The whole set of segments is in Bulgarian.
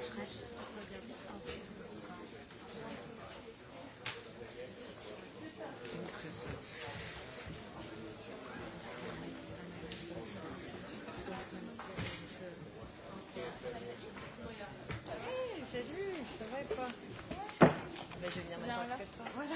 Hey, salut, ça va et toi ben, Je viens m'asseoir avec toi. Voilà.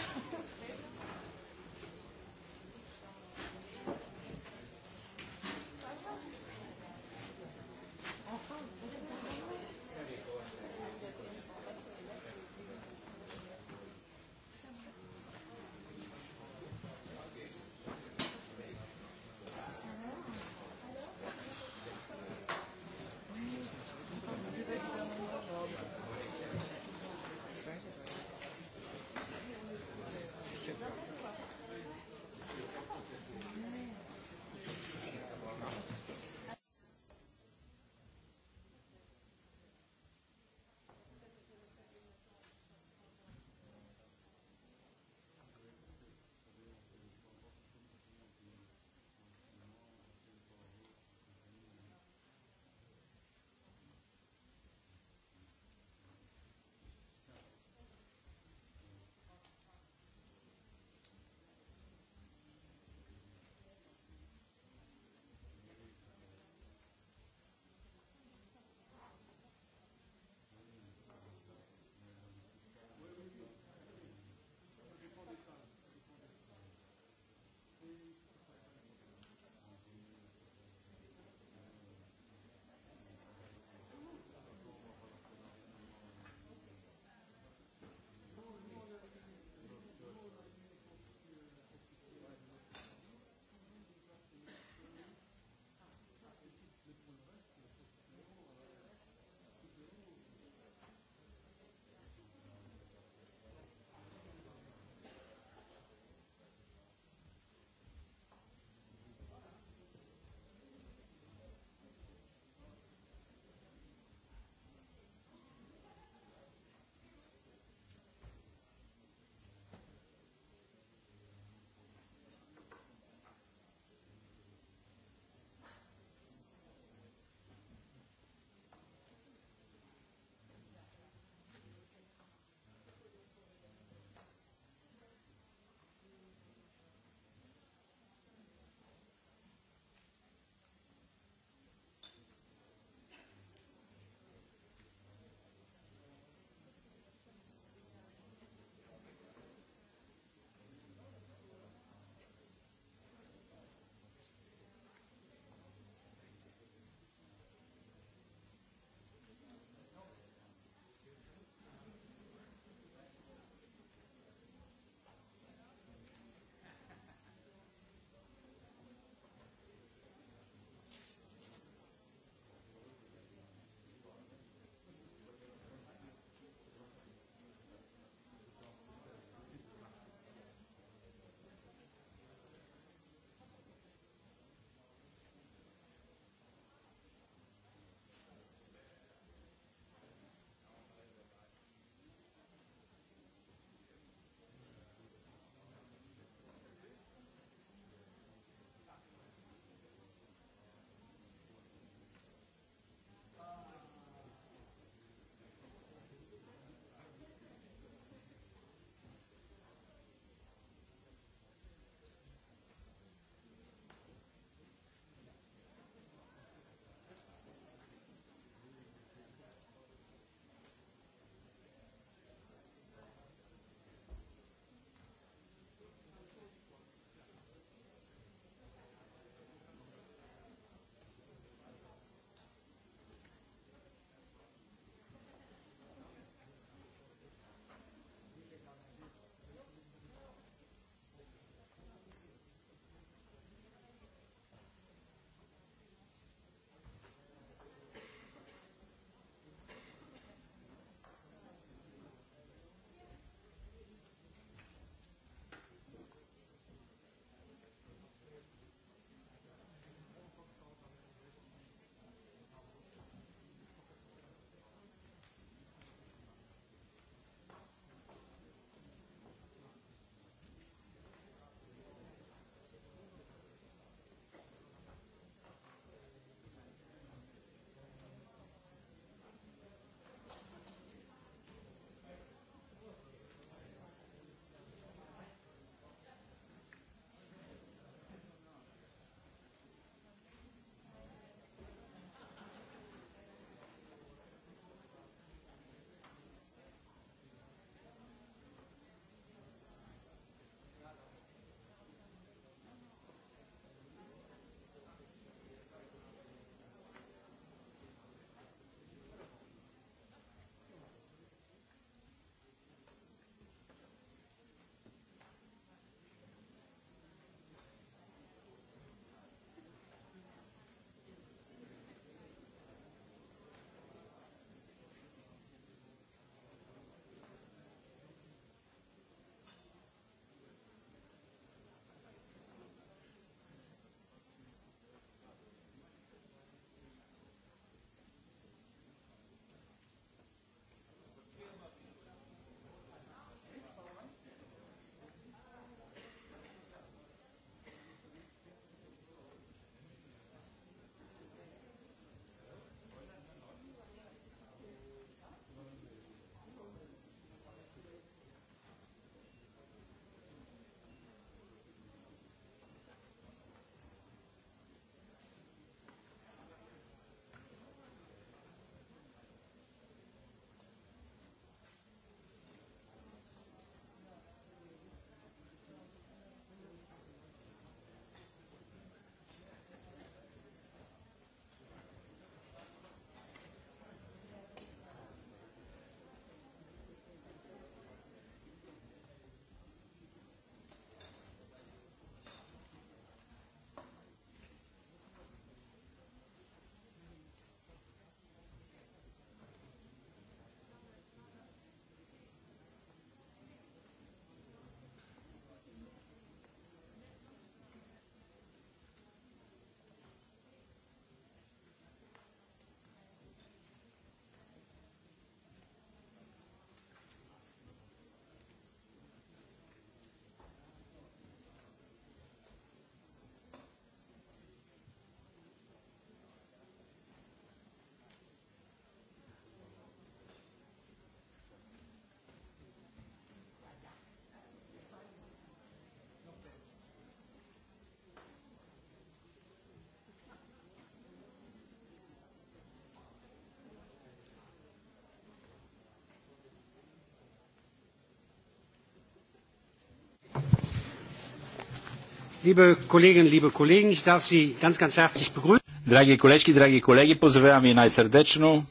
Liebe Kolleginnen, liebe Kollegen, ich darf Sie ganz, ganz herzlich begrüßen. Драги колежки, драги колеги, поздравявам ви най-сърдечно.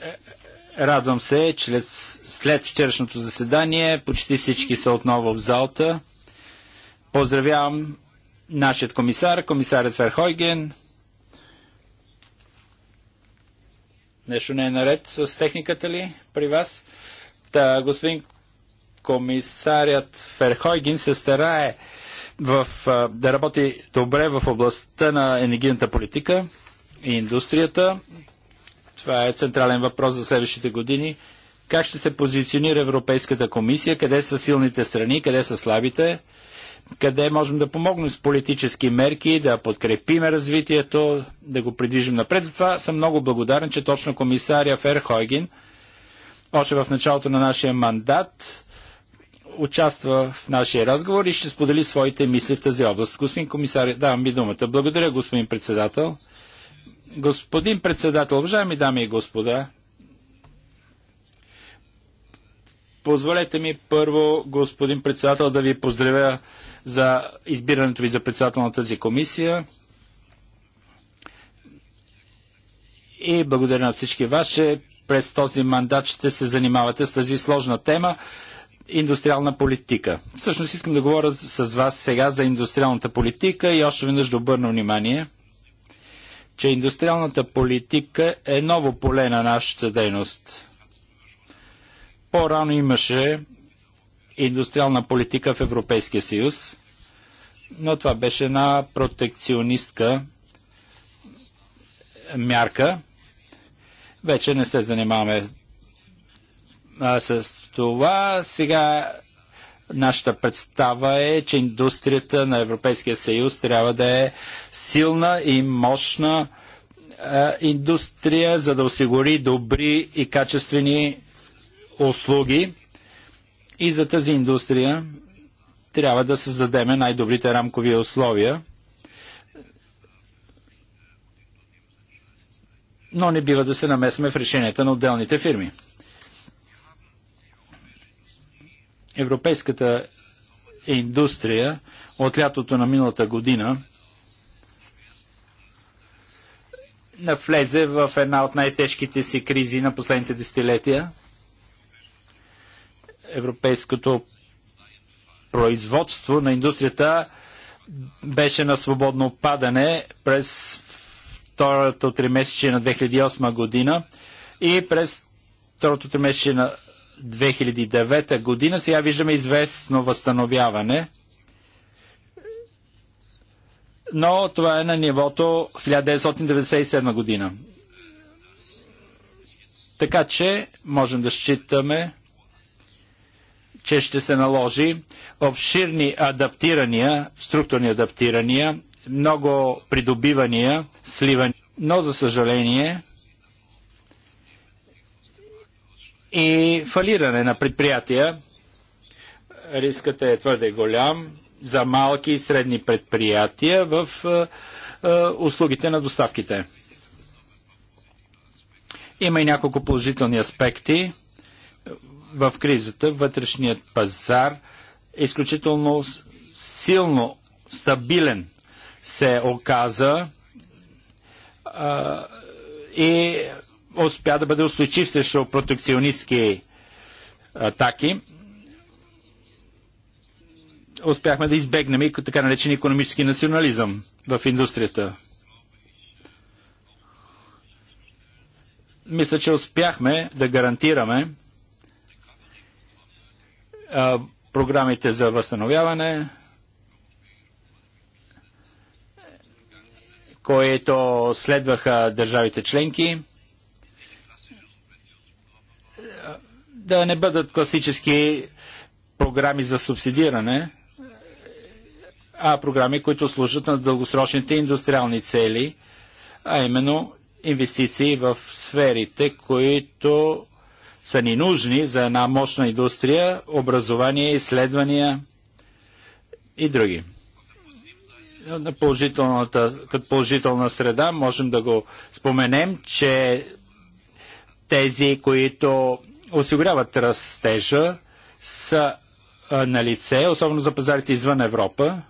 Е, радвам се, че след вчерашното заседание почти всички са отново в залта. Поздравявам нашият комисар, комисарят Ферхойген. Нещо не е наред с техниката ли при вас? Та, господин комисарят Ферхойген се старае в, а, да работи добре в областта на енергийната политика и индустрията. Това е централен въпрос за следващите години. Как ще се позиционира Европейската комисия? Къде са силните страни? Къде са слабите? Къде можем да помогнем с политически мерки, да подкрепим развитието, да го придвижим напред? Затова съм много благодарен, че точно комисаря Ферхойген още в началото на нашия мандат участва в нашия разговор и ще сподели своите мисли в тази област. Господин комисар, давам ви думата. Благодаря, господин председател. Господин председател, уважаеми дами и господа, позволете ми първо, господин председател, да ви поздравя за избирането ви за председател на тази комисия. И благодаря на всички вас, че през този мандат ще се занимавате с тази сложна тема индустриална политика. Всъщност искам да говоря с вас сега за индустриалната политика и още веднъж да обърна внимание, че индустриалната политика е ново поле на нашата дейност. По-рано имаше индустриална политика в Европейския съюз, но това беше една протекционистка мярка. Вече не се занимаваме а, с това сега нашата представа е, че индустрията на Европейския съюз трябва да е силна и мощна а, индустрия, за да осигури добри и качествени услуги. И за тази индустрия трябва да създадеме най-добрите рамкови условия. Но не бива да се намесваме в решенията на отделните фирми. европейската индустрия от лятото на миналата година навлезе в една от най-тежките си кризи на последните десетилетия. Европейското производство на индустрията беше на свободно падане през второто тримесечие на 2008 година и през второто тримесечие на 2009 година. Сега виждаме известно възстановяване. Но това е на нивото 1997 година. Така че можем да считаме, че ще се наложи обширни адаптирания, структурни адаптирания, много придобивания, сливания. Но, за съжаление, и фалиране на предприятия. Рискът е твърде голям за малки и средни предприятия в е, е, услугите на доставките. Има и няколко положителни аспекти в кризата. Вътрешният пазар е изключително силно стабилен се оказа а, и успя да бъде устойчив срещу протекционистски атаки. Успяхме да избегнем и така наречен економически национализъм в индустрията. Мисля, че успяхме да гарантираме а, програмите за възстановяване, които следваха държавите членки – да не бъдат класически програми за субсидиране, а програми, които служат на дългосрочните индустриални цели, а именно инвестиции в сферите, които са ни нужни за една мощна индустрия, образование, изследвания и други. На положителната, като положителна среда можем да го споменем, че тези, които осигуряват растежа, са на лице, особено за пазарите извън Европа.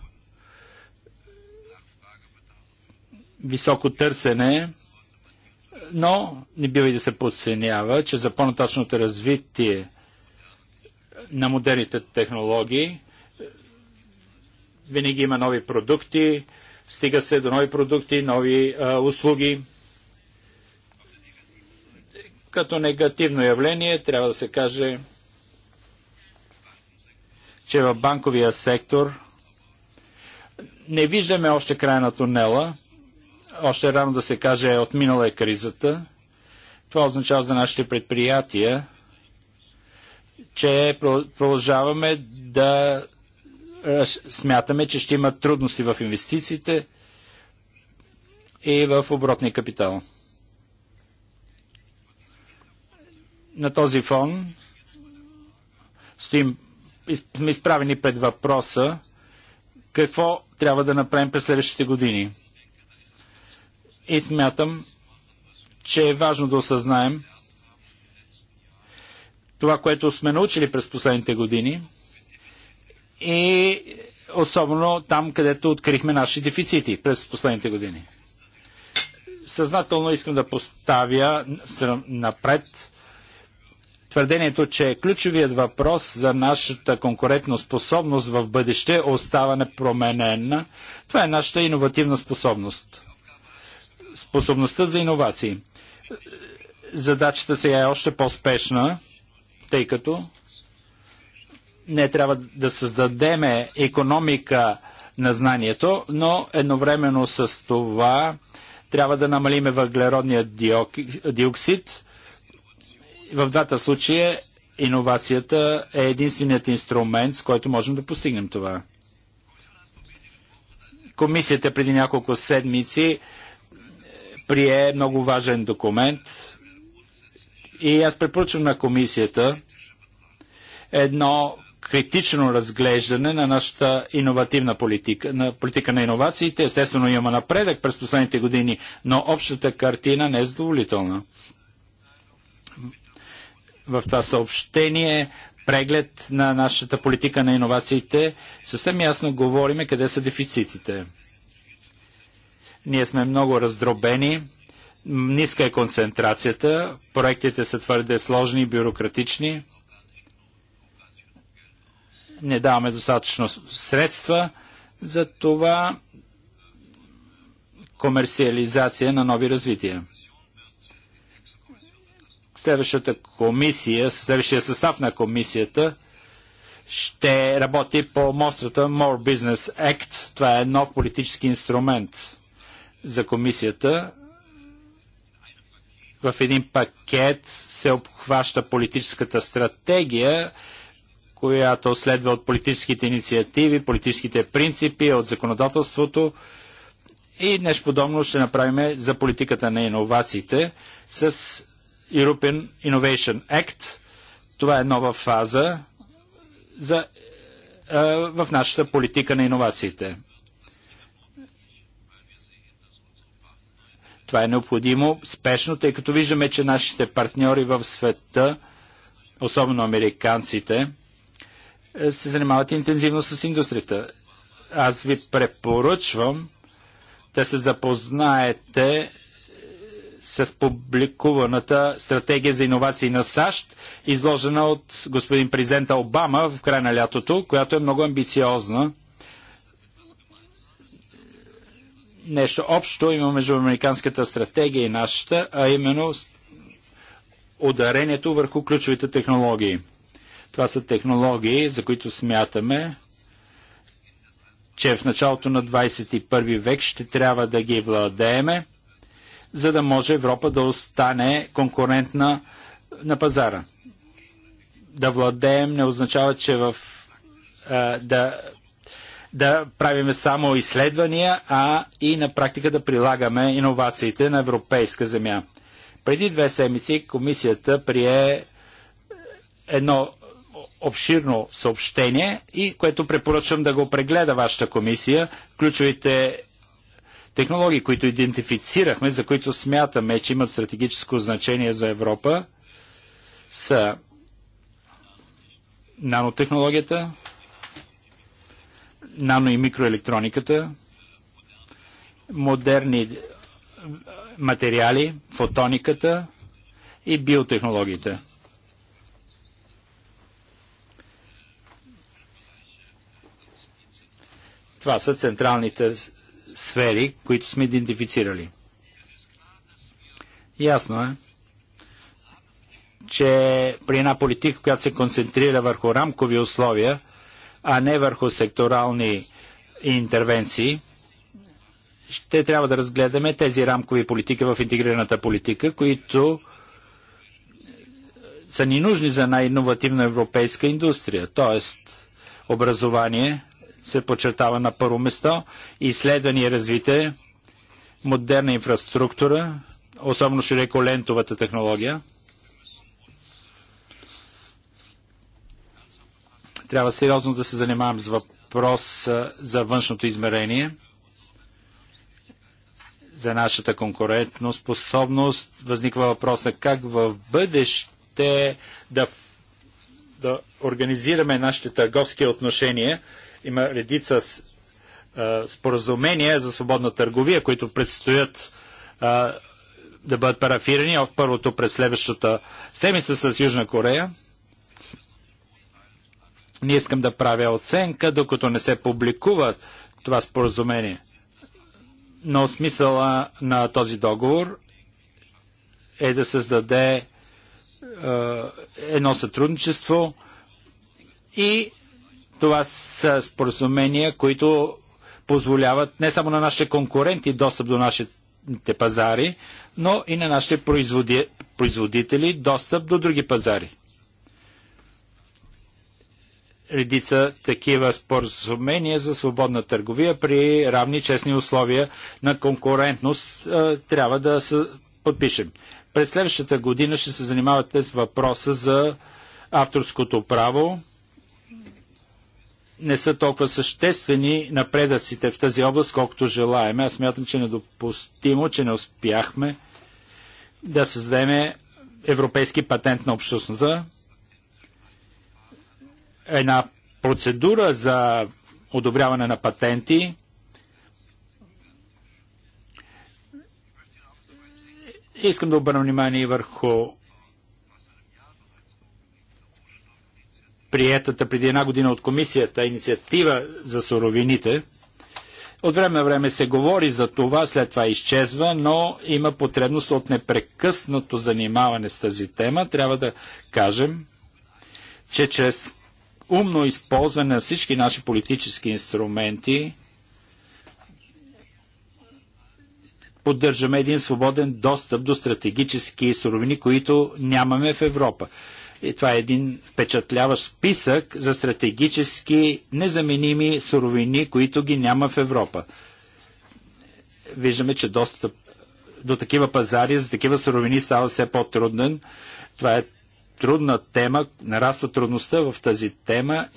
Високо търсене, но не бива и да се подценява, че за по-нататъчното развитие на модерните технологии винаги има нови продукти, стига се до нови продукти, нови а, услуги. Като негативно явление трябва да се каже, че в банковия сектор не виждаме още края на тунела. Още рано да се каже, отминала е кризата. Това означава за нашите предприятия, че продължаваме да смятаме, че ще има трудности в инвестициите и в оборотния капитал. На този фон стоим сме изправени пред въпроса какво трябва да направим през следващите години. И смятам, че е важно да осъзнаем това, което сме научили през последните години и особено там, където открихме наши дефицити през последните години. Съзнателно искам да поставя напред твърдението, че ключовият въпрос за нашата конкурентна способност в бъдеще остава непроменен. Това е нашата иновативна способност. Способността за иновации. Задачата се е още по-спешна, тъй като не трябва да създадеме економика на знанието, но едновременно с това трябва да намалиме въглеродния диоксид, в двата случая иновацията е единственият инструмент, с който можем да постигнем това. Комисията преди няколко седмици е, прие много важен документ и аз препоръчвам на комисията едно критично разглеждане на нашата иновативна политика, на политика на иновациите. Естествено има напредък през последните години, но общата картина не е задоволителна в това съобщение преглед на нашата политика на иновациите, съвсем ясно говориме къде са дефицитите. Ние сме много раздробени, ниска е концентрацията, проектите са твърде сложни и бюрократични, не даваме достатъчно средства за това комерциализация на нови развития следващата комисия, следващия състав на комисията ще работи по мострата More Business Act. Това е нов политически инструмент за комисията. В един пакет се обхваща политическата стратегия, която следва от политическите инициативи, политическите принципи, от законодателството. И нещо подобно ще направим за политиката на иновациите с European Innovation Act. Това е нова фаза за, а, е, в нашата политика на иновациите. Това е необходимо спешно, тъй като виждаме, че нашите партньори в света, особено американците, е, се занимават интензивно с индустрията. Аз ви препоръчвам да се запознаете с публикуваната стратегия за иновации на САЩ, изложена от господин президента Обама в края на лятото, която е много амбициозна. Нещо общо има между американската стратегия и нашата, а именно ударението върху ключовите технологии. Това са технологии, за които смятаме, че в началото на 21 век ще трябва да ги владееме за да може Европа да остане конкурентна на пазара. Да владеем не означава, че в, а, да, да правиме само изследвания, а и на практика да прилагаме иновациите на европейска земя. Преди две седмици комисията прие едно обширно съобщение и което препоръчвам да го прегледа вашата комисия. Ключовите технологии, които идентифицирахме, за които смятаме, че имат стратегическо значение за Европа, са нанотехнологията, нано и микроелектрониката, модерни материали, фотониката и биотехнологията. Това са централните сфери, които сме идентифицирали. Ясно е, че при една политика, която се концентрира върху рамкови условия, а не върху секторални интервенции, ще трябва да разгледаме тези рамкови политики в интегрираната политика, които са ни нужни за най-инновативна европейска индустрия, т.е. образование, се подчертава на първо место. Изследване и развитие, модерна инфраструктура, особено широколентовата технология. Трябва сериозно да се занимавам с въпрос за външното измерение, за нашата конкурентно способност. Възниква въпроса как в бъдеще да, да организираме нашите търговски отношения – има редица споразумения за свободна търговия, които предстоят а, да бъдат парафирани от първото през следващата седмица с Южна Корея. Не искам да правя оценка, докато не се публикува това споразумение. Но смисъла на този договор е да създаде едно сътрудничество и това са споразумения, които позволяват не само на нашите конкуренти достъп до нашите пазари, но и на нашите производи... производители достъп до други пазари. Редица такива споразумения за свободна търговия при равни честни условия на конкурентност трябва да се подпишем. През следващата година ще се занимавате с въпроса за авторското право не са толкова съществени напредъците в тази област, колкото желаем. Аз мятам, че е недопустимо, че не успяхме да създадем европейски патент на общността, една процедура за одобряване на патенти, Искам да обърна внимание върху приетата преди една година от комисията инициатива за суровините. От време на време се говори за това, след това изчезва, но има потребност от непрекъснато занимаване с тази тема. Трябва да кажем, че чрез умно използване на всички наши политически инструменти поддържаме един свободен достъп до стратегически суровини, които нямаме в Европа. И това е един впечатляващ списък за стратегически незаменими суровини, които ги няма в Европа. Виждаме, че достъп до такива пазари, за такива суровини става все по-труден. Това е трудна тема, нараства трудността в тази тема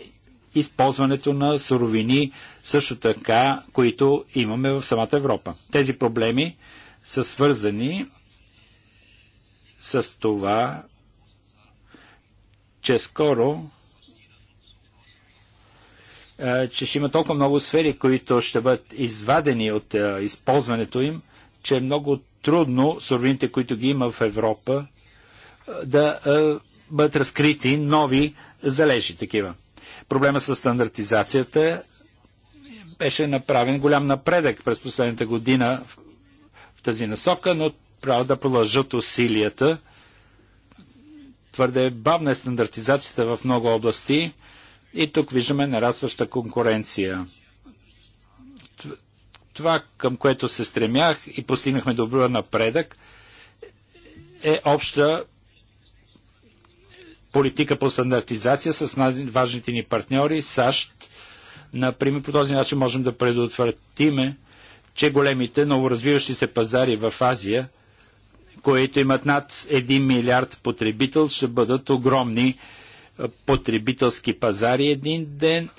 използването на суровини, също така, които имаме в самата Европа. Тези проблеми са свързани с това, че скоро че ще има толкова много сфери, които ще бъдат извадени от използването им, че е много трудно суровините, които ги има в Европа, да бъдат разкрити нови залежи такива. Проблема с стандартизацията беше направен голям напредък през последната година в, в тази насока, но трябва да продължат усилията Твърде бавна е стандартизацията в много области и тук виждаме нарастваща конкуренция. Това, към което се стремях и постигнахме добър напредък, е обща политика по стандартизация с важните ни партньори, САЩ. Например, по този начин можем да предотвратиме, че големите новоразвиващи се пазари в Азия – които имат над 1 милиард потребител, ще бъдат огромни е, потребителски пазари един ден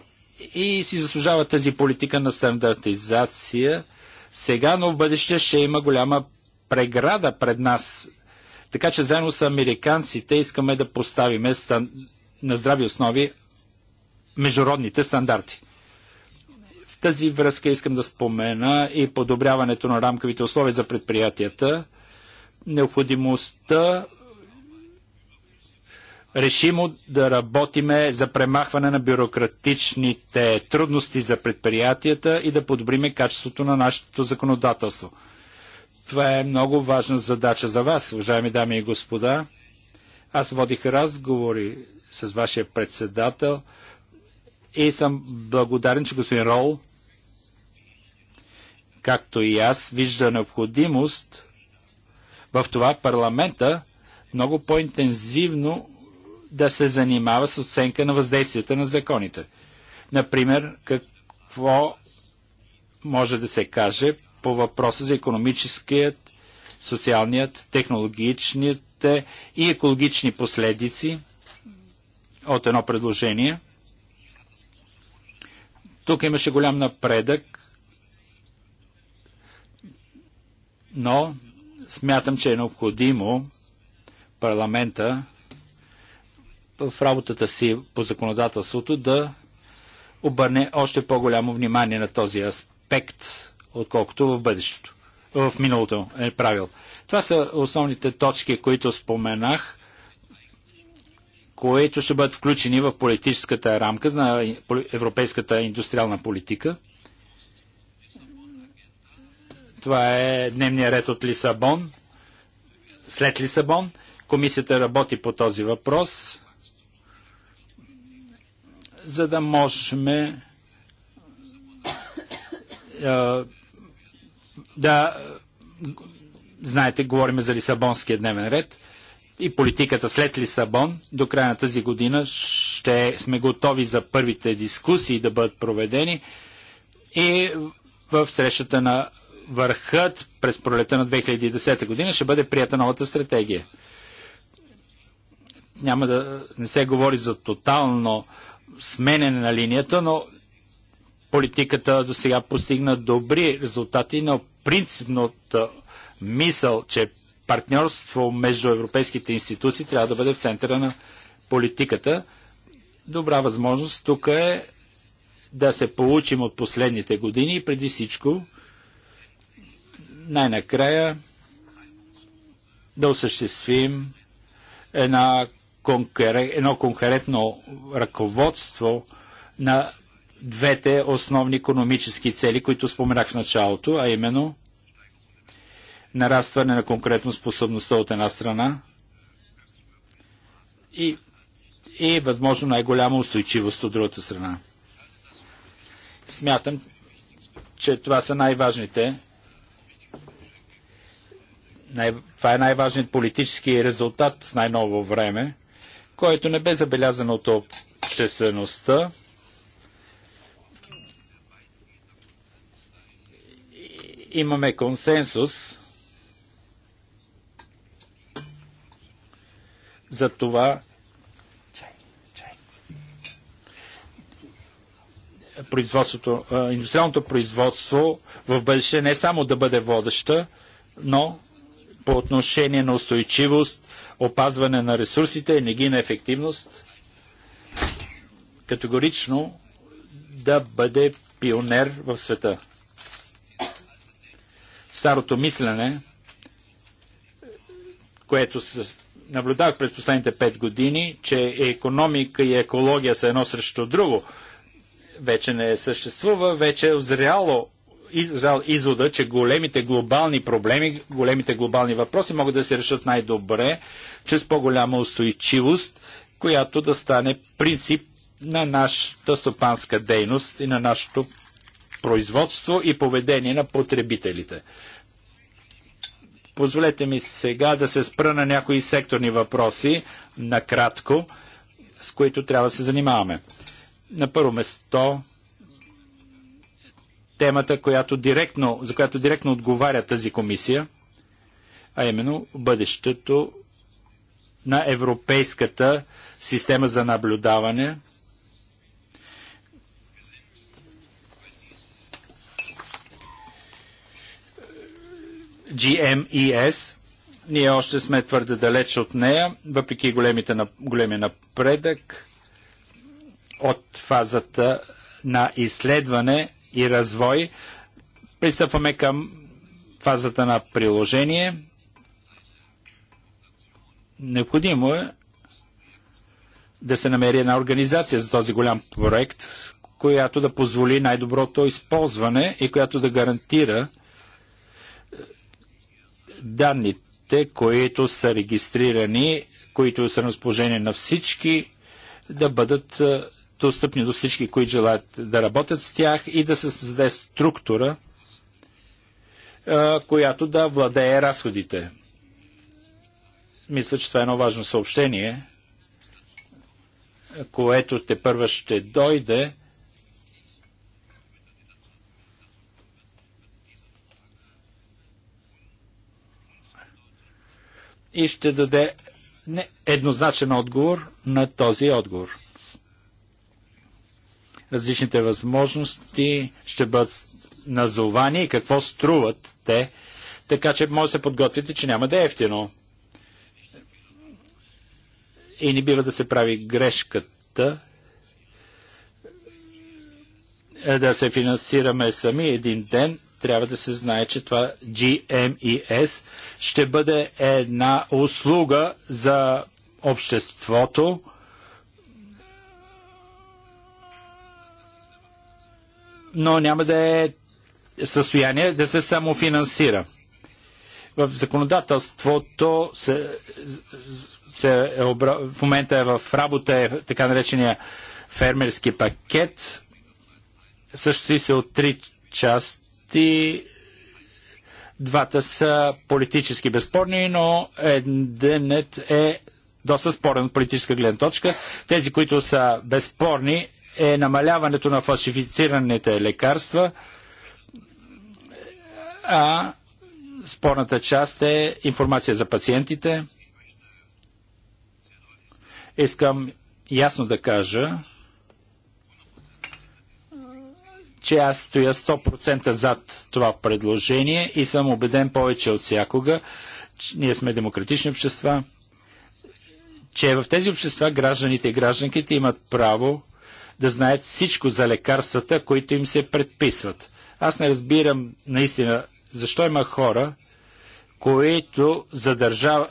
и си заслужава тази политика на стандартизация. Сега, но в бъдеще ще има голяма преграда пред нас. Така че заедно с американците искаме да поставиме стан... на здрави основи международните стандарти. В тази връзка искам да спомена и подобряването на рамковите условия за предприятията необходимостта решимо да работиме за премахване на бюрократичните трудности за предприятията и да подобриме качеството на нашето законодателство. Това е много важна задача за вас, уважаеми дами и господа. Аз водих разговори с вашия председател и съм благодарен, че господин Рол, както и аз, вижда необходимост в това парламента много по-интензивно да се занимава с оценка на въздействията на законите. Например, какво може да се каже по въпроса за економическият, социалният, технологичните и екологични последици от едно предложение. Тук имаше голям напредък, но Смятам, че е необходимо парламента в работата си по законодателството да обърне още по-голямо внимание на този аспект, отколкото в бъдещето. В миналото е правил. Това са основните точки, които споменах, които ще бъдат включени в политическата рамка на европейската индустриална политика – това е дневния ред от Лисабон. След Лисабон комисията работи по този въпрос, за да можем е, да знаете, говорим за Лисабонския дневен ред и политиката след Лисабон. До края на тази година ще сме готови за първите дискусии да бъдат проведени и в срещата на върхът през пролета на 2010 година ще бъде прията новата стратегия. Няма да не се говори за тотално сменене на линията, но политиката до сега постигна добри резултати, но принципната мисъл, че партньорство между европейските институции трябва да бъде в центъра на политиката. Добра възможност тук е да се получим от последните години и преди всичко най-накрая да осъществим една конкурен... едно конкретно ръководство на двете основни економически цели, които споменах в началото, а именно нарастване на конкретно способността от една страна и, и възможно най-голяма устойчивост от другата страна. Смятам, че това са най-важните най- това е най-важният политически резултат в най-ново време, който не бе забелязан от обществеността. Имаме консенсус за това, производството, индустриалното производство в бъдеще не само да бъде водеща, но по отношение на устойчивост, опазване на ресурсите, енергийна ефективност, категорично да бъде пионер в света. Старото мислене, което наблюдах през последните пет години, че економика и екология са едно срещу друго, вече не съществува, вече е озряло израл извода, че големите глобални проблеми, големите глобални въпроси могат да се решат най-добре чрез по-голяма устойчивост, която да стане принцип на нашата стопанска дейност и на нашето производство и поведение на потребителите. Позволете ми сега да се спра на някои секторни въпроси, накратко, с които трябва да се занимаваме. На първо место темата, която директно, за която директно отговаря тази комисия, а именно бъдещето на европейската система за наблюдаване. GMES. Ние още сме твърде далеч от нея, въпреки големите, големия напредък от фазата на изследване и развой. Пристъпваме към фазата на приложение. Необходимо е да се намери една организация за този голям проект, която да позволи най-доброто използване и която да гарантира е, данните, които са регистрирани, които са на разположение на всички, да бъдат е, достъпни до всички, които желаят да работят с тях и да се създаде структура, която да владее разходите. Мисля, че това е едно важно съобщение, което те първа ще дойде. И ще даде не еднозначен отговор на този отговор различните възможности ще бъдат назовани и какво струват те, така че може да се подготвите, че няма да е ефтино. И не бива да се прави грешката е да се финансираме сами един ден, трябва да се знае, че това GMES ще бъде една услуга за обществото, но няма да е в състояние да се самофинансира. В законодателството се, се е обра... в момента е в работа е така наречения фермерски пакет. Също и се от три части. Двата са политически безспорни, но еденет е доста спорен от политическа гледна точка. Тези, които са безспорни, е намаляването на фалшифицираните лекарства, а спорната част е информация за пациентите. Искам ясно да кажа, че аз стоя 100% зад това предложение и съм убеден повече от всякога, че ние сме демократични общества, че в тези общества гражданите и гражданките имат право да знаят всичко за лекарствата, които им се предписват. Аз не разбирам наистина защо има хора, които задържав...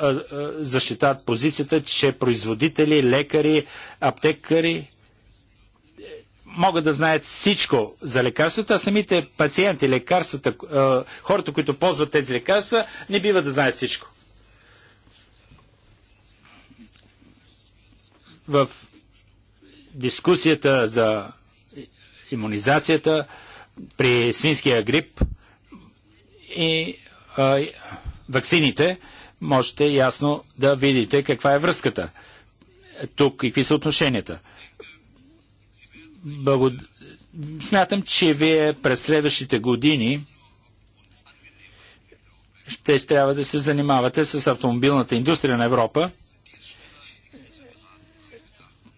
защитават позицията, че производители, лекари, аптекари могат да знаят всичко за лекарствата, а самите пациенти, лекарствата, хората, които ползват тези лекарства, не бива да знаят всичко. В дискусията за иммунизацията при свинския грип и а, вакцините, можете ясно да видите каква е връзката тук и какви са отношенията. Благод... Смятам, че вие през следващите години ще трябва да се занимавате с автомобилната индустрия на Европа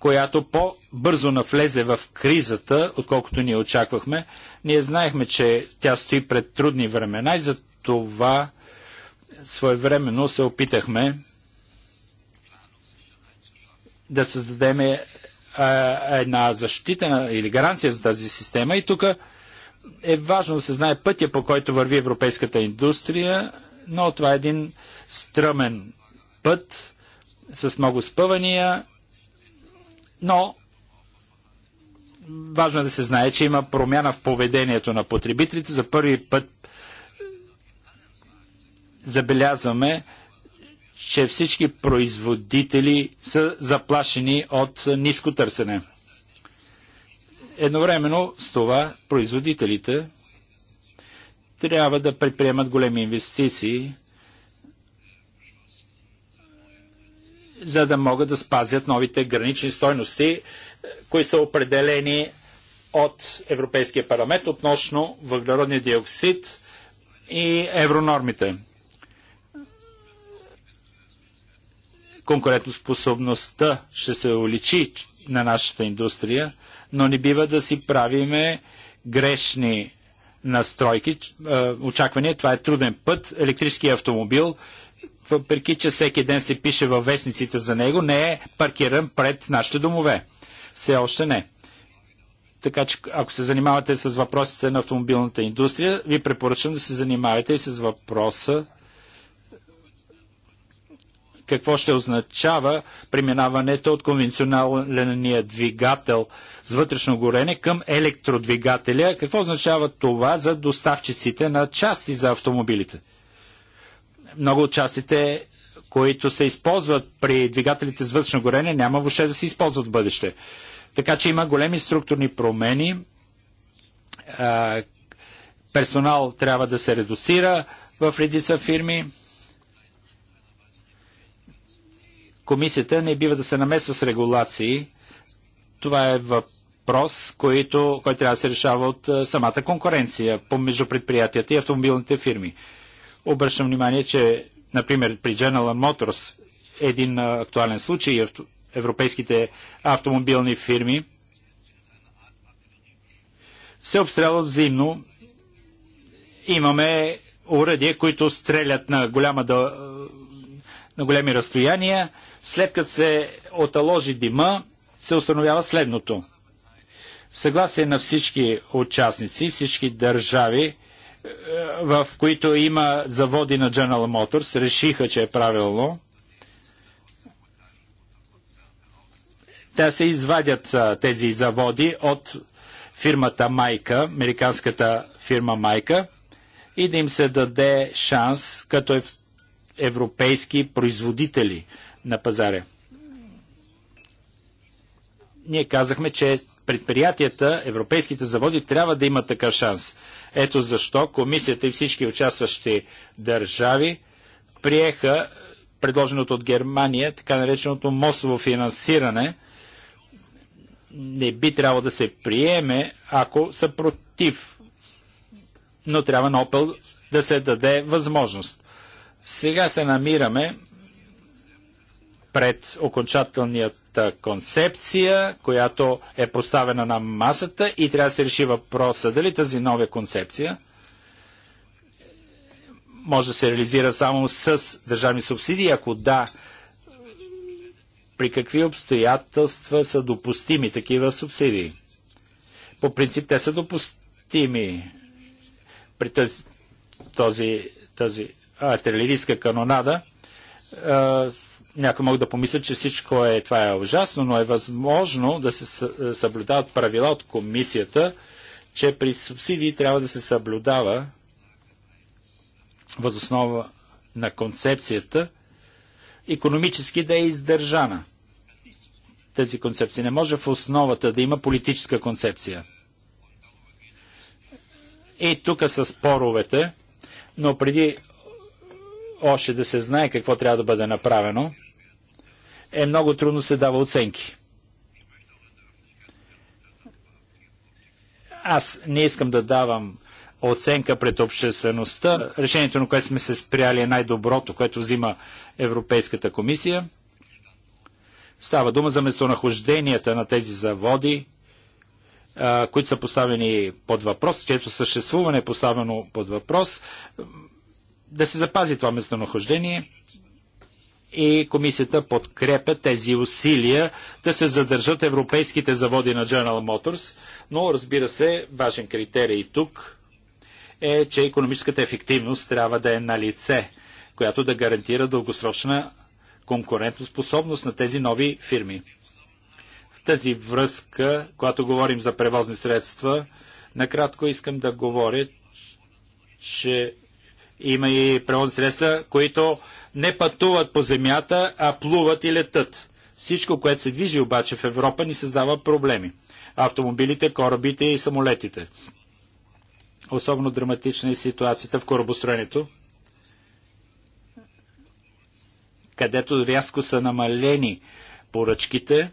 която по-бързо навлезе в кризата, отколкото ние очаквахме. Ние знаехме, че тя стои пред трудни времена и за това своевременно се опитахме да създадем е, една защита или гаранция за тази система. И тук е важно да се знае пътя, по който върви европейската индустрия, но това е един стръмен път с много спъвания но важно е да се знае, че има промяна в поведението на потребителите. За първи път забелязваме, че всички производители са заплашени от ниско търсене. Едновременно с това производителите трябва да предприемат големи инвестиции за да могат да спазят новите гранични стойности, е, които са определени от Европейския парламент относно въглеродния диоксид и евронормите. Конкурентоспособността ще се увеличи на нашата индустрия, но не бива да си правиме грешни настройки, е, очаквания. Това е труден път. Електрически автомобил въпреки че всеки ден се пише във вестниците за него, не е паркиран пред нашите домове. Все още не. Така че, ако се занимавате с въпросите на автомобилната индустрия, ви препоръчвам да се занимавате и с въпроса какво ще означава преминаването от конвенционалния двигател с вътрешно горене към електродвигателя. Какво означава това за доставчиците на части за автомобилите? много от частите, които се използват при двигателите с вътрешно горене, няма въобще да се използват в бъдеще. Така че има големи структурни промени. персонал трябва да се редуцира в редица фирми. Комисията не бива да се намесва с регулации. Това е въпрос, който, който трябва да се решава от самата конкуренция между предприятията и автомобилните фирми. Обръщам внимание, че, например, при General Motors един актуален случай, европейските автомобилни фирми се обстрелват взаимно. Имаме уреди, които стрелят на, голяма, на големи разстояния. След като се оталожи дима, се установява следното. Съгласие на всички участници, всички държави в които има заводи на General Motors, решиха, че е правилно да се извадят тези заводи от фирмата Майка, американската фирма Майка, и да им се даде шанс като европейски производители на пазаря. Ние казахме, че предприятията, европейските заводи трябва да имат така шанс. Ето защо комисията и всички участващи държави приеха предложеното от Германия, така нареченото мостово финансиране, не би трябвало да се приеме, ако са против. Но трябва на Опел да се даде възможност. Сега се намираме пред окончателният общата концепция, която е поставена на масата и трябва да се реши въпроса дали тази нова концепция може да се реализира само с държавни субсидии. Ако да, при какви обстоятелства са допустими такива субсидии? По принцип те са допустими при тази, тази, тази артилерийска канонада някои могат да помислят, че всичко е, това е ужасно, но е възможно да се е, съблюдават правила от комисията, че при субсидии трябва да се съблюдава възоснова на концепцията економически да е издържана. тези концепции. не може в основата да има политическа концепция. И тук са споровете, но преди още да се знае какво трябва да бъде направено, е много трудно се дава оценки. Аз не искам да давам оценка пред обществеността. Решението, на което сме се спряли, е най-доброто, което взима Европейската комисия. Става дума за местонахожденията на тези заводи, които са поставени под въпрос, чието съществуване е поставено под въпрос да се запази това местонахождение и комисията подкрепя тези усилия да се задържат европейските заводи на General Motors, но разбира се, важен критерий тук е, че економическата ефективност трябва да е на лице, която да гарантира дългосрочна конкурентоспособност на тези нови фирми. В тази връзка, когато говорим за превозни средства, накратко искам да говоря, че има и превозни средства, които не пътуват по земята, а плуват и летат. Всичко, което се движи обаче в Европа, ни създава проблеми. Автомобилите, корабите и самолетите. Особено драматична е ситуацията в корабостроенето, където рязко са намалени поръчките.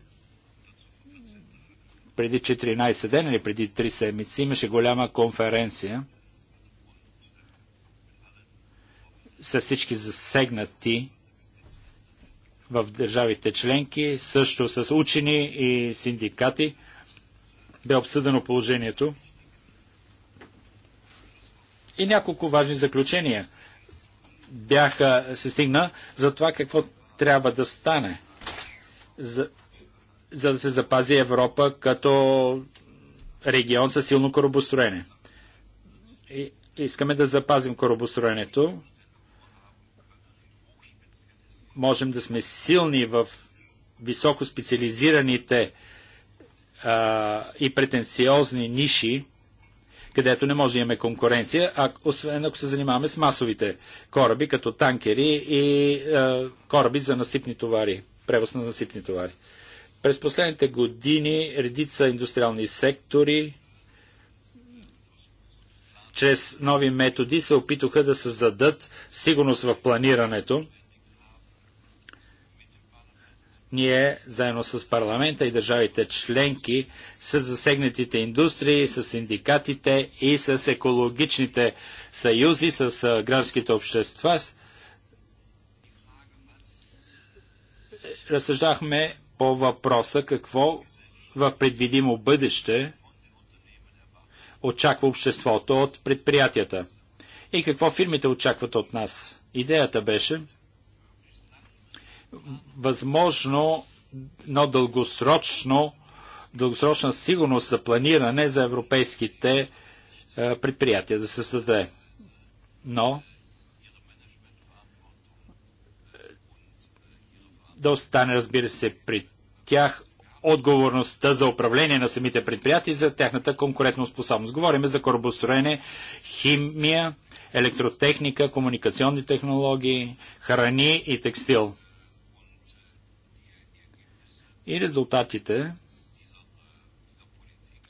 Преди 14 дни или преди 3 седмици имаше голяма конференция – са всички засегнати в държавите членки, също с учени и синдикати. Бе обсъдено положението. И няколко важни заключения бяха се стигна за това какво трябва да стане, за, за да се запази Европа като регион със силно корабостроене. И, искаме да запазим корабостроенето, можем да сме силни в високо специализираните а, и претенциозни ниши, където не може да имаме конкуренция, а, освен ако се занимаваме с масовите кораби, като танкери и а, кораби за насипни товари, превоз на насипни товари. През последните години редица индустриални сектори чрез нови методи се опитаха да създадат сигурност в планирането, ние, заедно с парламента и държавите членки, с засегнатите индустрии, с синдикатите и с екологичните съюзи, с гражданските общества, разсъждахме по въпроса какво в предвидимо бъдеще очаква обществото от предприятията и какво фирмите очакват от нас. Идеята беше – възможно но дългосрочно, дългосрочна сигурност за планиране за европейските е, предприятия да се създаде. Но е, да остане, разбира се, при тях отговорността за управление на самите предприятия и за тяхната способност. Говориме за корабостроене, химия, електротехника, комуникационни технологии, храни и текстил. И резултатите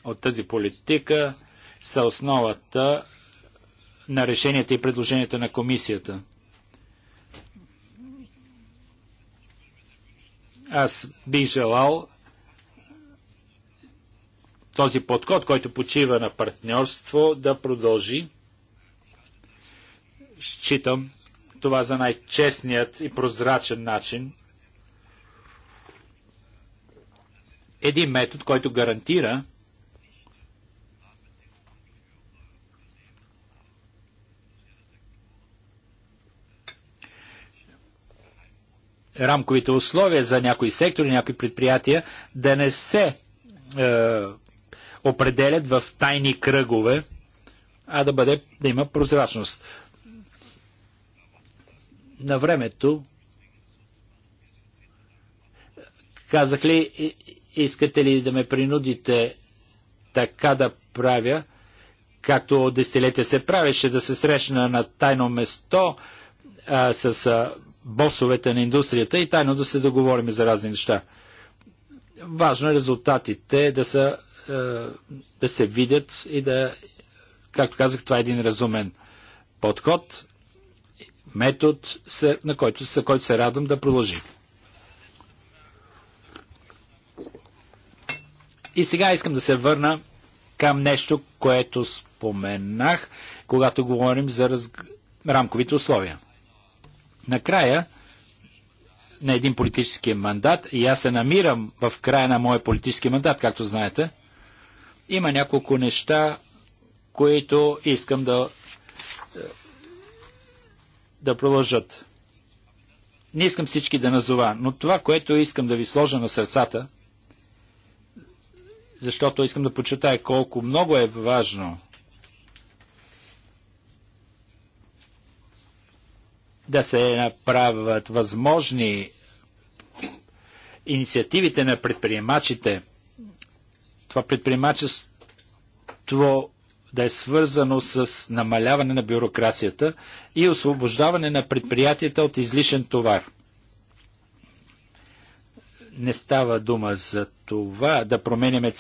от тази политика са основата на решенията и предложенията на комисията. Аз бих желал този подход, който почива на партньорство, да продължи. Считам това за най-честният и прозрачен начин един метод, който гарантира рамковите условия за някои сектори, някои предприятия да не се е, определят в тайни кръгове, а да, бъде, да има прозрачност. На времето казах ли, искате ли да ме принудите така да правя, както от десетилетия се правеше, да се срещна на тайно место а, с а, босовете на индустрията и тайно да се договорим за разни неща. Важно е резултатите да, са, а, да се видят и да, както казах, това е един разумен подход, метод, на който, който се радвам да продължим. И сега искам да се върна към нещо, което споменах, когато говорим за раз... рамковите условия. Накрая, на един политически мандат, и аз се намирам в края на моя политически мандат, както знаете, има няколко неща, които искам да, да продължат. Не искам всички да назова, но това, което искам да ви сложа на сърцата – защото искам да почитая колко много е важно да се направят възможни инициативите на предприемачите. Това предприемачество да е свързано с намаляване на бюрокрацията и освобождаване на предприятията от излишен товар не става дума за това да променяме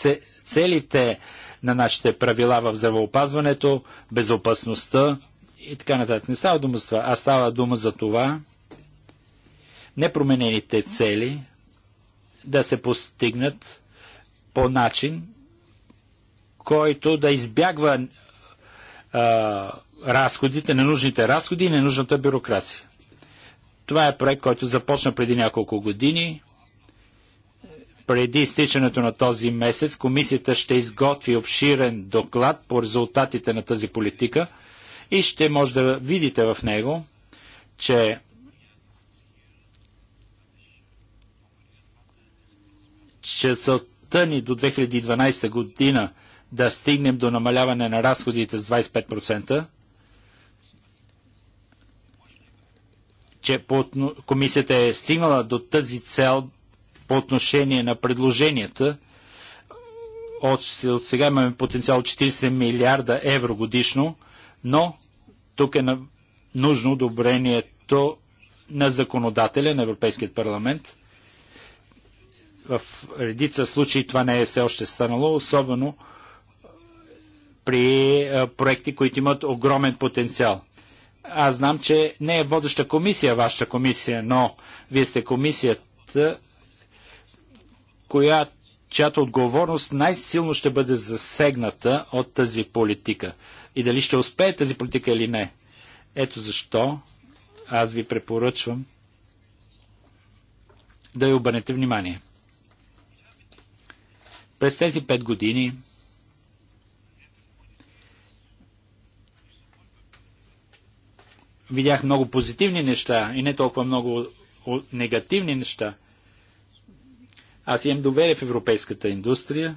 целите на нашите правила в здравеопазването, безопасността и така нататък. Не става дума за това, а става дума за това непроменените цели да се постигнат по начин, който да избягва а, разходите, ненужните разходи и ненужната бюрокрация. Това е проект, който започна преди няколко години преди изтичането на този месец комисията ще изготви обширен доклад по резултатите на тази политика и ще може да видите в него, че че целта ни до 2012 година да стигнем до намаляване на разходите с 25%, че комисията е стигнала до тази цел по отношение на предложенията. От, от сега имаме потенциал 40 милиарда евро годишно, но тук е на, нужно одобрението на законодателя на Европейският парламент. В редица случаи това не е все още станало, особено при а, проекти, които имат огромен потенциал. Аз знам, че не е водеща комисия вашата комисия, но вие сте комисията, коя, чиято отговорност най-силно ще бъде засегната от тази политика. И дали ще успее тази политика или не. Ето защо аз ви препоръчвам да я обърнете внимание. През тези пет години видях много позитивни неща и не толкова много негативни неща – аз имам доверие в европейската индустрия.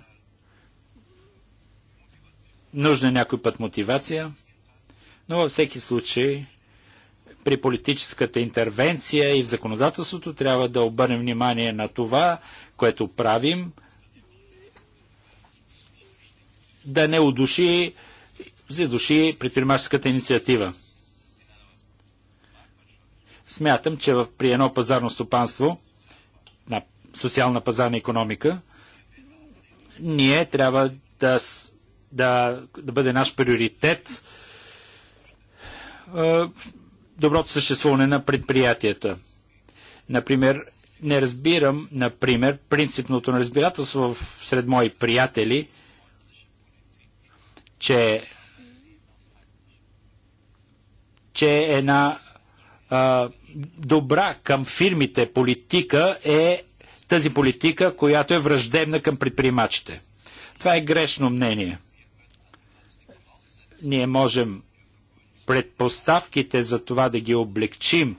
Нужна е някой път мотивация, но във всеки случай при политическата интервенция и в законодателството трябва да обърнем внимание на това, което правим, да не удуши, задуши предприемаческата инициатива. Смятам, че при едно пазарно стопанство – социална пазарна економика, ние трябва да, да, да бъде наш приоритет доброто съществуване на предприятията. Например, не разбирам, например, принципното на разбирателство сред мои приятели, че, че една а, добра към фирмите политика е тази политика, която е враждебна към предприемачите. Това е грешно мнение. Ние можем предпоставките за това да ги облегчим,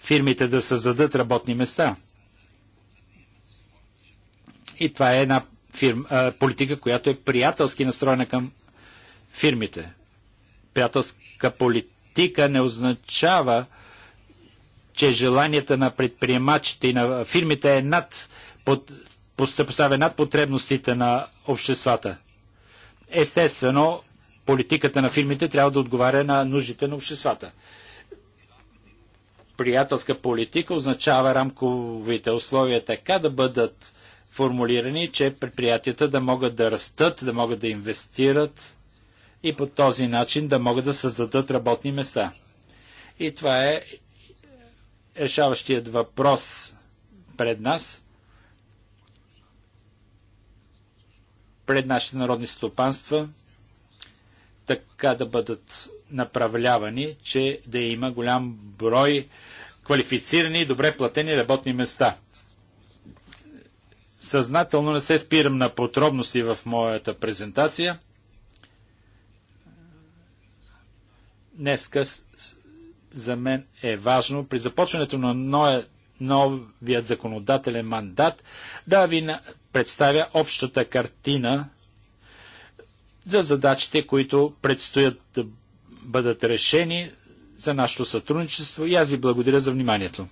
фирмите да създадат работни места. И това е една фирм, а, политика, която е приятелски настроена към фирмите. Приятелска политика не означава че желанията на предприемачите и на фирмите е над, под, се поставя над потребностите на обществата. Естествено, политиката на фирмите трябва да отговаря на нуждите на обществата. Приятелска политика означава рамковите условия така да бъдат формулирани, че предприятията да могат да растат, да могат да инвестират и по този начин да могат да създадат работни места. И това е решаващият въпрос пред нас, пред нашите народни стопанства, така да бъдат направлявани, че да има голям брой квалифицирани и добре платени работни места. Съзнателно не се спирам на подробности в моята презентация. Днеска за мен е важно при започването на новият законодателен мандат да ви представя общата картина за задачите, които предстоят да бъдат решени за нашето сътрудничество и аз ви благодаря за вниманието.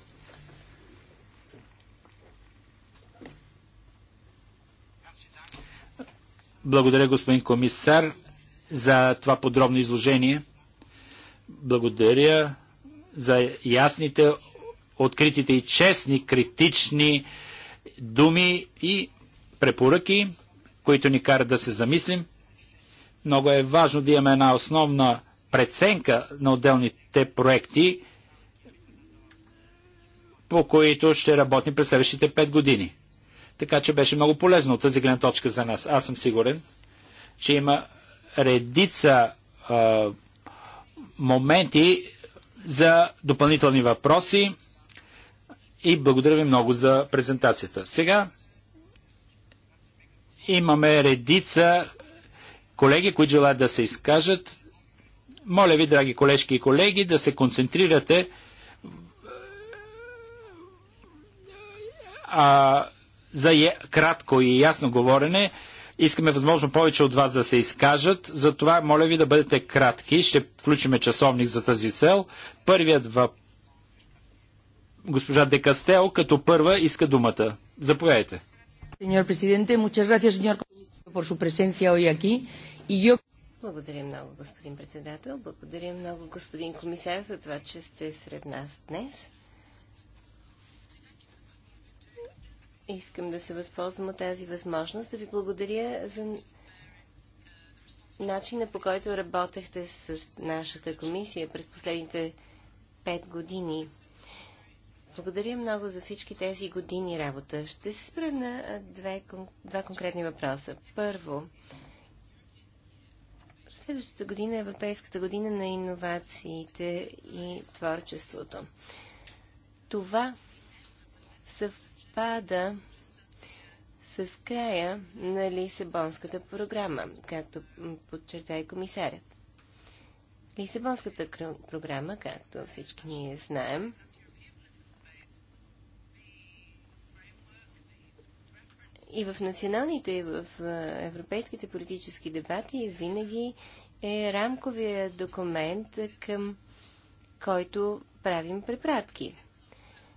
Благодаря, господин комисар, за това подробно изложение. Благодаря за ясните, откритите и честни, критични думи и препоръки, които ни карат да се замислим. Много е важно да имаме една основна преценка на отделните проекти, по които ще работим през следващите 5 години. Така че беше много полезно от тази гледна точка за нас. Аз съм сигурен, че има редица а, моменти, за допълнителни въпроси и благодаря ви много за презентацията. Сега имаме редица колеги, които желаят да се изкажат. Моля ви, драги колежки и колеги, да се концентрирате а, за е, кратко и ясно говорене. Искаме възможно повече от вас да се изкажат, затова моля ви да бъдете кратки. Ще включиме часовник за тази цел. Първият въпрос госпожа Декастел като първа иска думата. Заповядайте. Благодаря много, господин председател. Благодаря много, господин комисар, за това, че сте сред нас днес. Искам да се възползвам от тази възможност да ви благодаря за начина по който работехте с нашата комисия през последните пет години. Благодаря много за всички тези години работа. Ще се спра на две, два конкретни въпроса. Първо, следващата година е Европейската година на иновациите и творчеството. Това съвпада съвпада с края на Лисабонската програма, както подчерта и комисарят. Лисабонската програма, както всички ние знаем, и в националните, и в европейските политически дебати винаги е рамковия документ, към който правим препратки.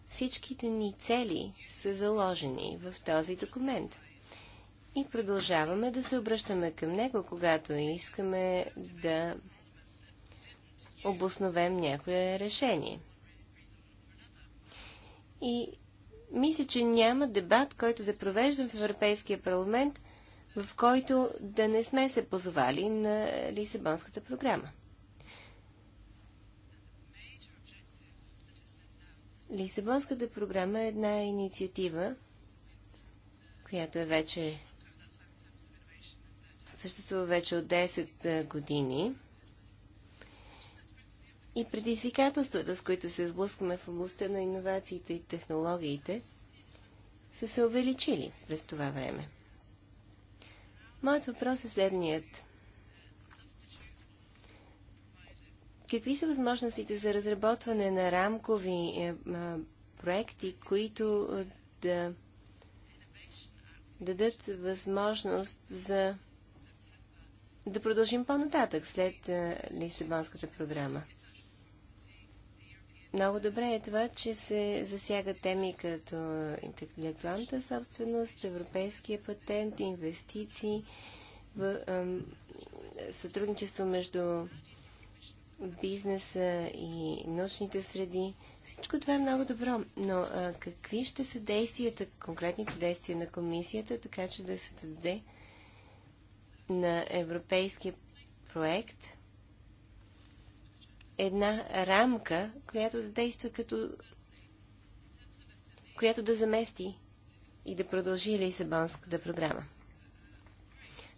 Всичките ни цели са заложени в този документ. И продължаваме да се обръщаме към него, когато искаме да обосновем някое решение. И мисля, че няма дебат, който да провеждам в Европейския парламент, в който да не сме се позовали на Лисабонската програма. Лисабонската програма е една инициатива, която е вече съществува вече от 10 години. И предизвикателствата, с които се сблъскваме в областта на иновациите и технологиите, са се увеличили през това време. Моят въпрос е следният – Какви са възможностите за разработване на рамкови е, проекти, които е, да дадат възможност за да продължим по-нататък след е, Лисабонската програма? Много добре е това, че се засяга теми като интелектуалната собственост, европейския патент, инвестиции, в, ам, сътрудничество между бизнеса и научните среди. Всичко това е много добро, но а, какви ще са действията, конкретните действия на комисията, така че да се даде на европейския проект една рамка, която да действа като която да замести и да продължи Лисабонската програма.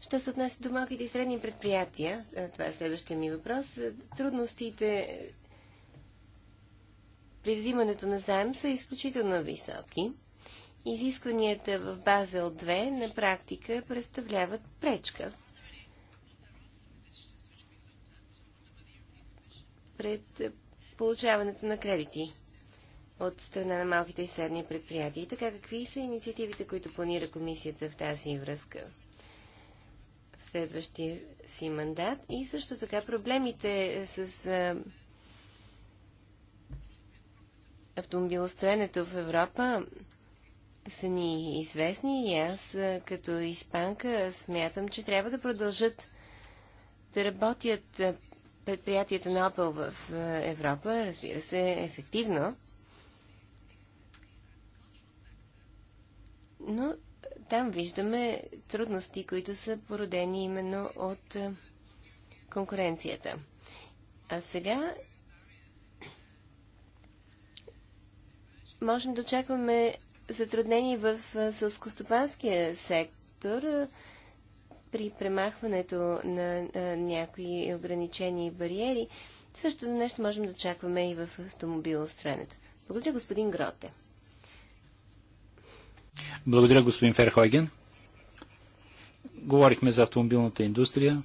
Що се отнася до малките и средни предприятия, е, това е следващия ми въпрос, е, трудностите е, при взимането на заем са изключително високи. Изискванията в Базел 2 на практика представляват пречка пред получаването на кредити от страна на малките и средни предприятия. И така, какви са инициативите, които планира комисията в тази връзка? в следващия си мандат и също така проблемите с а, автомобилостроенето в Европа са ни известни и аз а, като испанка смятам, че трябва да продължат да работят предприятията на Opel в Европа, разбира се, ефективно. Но там виждаме трудности, които са породени именно от конкуренцията. А сега можем да очакваме затруднения в сълскостопанския сектор при премахването на, някои ограничени и бариери. Същото нещо можем да очакваме и в автомобилостроенето. Благодаря, господин Гроте. Благодаря, господин Ферхойген. Говорихме за автомобилната индустрия.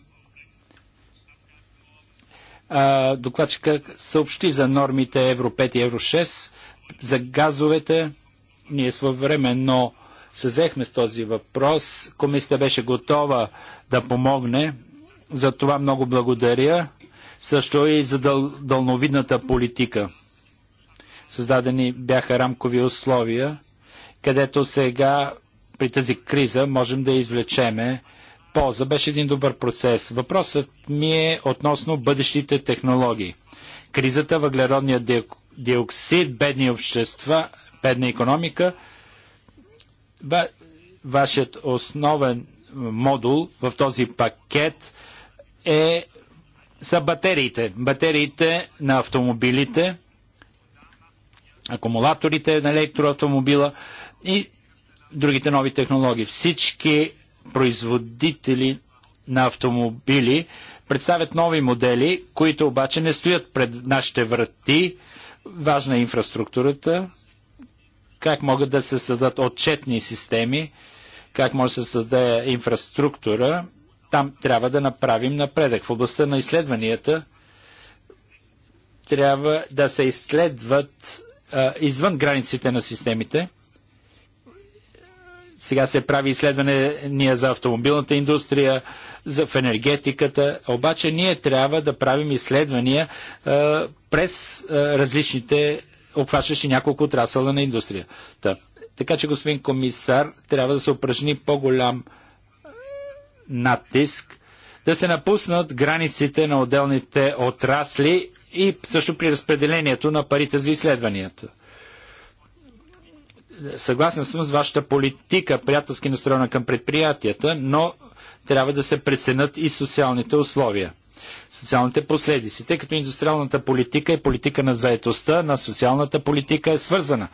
А, докладчика съобщи за нормите Евро 5 и Евро 6. За газовете ние своевременно се взехме с този въпрос. Комисията беше готова да помогне. За това много благодаря. Също и за дъл, дълновидната политика. Създадени бяха рамкови условия където сега при тази криза можем да извлечеме полза. Беше един добър процес. Въпросът ми е относно бъдещите технологии. Кризата, въглеродния диоксид, бедни общества, бедна економика. вашият основен модул в този пакет е са батериите. Батериите на автомобилите, акумулаторите на електроавтомобила – и другите нови технологии. Всички производители на автомобили представят нови модели, които обаче не стоят пред нашите врати. Важна е инфраструктурата, как могат да се създадат отчетни системи, как може да се създаде инфраструктура. Там трябва да направим напредък. В областта на изследванията трябва да се изследват а, извън границите на системите сега се прави изследвания за автомобилната индустрия, за, в енергетиката, обаче ние трябва да правим изследвания а, през а, различните, обхващащи няколко отрасъла на индустрията. Така че, господин комисар, трябва да се упражни по-голям натиск, да се напуснат границите на отделните отрасли и също при разпределението на парите за изследванията съгласен съм с вашата политика, приятелски настроена към предприятията, но трябва да се преценят и социалните условия, социалните последици, тъй като индустриалната политика и е политика на заетостта, на социалната политика е свързана.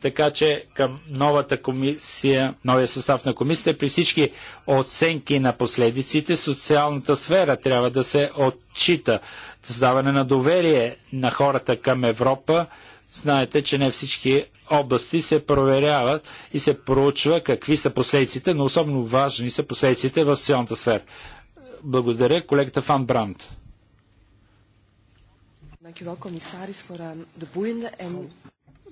Така че към новата комисия, новия състав на комисията, при всички оценки на последиците, социалната сфера трябва да се отчита. Създаване на доверие на хората към Европа Знаете, че не всички области се проверяват и се проучва какви са последиците, но особено важни са последиците в социалната сфера. Благодаря колегата Фан Бранд. Ehm,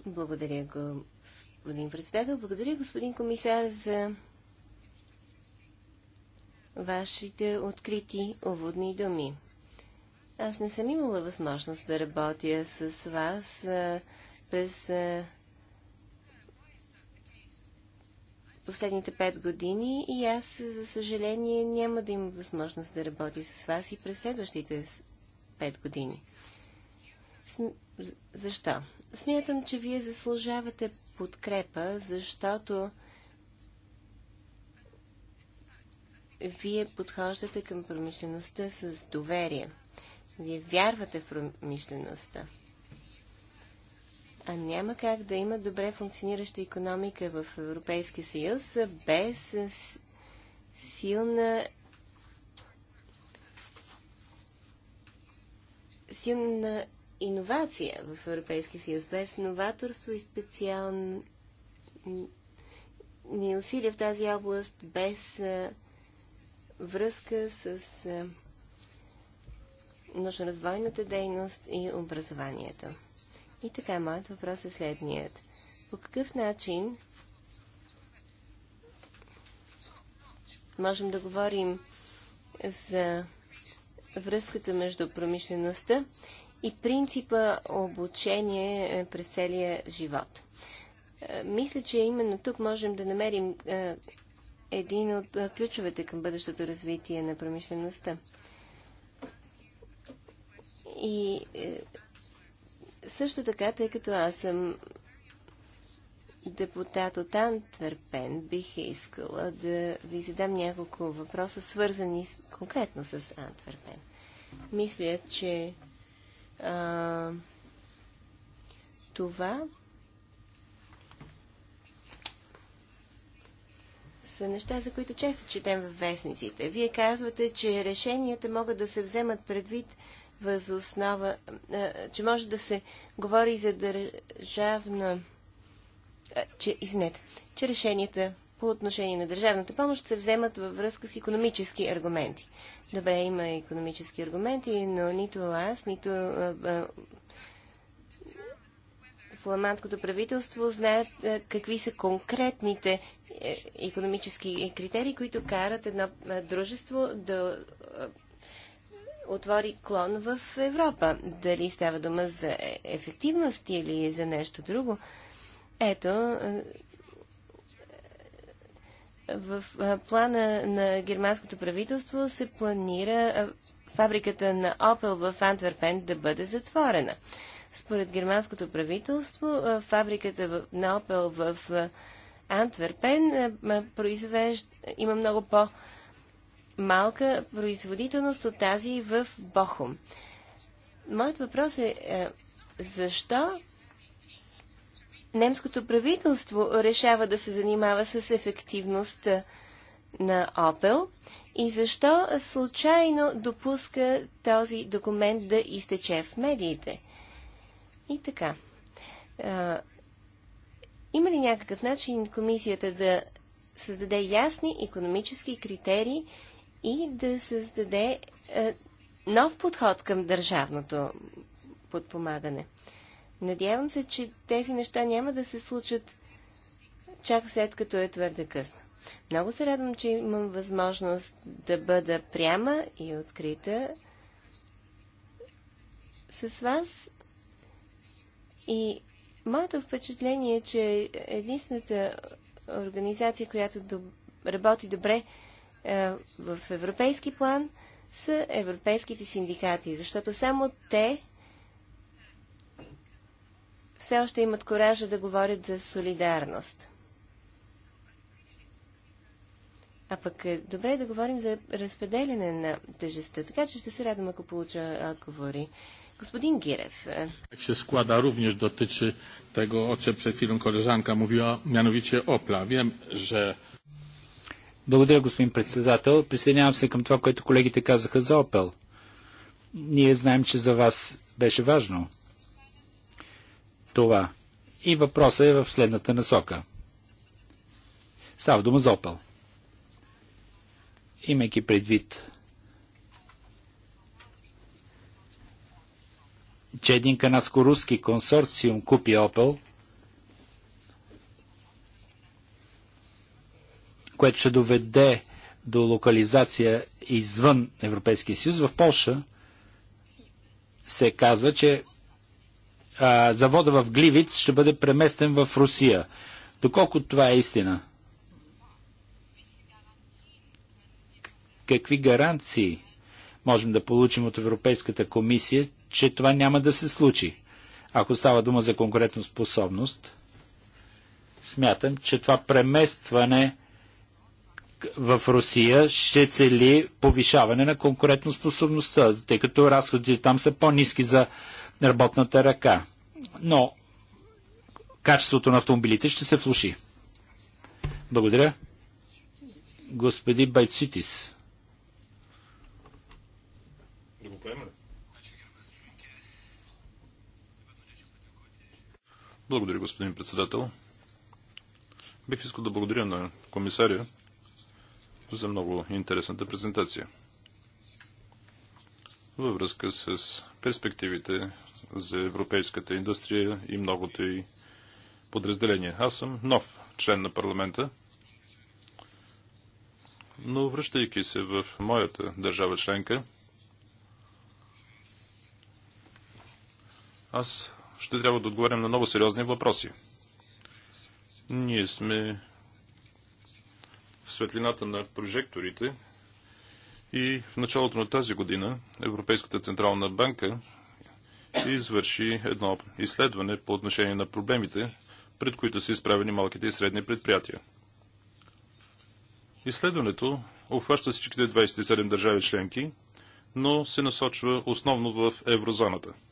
Благодаря, господин председател. Благодаря, господин комисар, за вашите открити уводни думи. Аз не съм имала възможност да работя с вас а, през а, последните пет години и аз, за съжаление, няма да имам възможност да работя с вас и през следващите пет години. Защо? Смятам, че вие заслужавате подкрепа, защото вие подхождате към промишлеността с доверие – вие вярвате в промишлеността. А няма как да има добре функционираща економика в Европейския съюз без силна силна иновация в Европейския съюз, без новаторство и специални усилия в тази област, без връзка с научно-развойната дейност и образованието. И така, моят въпрос е следният. По какъв начин можем да говорим за връзката между промишлеността и принципа обучение е, през целия живот. Е, мисля, че именно тук можем да намерим е, един от ключовете към бъдещото развитие на промишлеността. И е, също така, тъй като аз съм депутат от Антверпен, бих искала да ви задам няколко въпроса, свързани с, конкретно с Антверпен. Мисля, че а, това са неща, за които често четем във вестниците. Вие казвате, че решенията могат да се вземат предвид възоснова, е, че може да се говори за държавна, е, че, извинете, че решенията по отношение на държавната помощ се вземат във връзка с економически аргументи. Добре, има економически аргументи, но нито аз, нито е, фламандското правителство знаят а, какви са конкретните економически критерии, които карат едно дружество да отвори клон в Европа. Дали става дума за е, ефективност или за нещо друго. Ето, е, в е, плана на германското правителство се планира фабриката на Опел в Антверпен да бъде затворена. Според германското правителство, фабриката на Опел в Антверпен произвежда, има много по- малка производителност от тази в Бохум. Моят въпрос е, е, защо немското правителство решава да се занимава с ефективност е, на Опел и защо случайно допуска този документ да изтече в медиите. И така. Е, има ли някакъв начин комисията да създаде ясни економически критерии и да създаде е, нов подход към държавното подпомагане. Надявам се, че тези неща няма да се случат чак след като е твърде късно. Много се радвам, че имам възможност да бъда пряма и открита с вас. И моето впечатление е, че единствената организация, която работи добре е, в европейски план с европейските синдикати, защото само те все още имат коража да говорят за солидарност. А пък е добре да говорим за разпределяне на тежестта, така че ще се радвам, ако получа отговори. Господин Гирев. Как е. се склада, również dotyczy tego, o пред przed колежанка мовила, мяновиче опла. OPLA. че... że благодаря, господин председател. Присъединявам се към това, което колегите казаха за Опел. Ние знаем, че за вас беше важно това. И въпросът е в следната насока. Става дума за Опел. Имайки предвид, че един канадско-руски консорциум купи Опел – което ще доведе до локализация извън Европейския съюз. В Польша се казва, че а, завода в Гливиц ще бъде преместен в Русия. Доколко това е истина? Какви гаранции можем да получим от Европейската комисия, че това няма да се случи? Ако става дума за конкурентоспособност, смятам, че това преместване в Русия ще цели повишаване на конкурентоспособността, тъй като разходите там са по-низки за работната ръка. Но качеството на автомобилите ще се влуши. Благодаря. Господи Байцитис. Благодаря, господин председател. Бих искал да благодаря на комисаря за много интересната презентация във връзка с перспективите за европейската индустрия и многото и подразделения. Аз съм нов член на парламента, но връщайки се в моята държава членка, аз ще трябва да отговарям на много сериозни въпроси. Ние сме в светлината на прожекторите и в началото на тази година Европейската Централна банка извърши едно изследване по отношение на проблемите, пред които са изправени малките и средни предприятия. Изследването обхваща всичките 27 държави членки, но се насочва основно в еврозоната –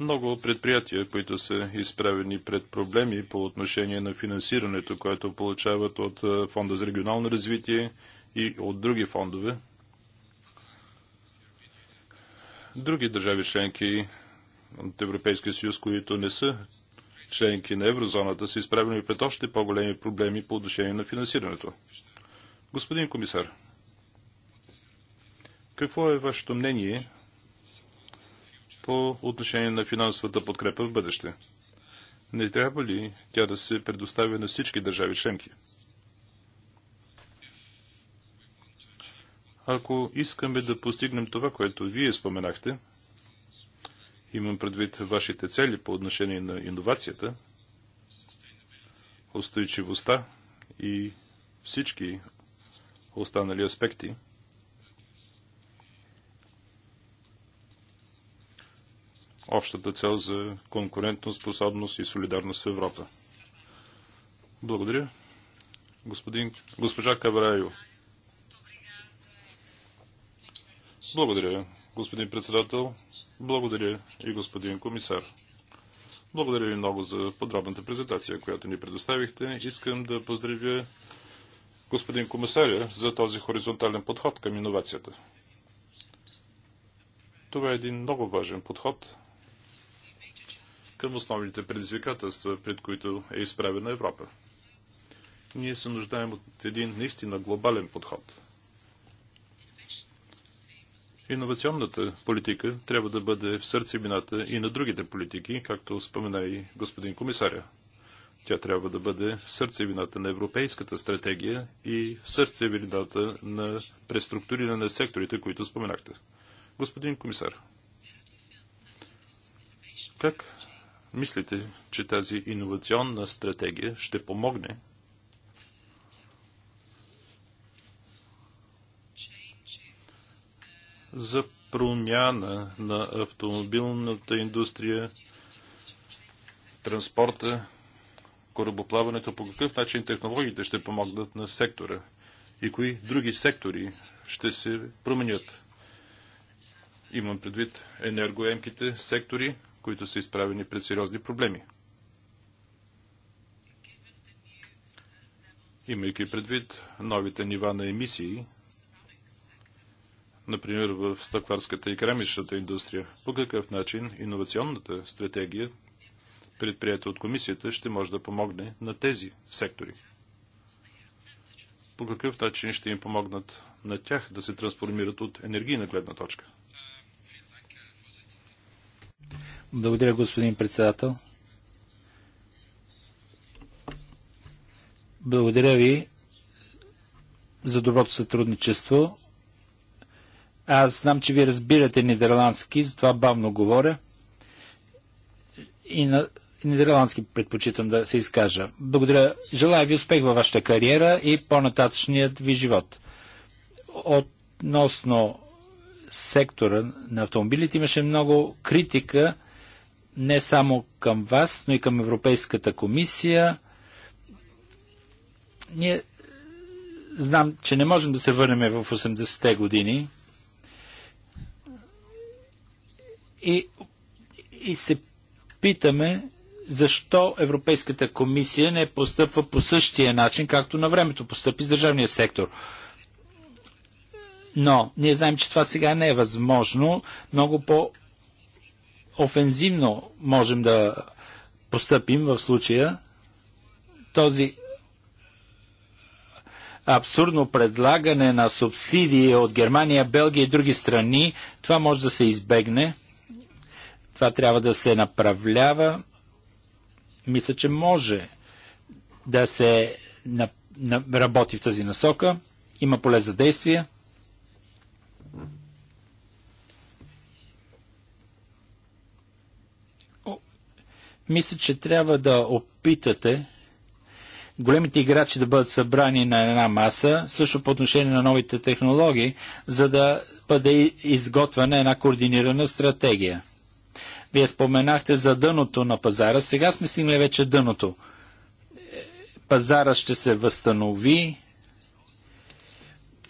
много предприятия, които са изправени пред проблеми по отношение на финансирането, което получават от Фонда за регионално развитие и от други фондове. Други държави членки от Европейския съюз, които не са членки на еврозоната, са изправени пред още по-големи проблеми по отношение на финансирането. Господин комисар, какво е вашето мнение по отношение на финансовата подкрепа в бъдеще? Не трябва ли тя да се предоставя на всички държави членки? Ако искаме да постигнем това, което вие споменахте, имам предвид вашите цели по отношение на иновацията, устойчивостта и всички останали аспекти – общата цел за конкурентна способност и солидарност в Европа. Благодаря. Господин, госпожа Кабрайо. Благодаря, господин председател. Благодаря и господин комисар. Благодаря ви много за подробната презентация, която ни предоставихте. Искам да поздравя господин комисаря за този хоризонтален подход към иновацията. Това е един много важен подход, към основните предизвикателства, пред които е изправена Европа. Ние се нуждаем от един наистина глобален подход. Инновационната политика трябва да бъде в сърцевината и на другите политики, както спомена и господин комисаря. Тя трябва да бъде в сърцевината на европейската стратегия и в сърцевината на преструктуриране на секторите, които споменахте. Господин комисар, как Мислите, че тази иновационна стратегия ще помогне за промяна на автомобилната индустрия, транспорта, корабоплаването, по какъв начин технологиите ще помогнат на сектора и кои други сектори ще се променят. Имам предвид енергоемките сектори, които са изправени пред сериозни проблеми. Имайки предвид новите нива на емисии, например в стъкварската и керамичната индустрия, по какъв начин иновационната стратегия, предприята от комисията, ще може да помогне на тези сектори? По какъв начин ще им помогнат на тях да се трансформират от енергийна гледна точка? Благодаря, господин председател. Благодаря ви за доброто сътрудничество. Аз знам, че ви разбирате нидерландски, затова бавно говоря. И на нидерландски предпочитам да се изкажа. Благодаря. Желая ви успех във вашата кариера и по-нататъчният ви живот. Относно сектора на автомобилите имаше много критика не само към вас, но и към Европейската комисия. Ние знам, че не можем да се върнем в 80-те години и, и се питаме защо Европейската комисия не постъпва по същия начин, както на времето постъпи с държавния сектор. Но ние знаем, че това сега не е възможно. Много по офензивно можем да постъпим в случая. Този абсурдно предлагане на субсидии от Германия, Белгия и други страни, това може да се избегне. Това трябва да се направлява. Мисля, че може да се на, на, работи в тази насока. Има поле за действия. Мисля, че трябва да опитате големите играчи да бъдат събрани на една маса, също по отношение на новите технологии, за да бъде изготвена една координирана стратегия. Вие споменахте за дъното на пазара. Сега сме стигнали вече дъното. Пазара ще се възстанови.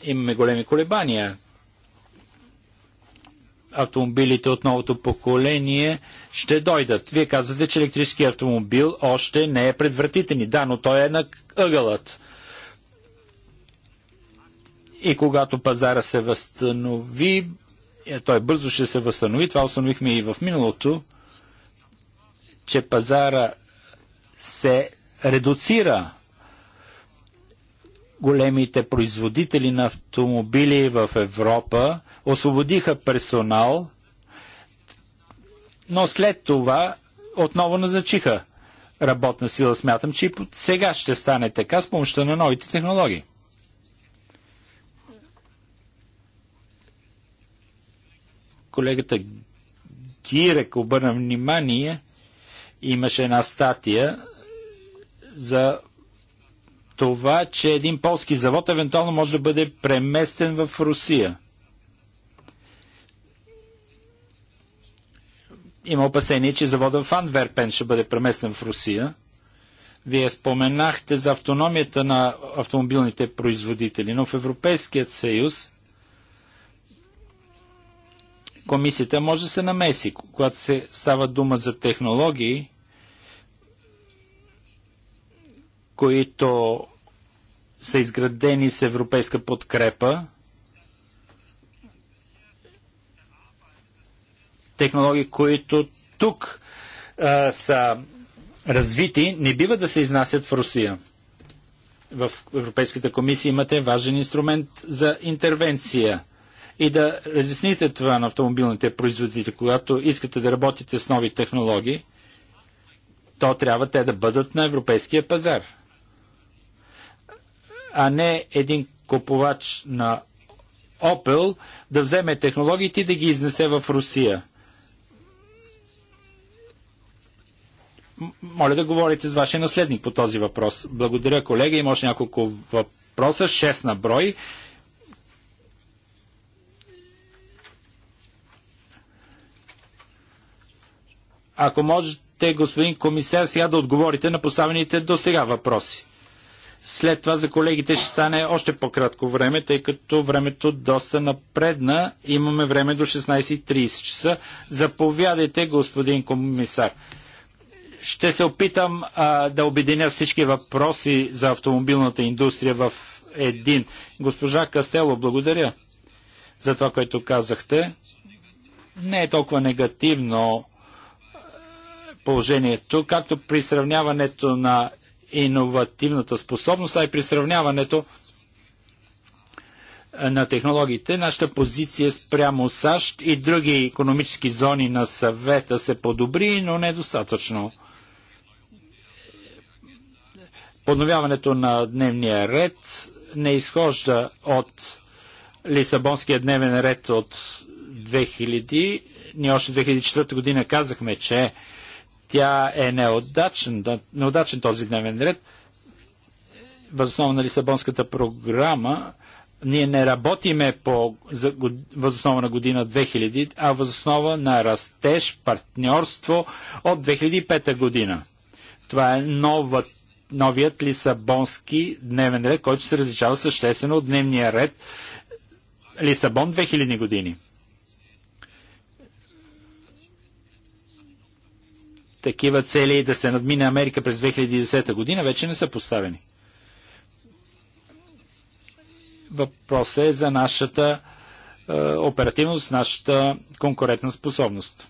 Имаме големи колебания автомобилите от новото поколение ще дойдат. Вие казвате, че електрически автомобил още не е предвратите ни. Да, но той е на ъгълът. И когато пазара се възстанови, е, той бързо ще се възстанови, това установихме и в миналото, че пазара се редуцира големите производители на автомобили в Европа освободиха персонал, но след това отново назначиха работна сила. Смятам, че и сега ще стане така с помощта на новите технологии. Колегата Гирек обърна внимание, имаше една статия за това, че един полски завод евентуално може да бъде преместен в Русия. Има опасение, че завода в Анверпен ще бъде преместен в Русия. Вие споменахте за автономията на автомобилните производители, но в Европейският съюз комисията може да се намеси, когато се става дума за технологии, които са изградени с европейска подкрепа, технологии, които тук а, са развити, не бива да се изнасят в Русия. В Европейската комисия имате важен инструмент за интервенция и да разясните това на автомобилните производители, когато искате да работите с нови технологии, то трябва те да бъдат на европейския пазар а не един купувач на Opel да вземе технологиите и да ги изнесе в Русия. Моля да говорите с вашия наследник по този въпрос. Благодаря, колега. Има още няколко въпроса, 6 на брой. Ако можете, господин комисар, сега да отговорите на поставените до сега въпроси. След това за колегите ще стане още по-кратко време, тъй като времето доста напредна. Имаме време до 16.30 часа. Заповядайте, господин комисар. Ще се опитам а, да обединя всички въпроси за автомобилната индустрия в един. Госпожа Кастело, благодаря за това, което казахте. Не е толкова негативно положението, както при сравняването на иновативната способност, а и при сравняването на технологиите, нашата позиция спрямо САЩ и други економически зони на съвета се подобри, но недостатъчно. Подновяването на дневния ред не изхожда от Лисабонския дневен ред от 2000. Ние още 2004 година казахме, че тя е неудачен, неудачен този дневен ред. Възоснова на Лисабонската програма ние не работиме по възоснова на година 2000, а възоснова на растеж, партньорство от 2005 година. Това е нова, новият Лисабонски дневен ред, който се различава съществено от дневния ред Лисабон 2000 години. такива цели да се надмине Америка през 2010 година вече не са поставени. Въпросът е за нашата е, оперативност, нашата конкурентна способност.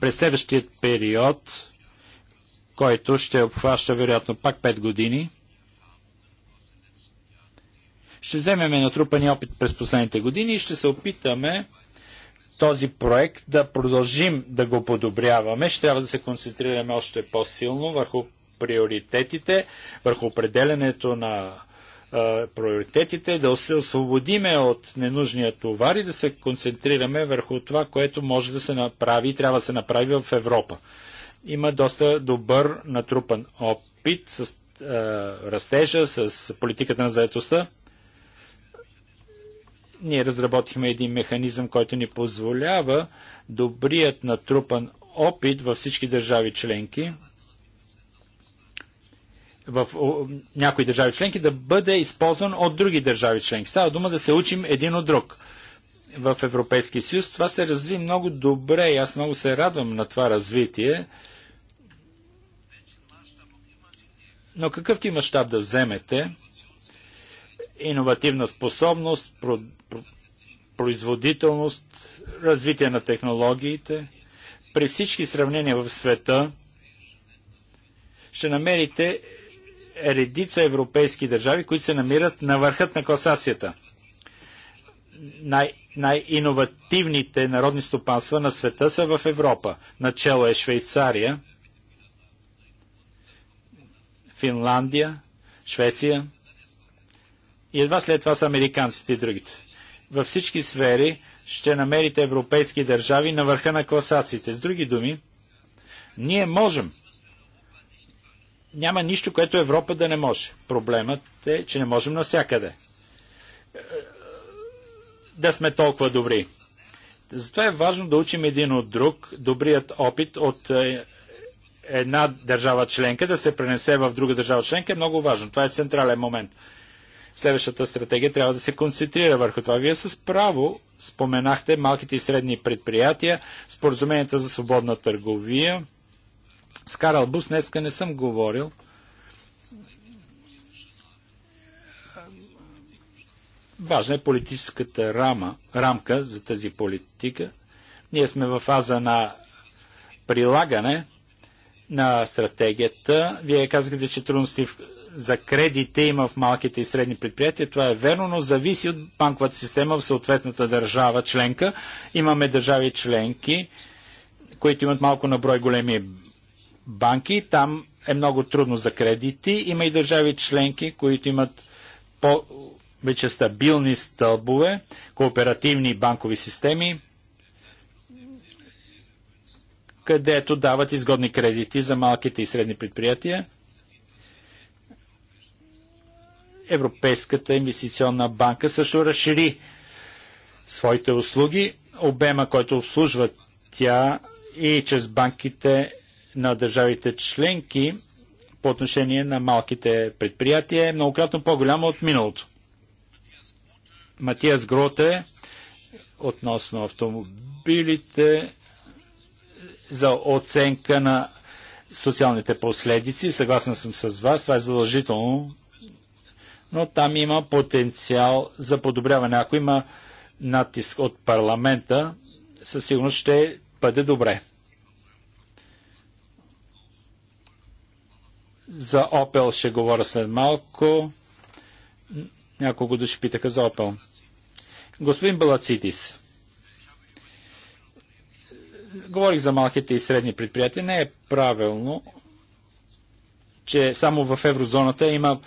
През следващия период, който ще обхваща вероятно пак 5 години, ще вземем натрупани опит през последните години и ще се опитаме този проект, да продължим да го подобряваме. Ще трябва да се концентрираме още по-силно върху приоритетите, върху определенето на а, приоритетите, да се освободиме от ненужния товар и да се концентрираме върху това, което може да се направи и трябва да се направи в Европа. Има доста добър натрупан опит с а, растежа, с политиката на заедостта ние разработихме един механизъм, който ни позволява добрият натрупан опит във всички държави членки, в някои държави членки да бъде използван от други държави членки. Става дума да се учим един от друг в Европейския съюз. Това се разви много добре и аз много се радвам на това развитие. Но какъвто и мащаб да вземете, иновативна способност, производителност, развитие на технологиите. При всички сравнения в света ще намерите редица европейски държави, които се намират на върхът на класацията. Най- най народни стопанства на света са в Европа. Начало е Швейцария, Финландия, Швеция – и едва след това са американците и другите. Във всички сфери ще намерите европейски държави на върха на класациите. С други думи, ние можем. Няма нищо, което Европа да не може. Проблемът е, че не можем навсякъде да сме толкова добри. Затова е важно да учим един от друг добрият опит от е, една държава членка да се пренесе в друга държава членка е много важно. Това е централен момент. Следващата стратегия трябва да се концентрира върху това. Вие с право споменахте малките и средни предприятия, споразуменията за свободна търговия. С Карл Бус днеска не съм говорил. Важна е политическата рама, рамка за тази политика. Ние сме в фаза на прилагане на стратегията. Вие казахте, че трудности за кредите има в малките и средни предприятия. Това е верно, но зависи от банковата система в съответната държава членка. Имаме държави членки, които имат малко на брой големи банки. Там е много трудно за кредити. Има и държави членки, които имат по вече стабилни стълбове, кооперативни банкови системи, където дават изгодни кредити за малките и средни предприятия. Европейската инвестиционна банка също разшири своите услуги, обема, който обслужва тя и чрез банките на държавите членки по отношение на малките предприятия е многократно по-голямо от миналото. Матиас Гроте относно автомобилите за оценка на социалните последици. Съгласен съм с вас, това е задължително но там има потенциал за подобряване. Ако има натиск от парламента, със сигурност ще бъде добре. За Опел ще говоря след малко. Няколко души питаха за Опел. Господин Балацитис, говорих за малките и средни предприятия. Не е правилно, че само в еврозоната има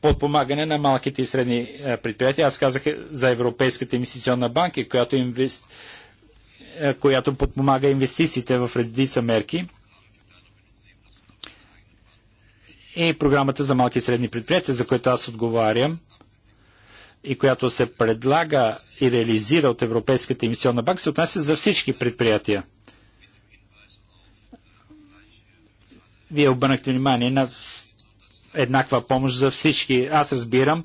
подпомагане на малките и средни е, предприятия. Аз казах е, за Европейската инвестиционна банка, която, инвест... Е, която подпомага инвестициите в редица мерки и програмата за малки и средни предприятия, за която аз отговарям и която се предлага и реализира от Европейската инвестиционна банка, се отнася за всички предприятия. Вие обърнахте внимание на еднаква помощ за всички. Аз разбирам,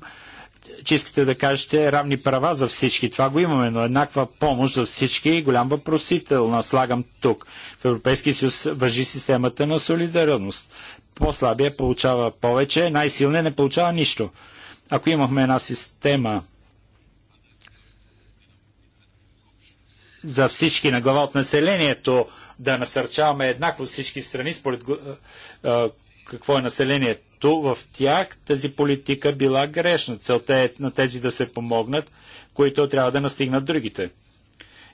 че искате да кажете равни права за всички. Това го имаме, но еднаква помощ за всички и е голям въпросител наслагам тук. В Европейския съюз въжи системата на солидарност. По-слабия получава повече, най-силният не получава нищо. Ако имахме една система за всички на глава от населението, да насърчаваме еднакво всички страни според какво е населението в тях, тази политика била грешна. Целта е на тези да се помогнат, които трябва да настигнат другите.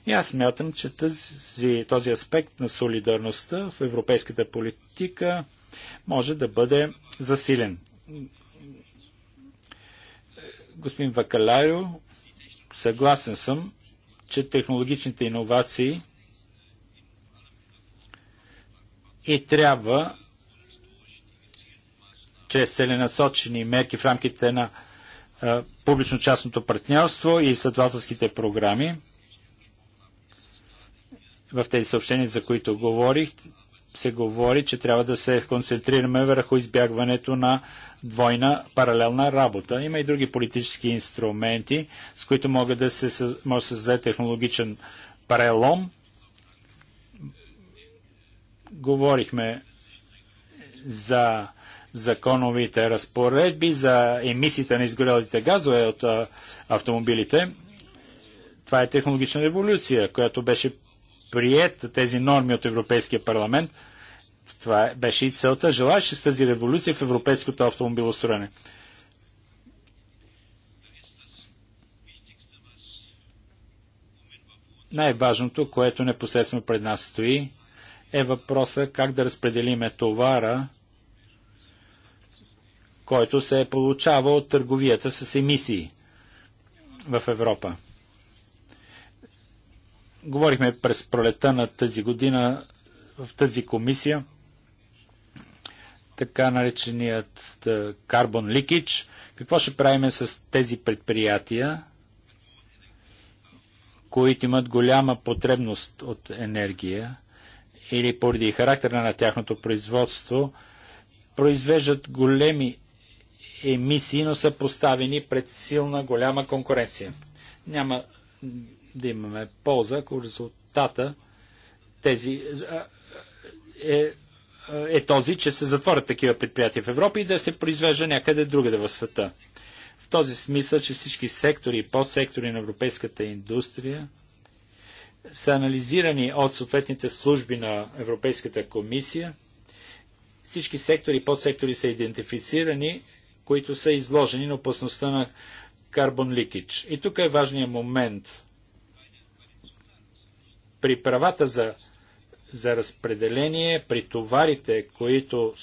И аз смятам, че тази, този аспект на солидарността в европейската политика може да бъде засилен. Господин Вакаларио, съгласен съм, че технологичните иновации и трябва чрез целенасочени мерки в рамките на публично-частното партньорство и изследователските програми. В тези съобщения, за които говорих, се говори, че трябва да се концентрираме върху избягването на двойна паралелна работа. Има и други политически инструменти, с които могат да се, може да се създаде технологичен прелом. Говорихме за законовите разпоредби за емисиите на изгорелите газове от а, автомобилите. Това е технологична революция, която беше прият тези норми от Европейския парламент. Това беше и целта. Желаеше с тази революция в европейското автомобилостроене. Най-важното, което непосредствено пред нас стои, е въпроса как да разпределиме товара който се е получава от търговията с емисии в Европа. Говорихме през пролета на тази година в тази комисия така нареченият е, Carbon Leakage. Какво ще правим с тези предприятия, които имат голяма потребност от енергия или поради характера на тяхното производство, произвеждат големи емисии, но са поставени пред силна голяма конкуренция. Няма да имаме полза, ако резултата тези, е, е този, че се затворят такива предприятия в Европа и да се произвежда някъде другаде в света. В този смисъл, че всички сектори и подсектори на европейската индустрия са анализирани от съответните служби на Европейската комисия. Всички сектори и подсектори са идентифицирани които са изложени на опасността на карбон ликич. И тук е важният момент. При правата за, за разпределение, при товарите, които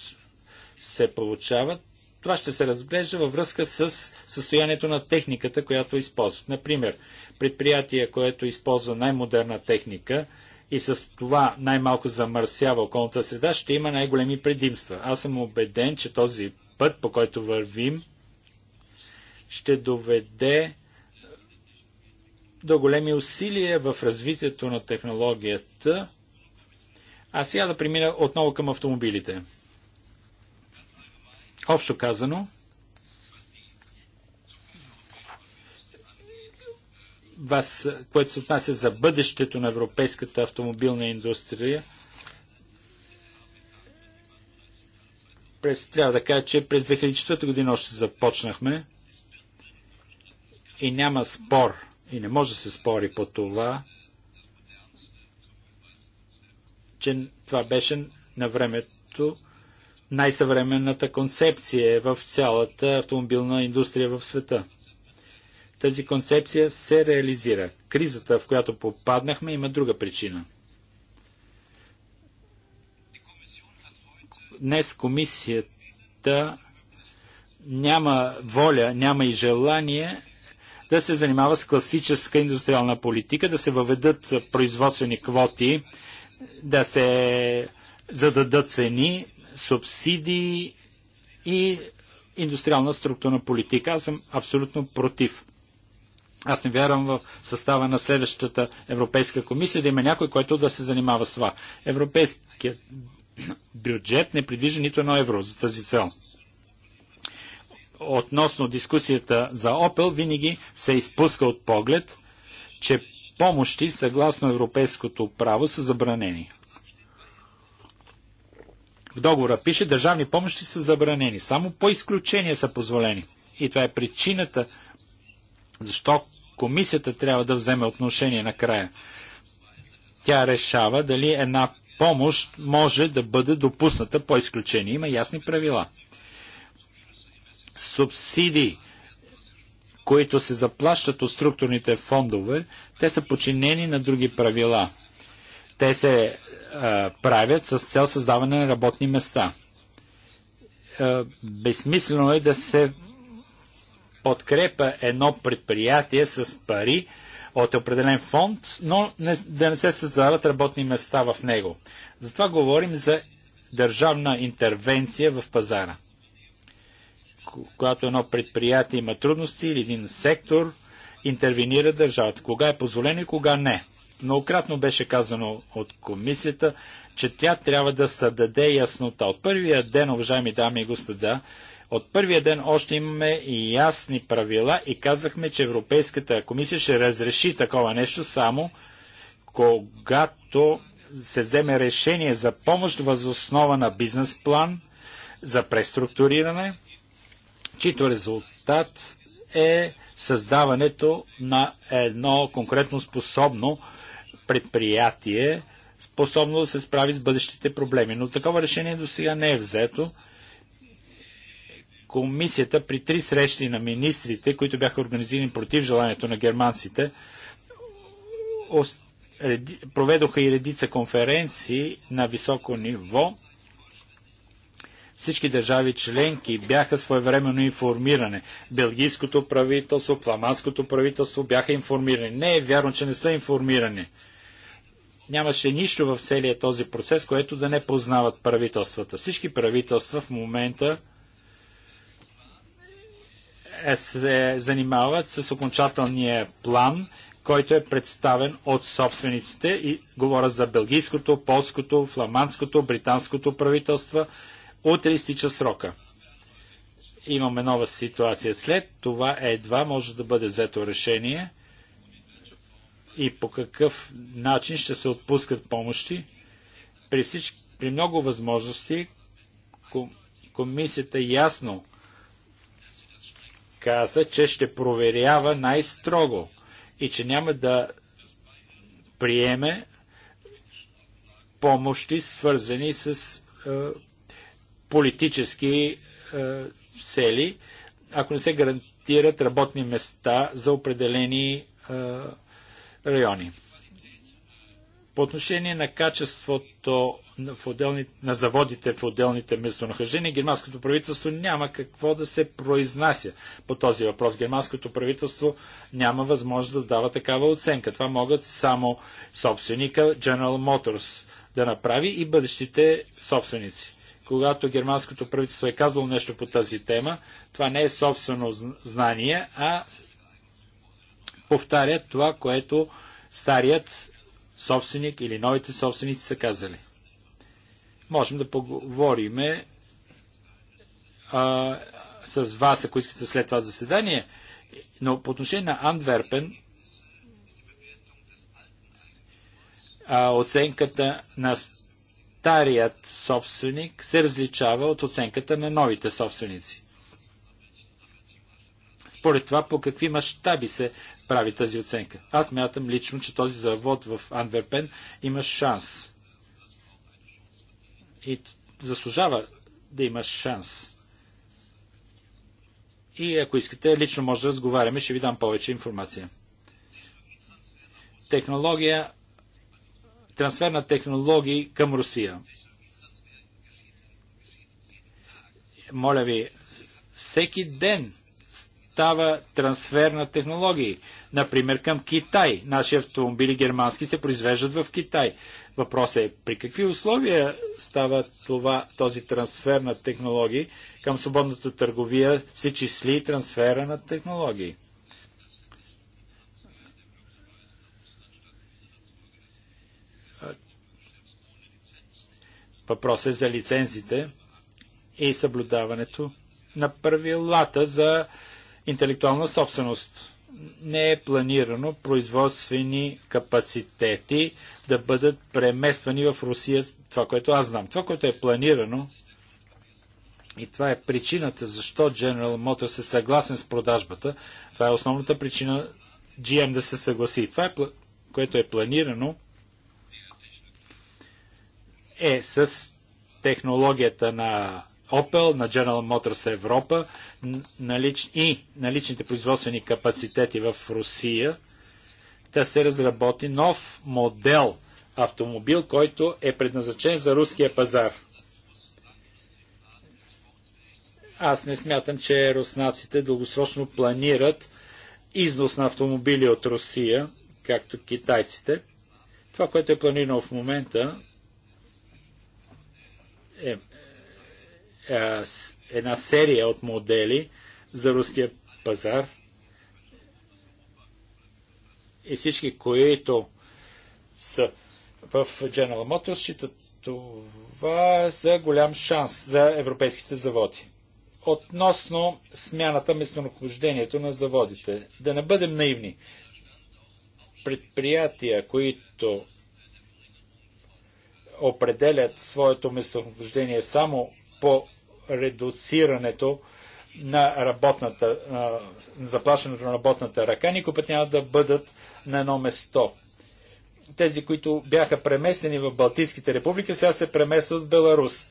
се получават, това ще се разглежда във връзка с състоянието на техниката, която използват. Например, предприятие, което използва най-модерна техника и с това най-малко замърсява околната среда, ще има най-големи предимства. Аз съм убеден, че този път, по който вървим, ще доведе до големи усилия в развитието на технологията. А сега да премина отново към автомобилите. Общо казано, вас, което се отнася за бъдещето на европейската автомобилна индустрия – през, трябва да кажа, че през 2004 година още започнахме и няма спор и не може да се спори по това, че това беше на времето най-съвременната концепция в цялата автомобилна индустрия в света. Тази концепция се реализира. Кризата, в която попаднахме, има друга причина – днес комисията няма воля, няма и желание да се занимава с класическа индустриална политика, да се въведат производствени квоти, да се зададат цени, субсидии и индустриална структурна политика. Аз съм абсолютно против. Аз не вярвам в състава на следващата Европейска комисия да има някой, който да се занимава с това. Европейският бюджет не предвижда нито едно евро за тази цел. Относно дискусията за Опел, винаги се изпуска от поглед, че помощи съгласно европейското право са забранени. В договора пише, държавни помощи са забранени. Само по изключение са позволени. И това е причината, защо комисията трябва да вземе отношение накрая. Тя решава дали една помощ може да бъде допусната по изключение. Има ясни правила. Субсидии, които се заплащат от структурните фондове, те са подчинени на други правила. Те се а, е, правят с цел създаване на работни места. А, е, безсмислено е да се подкрепа едно предприятие с пари, от определен фонд, но не, да не се създават работни места в него. Затова говорим за държавна интервенция в пазара. Когато едно предприятие има трудности или един сектор, интервенира държавата. Кога е позволено и кога не. Многократно беше казано от комисията, че тя трябва да създаде яснота. От първия ден, уважаеми дами и господа, от първия ден още имаме и ясни правила и казахме, че Европейската комисия ще разреши такова нещо само когато се вземе решение за помощ възоснова на бизнес план за преструктуриране, чието резултат е създаването на едно конкретно способно предприятие, способно да се справи с бъдещите проблеми. Но такова решение до сега не е взето комисията при три срещи на министрите, които бяха организирани против желанието на германците, проведоха и редица конференции на високо ниво. Всички държави членки бяха своевременно информирани. Белгийското правителство, фламандското правителство бяха информирани. Не е вярно, че не са информирани. Нямаше нищо в целия този процес, което да не познават правителствата. Всички правителства в момента е, се занимават с окончателния план, който е представен от собствениците и говоря за белгийското, полското, фламандското, британското правителство. от изтича срока. Имаме нова ситуация. След това едва може да бъде взето решение и по какъв начин ще се отпускат помощи. При, всички, при много възможности комисията ясно каза, че ще проверява най-строго и че няма да приеме помощи, свързани с е, политически е, сели, ако не се гарантират работни места за определени е, райони. По отношение на качеството на, в на заводите в отделните местонахождения, германското правителство няма какво да се произнася по този въпрос. Германското правителство няма възможност да дава такава оценка. Това могат само собственика General Motors да направи и бъдещите собственици когато германското правителство е казало нещо по тази тема, това не е собствено знание, а повтаря това, което старият собственик или новите собственици са казали. Можем да поговориме а, с вас, ако искате след това заседание, но по отношение на Антверпен, а, оценката на старият собственик се различава от оценката на новите собственици. Според това, по какви мащаби се прави тази оценка. Аз мятам лично, че този завод в Анверпен има шанс. И заслужава да има шанс. И ако искате, лично може да разговаряме, ще ви дам повече информация. Технология, трансфер на технологии към Русия. Моля ви, всеки ден става трансфер на технологии например към Китай. Наши автомобили германски се произвеждат в Китай. Въпросът е при какви условия става това, този трансфер на технологии към свободната търговия се числи трансфера на технологии. Въпросът е за лицензите и съблюдаването на правилата за интелектуална собственост не е планирано производствени капацитети да бъдат премествани в Русия, това, което аз знам. Това, което е планирано, и това е причината защо General Motors е съгласен с продажбата. Това е основната причина GM да се съгласи. Това, е, което е планирано, е с технологията на Opel, на General Motors Европа налич... и наличните производствени капацитети в Русия, да се разработи нов модел автомобил, който е предназначен за руския пазар. Аз не смятам, че руснаците дългосрочно планират износ на автомобили от Русия, както китайците. Това, което е планирано в момента, е е, една серия от модели за руския пазар и всички, които са в General Motors, считат това за голям шанс за европейските заводи. Относно смяната местонахождението на заводите, да не бъдем наивни. Предприятия, които определят своето местонахождение само по редуцирането на работната, заплащането на работната ръка, никой път няма да бъдат на едно место. Тези, които бяха преместени в Балтийските републики, сега се преместват в Беларус.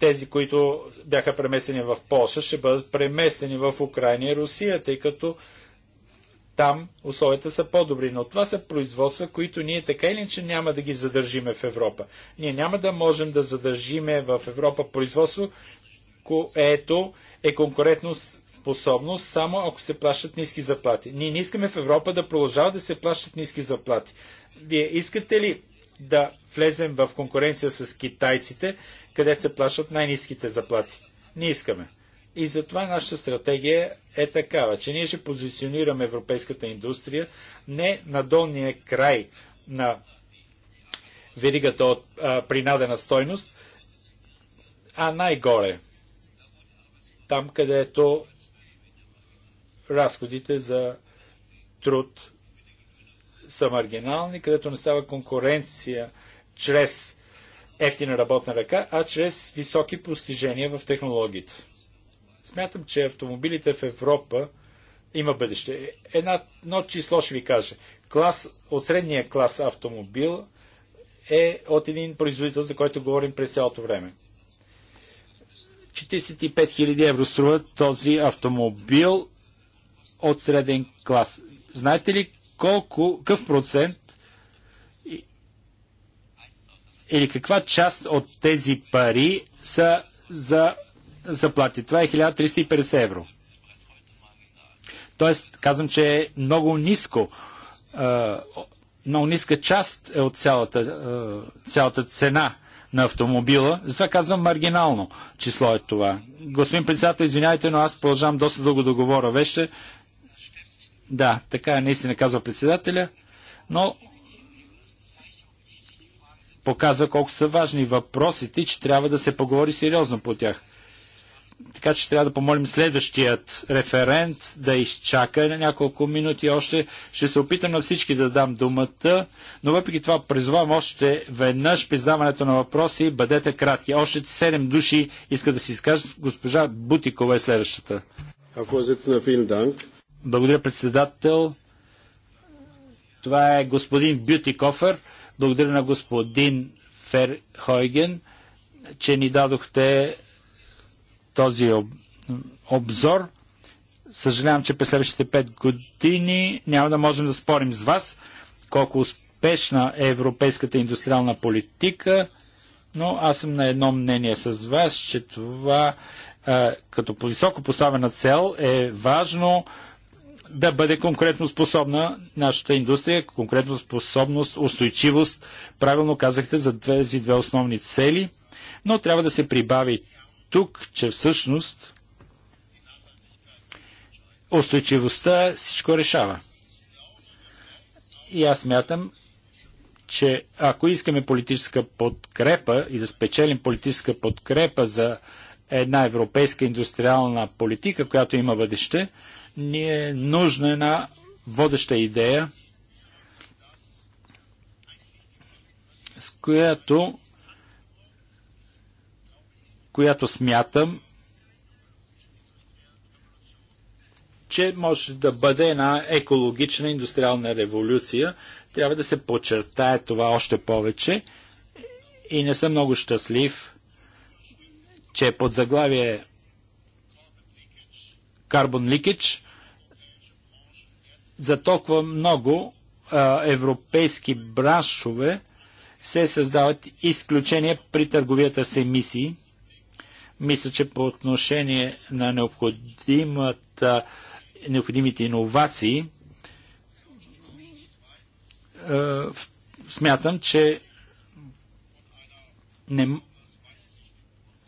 Тези, които бяха преместени в Польша, ще бъдат преместени в Украина и Русия, тъй като там условията са по-добри, но това са производства, които ние така или иначе няма да ги задържиме в Европа. Ние няма да можем да задържиме в Европа производство, което е конкурентно способно, само ако се плащат ниски заплати. Ние не искаме в Европа да продължава да се плащат ниски заплати. Вие искате ли да влезем в конкуренция с китайците, където се плащат най низките заплати? Не искаме. И затова нашата стратегия е такава, че ние ще позиционираме европейската индустрия не на долния край на веригата от а, принадена стойност, а най-горе. Там, където разходите за труд са маргинални, където не става конкуренция чрез ефтина работна ръка, а чрез високи постижения в технологиите. Смятам, че автомобилите в Европа има бъдеще. Една, едно число ще ви кажа. Клас, от средния клас автомобил е от един производител, за който говорим през цялото време. 45 000 евро струва този автомобил от среден клас. Знаете ли колко, какъв процент или каква част от тези пари са за заплати. Това е 1350 евро. Тоест, казвам, че е много ниско. Много ниска част е от цялата, цялата цена на автомобила. Затова казвам маргинално число е това. Господин председател, извинявайте, но аз продължавам доста дълго да говоря веще. Да, така е, наистина казва председателя, но показва колко са важни въпросите и че трябва да се поговори сериозно по тях. Така че трябва да помолим следващият референт да изчака няколко минути още. Ще се опитам на всички да дам думата, но въпреки това призвам още веднъж при задаването на въпроси бъдете кратки. Още седем души искат да си изкажат. Госпожа Бутикова е следващата. Благодаря, председател. Това е господин Бютикофер. Благодаря на господин Ферхойген, че ни дадохте този обзор. Съжалявам, че през следващите 5 години няма да можем да спорим с вас колко успешна е европейската индустриална политика, но аз съм на едно мнение с вас, че това а, е, като по високо поставена цел е важно да бъде конкретно способна нашата индустрия, конкретно способност, устойчивост. Правилно казахте за две, за две основни цели, но трябва да се прибави тук, че всъщност устойчивостта всичко решава. И аз мятам, че ако искаме политическа подкрепа и да спечелим политическа подкрепа за една европейска индустриална политика, която има бъдеще, ни е нужна една водеща идея, с която която смятам, че може да бъде една екологична индустриална революция. Трябва да се подчертае това още повече. И не съм много щастлив, че под заглавие Carbon Leakage за толкова много а, европейски браншове се създават изключения при търговията с емисии. Мисля, че по отношение на необходимата, необходимите иновации, е, смятам, че не,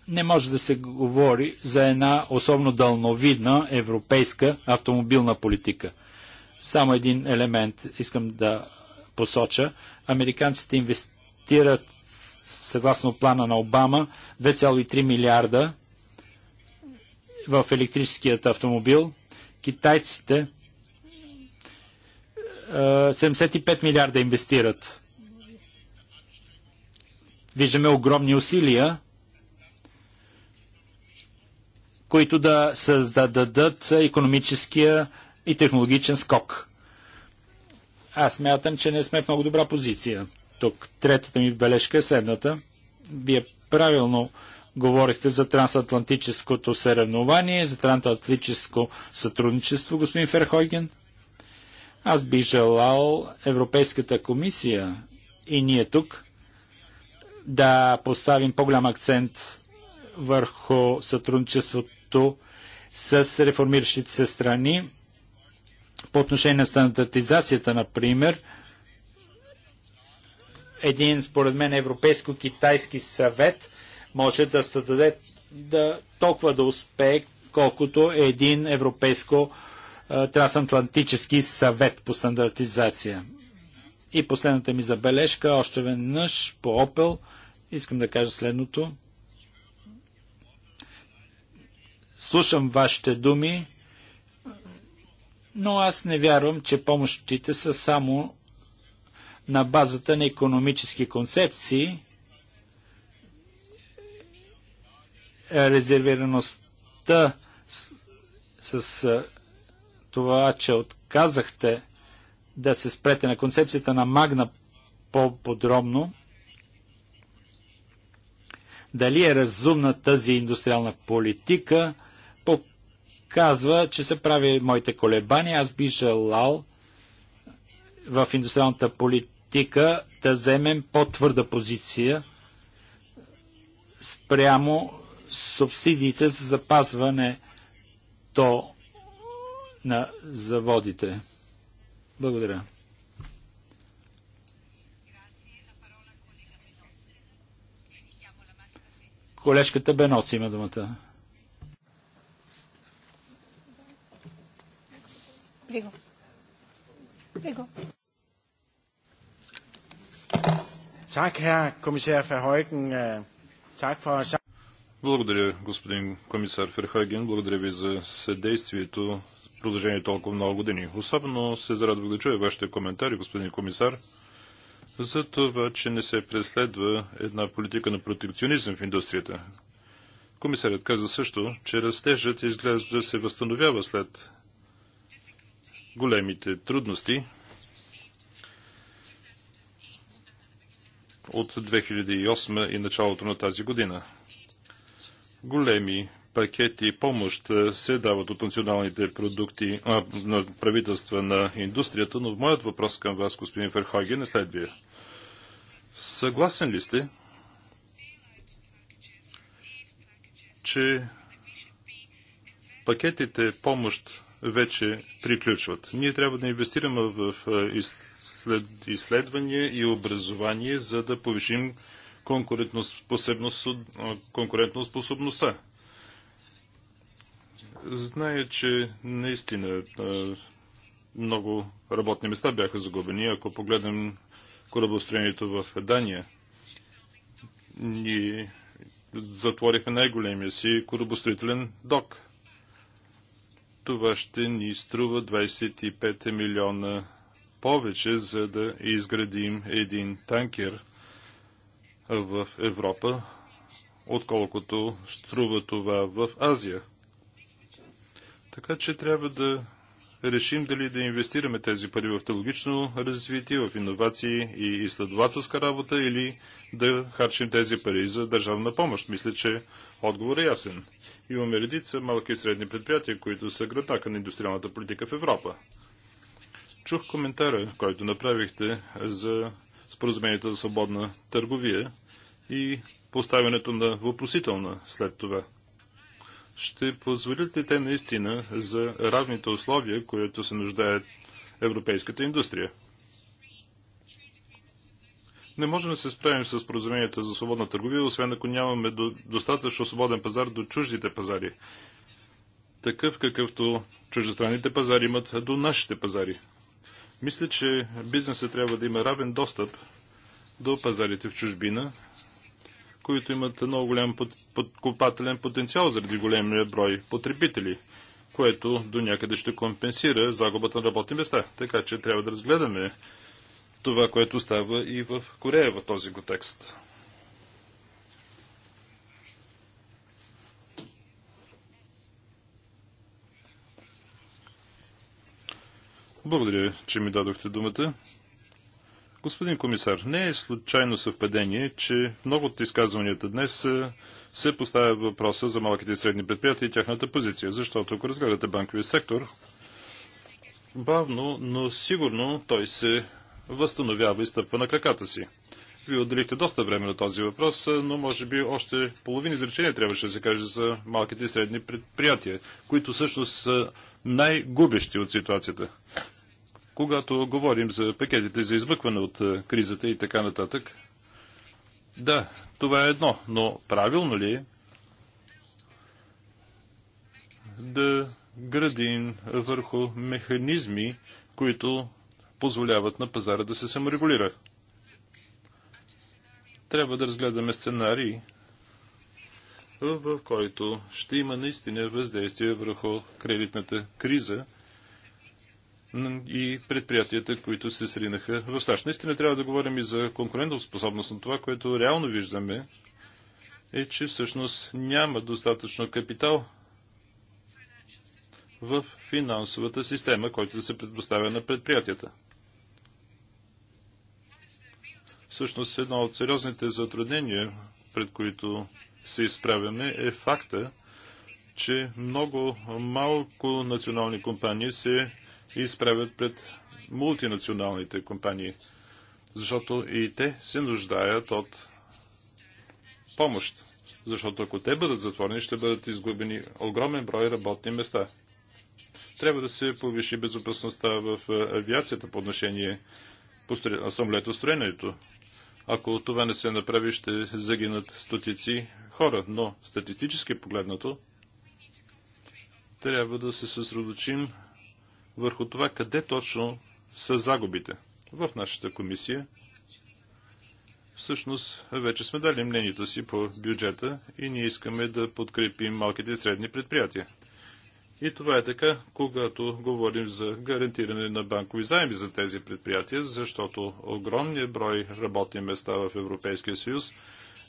не може да се говори за една особено дълновидна европейска автомобилна политика. Само един елемент искам да посоча. Американците инвестират съгласно плана на Обама 2,3 милиарда в електрическият автомобил. Китайците 75 милиарда инвестират. Виждаме огромни усилия, които да създадат економическия и технологичен скок. Аз мятам, че не сме в много добра позиция тук. Третата ми бележка е следната. Вие правилно говорихте за трансатлантическото съревнование, за трансатлантическо сътрудничество, господин Ферхойген. Аз бих желал Европейската комисия и ние тук да поставим по-голям акцент върху сътрудничеството с реформиращите се страни по отношение на стандартизацията, например – един, според мен, европейско-китайски съвет може да създаде да, толкова да успее, колкото един европейско трансатлантически съвет по стандартизация. И последната ми забележка, още веднъж по Opel, искам да кажа следното. Слушам вашите думи, но аз не вярвам, че помощите са само на базата на економически концепции, е резервираността с, с, е, това, че отказахте да се спрете на концепцията на Магна по-подробно, дали е разумна тази индустриална политика, показва, че се прави моите колебания. Аз би желал в индустриалната политика Тика да вземем по-твърда позиция спрямо субсидиите за запазване то на заводите. Благодаря. Колежката Беноц има думата. Приго. Приго комисар Ферхойген. Так for... Благодаря, господин комисар Ферхойген. Благодаря ви за съдействието в продължение толкова много години. Особено се зарадвах да чуя вашите коментари, господин комисар, за това, че не се преследва една политика на протекционизъм в индустрията. Комисарят каза също, че растежът изглежда да се възстановява след големите трудности, от 2008 и началото на тази година. Големи пакети помощ се дават от националните продукти а, на правителства на индустрията, но моят въпрос към вас, господин Ферхаген, е следвия. Съгласен ли сте, че пакетите помощ вече приключват? Ние трябва да инвестираме в след изследвания и образование, за да повишим конкурентоспособността. Зная, че наистина много работни места бяха загубени. Ако погледнем корабостроението в Дания, ние затвориха най-големия си корабостроителен док. Това ще ни струва 25 милиона повече, за да изградим един танкер в Европа, отколкото струва това в Азия. Така че трябва да решим дали да инвестираме тези пари в технологично развитие, в иновации и изследователска работа или да харчим тези пари за държавна помощ. Мисля, че отговор е ясен. Имаме редица малки и средни предприятия, които са гръбнака на индустриалната политика в Европа. Чух коментара, който направихте за споразумението за свободна търговия и поставянето на въпросителна след това. Ще позволят ли те наистина за равните условия, които се нуждаят европейската индустрия? Не можем да се справим с споразуменията за свободна търговия, освен ако нямаме до, достатъчно свободен пазар до чуждите пазари. Такъв какъвто чуждестранните пазари имат до нашите пазари. Мисля, че бизнесът трябва да има равен достъп до пазарите в чужбина, които имат много голям подкупателен потенциал заради големия брой потребители, което до някъде ще компенсира загубата на работни места. Така че трябва да разгледаме това, което става и в Корея в този контекст. Благодаря, че ми дадохте думата. Господин комисар, не е случайно съвпадение, че много от изказванията днес се поставя въпроса за малките и средни предприятия и тяхната позиция, защото ако разгледате банковия сектор, бавно, но сигурно той се възстановява и стъпва на краката си. Вие отделихте доста време на този въпрос, но може би още половин изречение трябваше да се каже за малките и средни предприятия, които всъщност са най-губещи от ситуацията. Когато говорим за пакетите за измъкване от е, кризата и така нататък, да, това е едно, но правилно ли е да градим върху механизми, които позволяват на пазара да се саморегулира? Трябва да разгледаме сценарии, в който ще има наистина въздействие върху кредитната криза и предприятията, които се сринаха в САЩ. Наистина трябва да говорим и за конкурентоспособност на това, което реално виждаме е, че всъщност няма достатъчно капитал в финансовата система, който да се предоставя на предприятията. Всъщност едно от сериозните затруднения, пред които се изправяме, е факта, че много малко национални компании се изправят пред мултинационалните компании, защото и те се нуждаят от помощ. Защото ако те бъдат затворени, ще бъдат изгубени огромен брой работни места. Трябва да се повиши безопасността в е, авиацията по отношение на самолетостроенето. Ако това не се направи, ще загинат стотици хора, но статистически погледнато трябва да се съсредочим върху това къде точно са загубите. В нашата комисия всъщност вече сме дали мнението си по бюджета и ние искаме да подкрепим малките и средни предприятия. И това е така, когато говорим за гарантиране на банкови заеми за тези предприятия, защото огромният брой работни места в Европейския съюз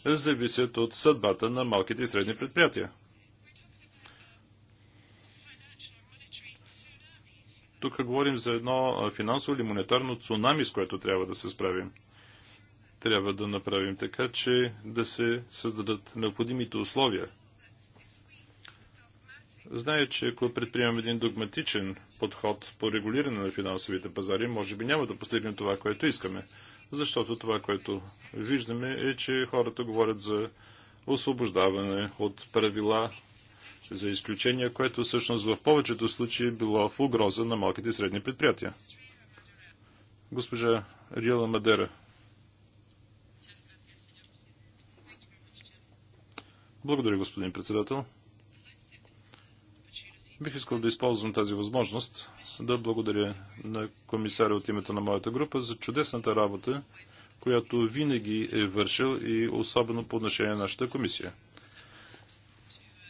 зависят от съдбата на малките и средни предприятия. Тук говорим за едно финансово или монетарно цунами, с което трябва да се справим. Трябва да направим така, че да се създадат необходимите условия. Зная, че ако предприемем един догматичен подход по регулиране на финансовите пазари, може би няма да постигнем това, което искаме. Защото това, което виждаме е, че хората говорят за освобождаване от правила, за изключение, което всъщност в повечето случаи било в угроза на малките и средни предприятия. Госпожа Риела Мадера. Благодаря, господин председател. Бих искал да използвам тази възможност да благодаря на комисаря от името на моята група за чудесната работа, която винаги е вършил и особено по отношение на нашата комисия.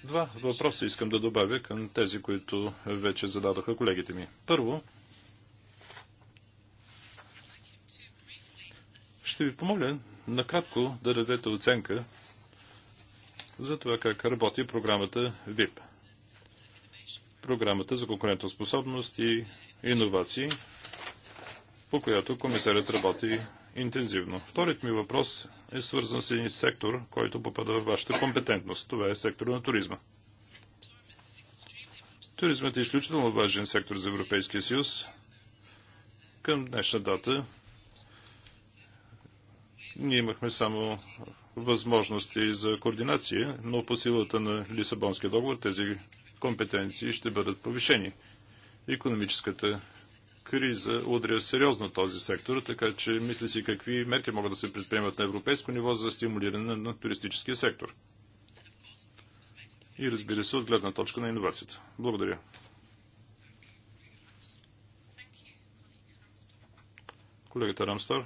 Два въпроса искам да добавя към тези, които вече зададоха колегите ми. Първо, ще ви помоля накратко да дадете оценка за това как работи програмата ВИП. Програмата за конкурентоспособност и иновации, по която комисарят работи интензивно. Вторият ми въпрос е свързан с един сектор, който попада в вашата компетентност. Това е сектор на туризма. Туризмът е изключително важен сектор за Европейския съюз. Към днешна дата ние имахме само възможности за координация, но по силата на Лисабонския договор тези компетенции ще бъдат повишени. Економическата криза удря сериозно този сектор, така че мисли си какви мерки могат да се предприемат на европейско ниво за стимулиране на туристическия сектор. И разбира се, от гледна точка на иновацията. Благодаря. Колегата Рамстор.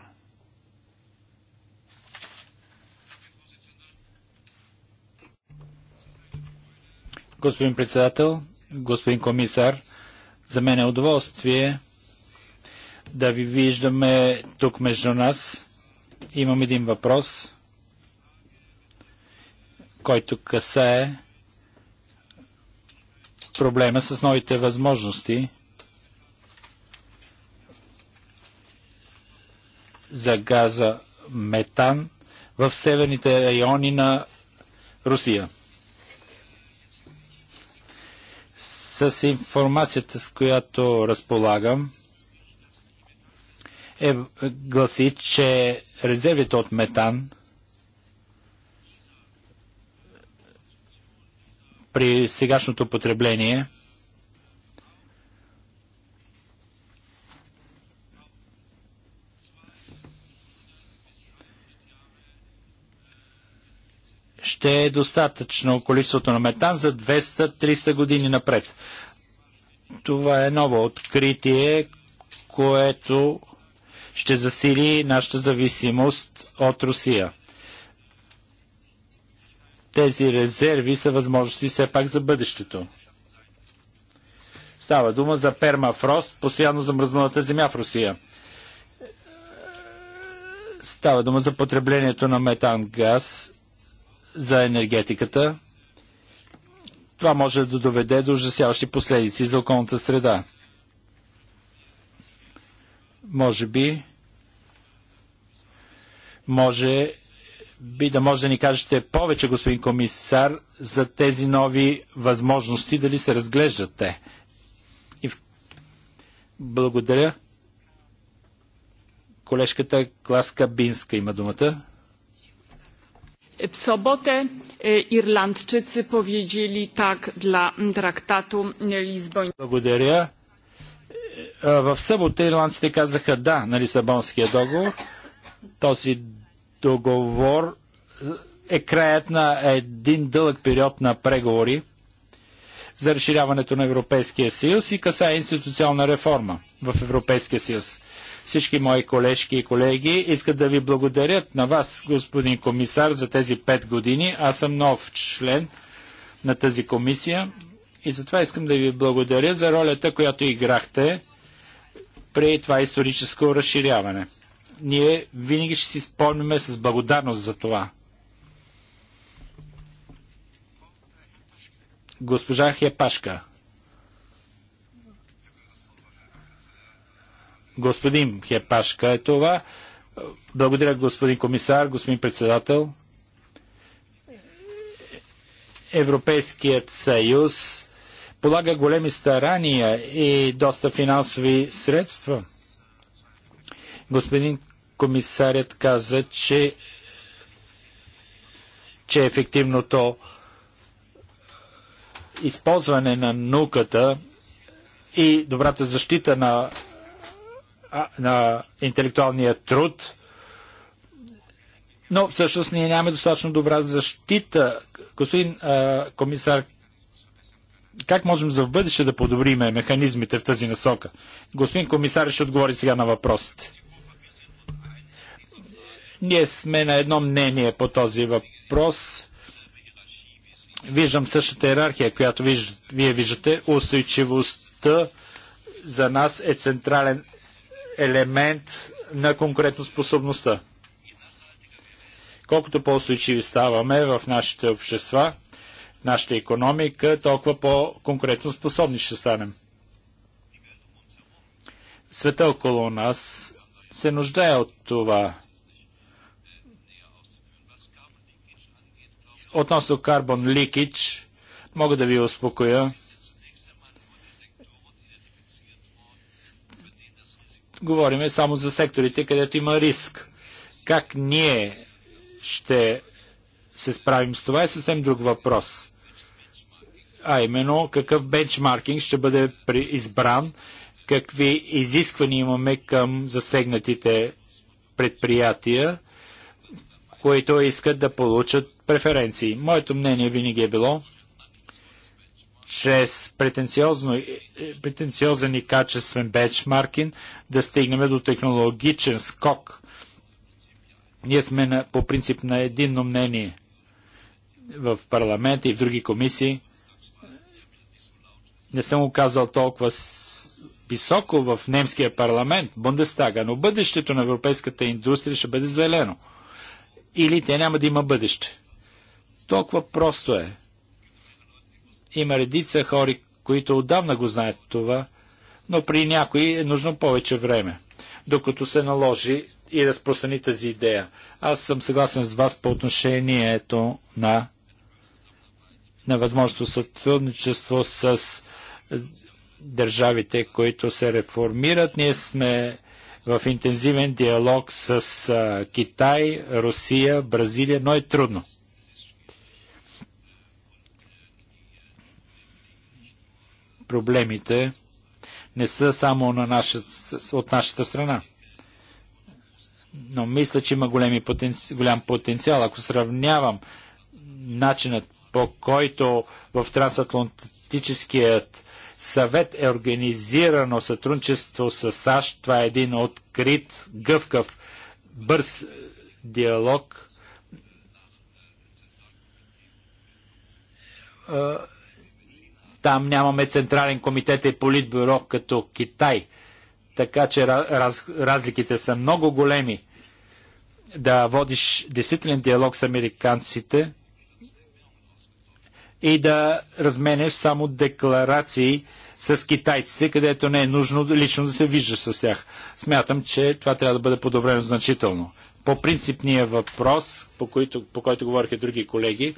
Господин председател, господин комисар, за мен е удоволствие да ви виждаме тук между нас. Имам един въпрос, който касае проблема с новите възможности за газа метан в северните райони на Русия. С информацията, с която разполагам, е, гласи, че резервите от метан при сегашното потребление ще е достатъчно количеството на метан за 200-300 години напред. Това е ново откритие, което ще засили нашата зависимост от Русия. Тези резерви са възможности все пак за бъдещето. Става дума за пермафрост, постоянно замръзналата земя в Русия. Става дума за потреблението на метан газ за енергетиката. Това може да доведе до ужасяващи последици за околната среда може би може би да може да ни кажете повече, господин комисар, за тези нови възможности, дали се разглеждат те. И Благодаря. Колежката Класка Бинска има думата. W sobotę Irlandczycy powiedzieli tak dla traktatu lizbońskiego. Благодаря в събота ирландците казаха да на Лисабонския договор. Този договор е краят на един дълъг период на преговори за разширяването на Европейския съюз и касае институционална реформа в Европейския съюз. Всички мои колежки и колеги искат да ви благодарят на вас, господин комисар, за тези пет години. Аз съм нов член на тази комисия и затова искам да ви благодаря за ролята, която играхте при това историческо разширяване. Ние винаги ще си спомняме с благодарност за това. Госпожа Хепашка. Господин Хепашка е това. Благодаря, господин комисар, господин председател. Европейският съюз полага големи старания и доста финансови средства. Господин комисарят каза, че, че ефективното използване на науката и добрата защита на, на интелектуалния труд, но всъщност ние нямаме достатъчно добра защита. Господин а, комисар как можем за в бъдеще да подобриме механизмите в тази насока? Господин комисар ще отговори сега на въпросите. Ние сме на едно мнение по този въпрос. Виждам същата иерархия, която вие виждате. Устойчивостта за нас е централен елемент на конкурентоспособността. Колкото по-устойчиви ставаме в нашите общества – нашата економика, толкова по-конкурентно способни ще станем. Света около нас се нуждае от това. Относно карбон ликич, мога да ви успокоя. Говориме само за секторите, където има риск. Как ние ще се справим с това е съвсем друг въпрос а именно какъв бенчмаркинг ще бъде избран, какви изисквания имаме към засегнатите предприятия, които искат да получат преференции. Моето мнение винаги е било, чрез претенциозен и качествен бенчмаркинг да стигнем до технологичен скок. Ние сме на, по принцип на единно мнение в парламента и в други комисии не съм го казал толкова високо в немския парламент, Бундестага, но бъдещето на европейската индустрия ще бъде зелено. Или те няма да има бъдеще. Толкова просто е. Има редица хори, които отдавна го знаят това, но при някои е нужно повече време, докато се наложи и разпространи тази идея. Аз съм съгласен с вас по отношението на, на възможното сътрудничество с държавите, които се реформират. Ние сме в интензивен диалог с а, Китай, Русия, Бразилия, но е трудно. Проблемите не са само на наша, от нашата страна. Но мисля, че има големи потенци, голям потенциал. Ако сравнявам начинът по който в трансатлантическият съвет е организирано сътрудничество с САЩ. Това е един открит, гъвкав, бърз диалог. Там нямаме Централен комитет и Политбюро като Китай, така че раз, разликите са много големи. Да водиш действителен диалог с американците – и да разменеш само декларации с китайците, където не е нужно лично да се виждаш с тях. Смятам, че това трябва да бъде подобрено значително. По принципния въпрос, по, който, по който говориха други колеги,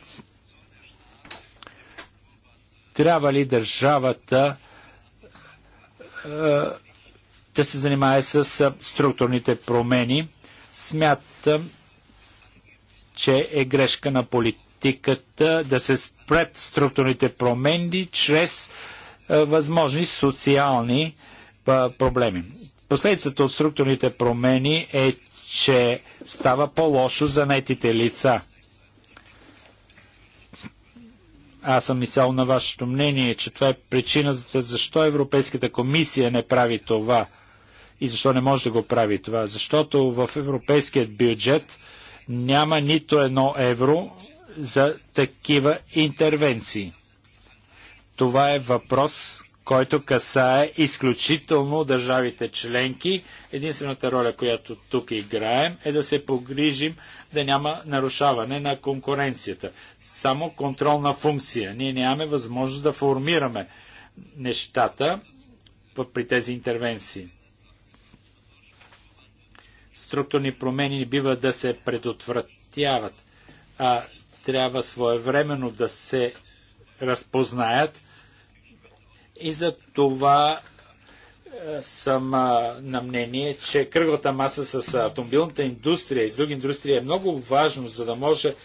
трябва ли държавата е, да се занимае с структурните промени? Смятам, че е грешка на политиката политиката да се спред структурните промени чрез е, възможни социални е, проблеми. Последицата от структурните промени е, че става по-лошо за нетите лица. Аз съм мислял на вашето мнение, че това е причината защо Европейската комисия не прави това и защо не може да го прави това. Защото в европейският бюджет няма нито едно евро за такива интервенции. Това е въпрос, който касае изключително държавите членки. Единствената роля, която тук играем, е да се погрижим да няма нарушаване на конкуренцията. Само контролна функция. Ние нямаме възможност да формираме нещата при тези интервенции. Структурни промени бива да се предотвратяват. А трябва своевременно да се разпознаят и за това е, съм а, на мнение, че кръглата маса с автомобилната индустрия и с други индустрии е много важно, за да може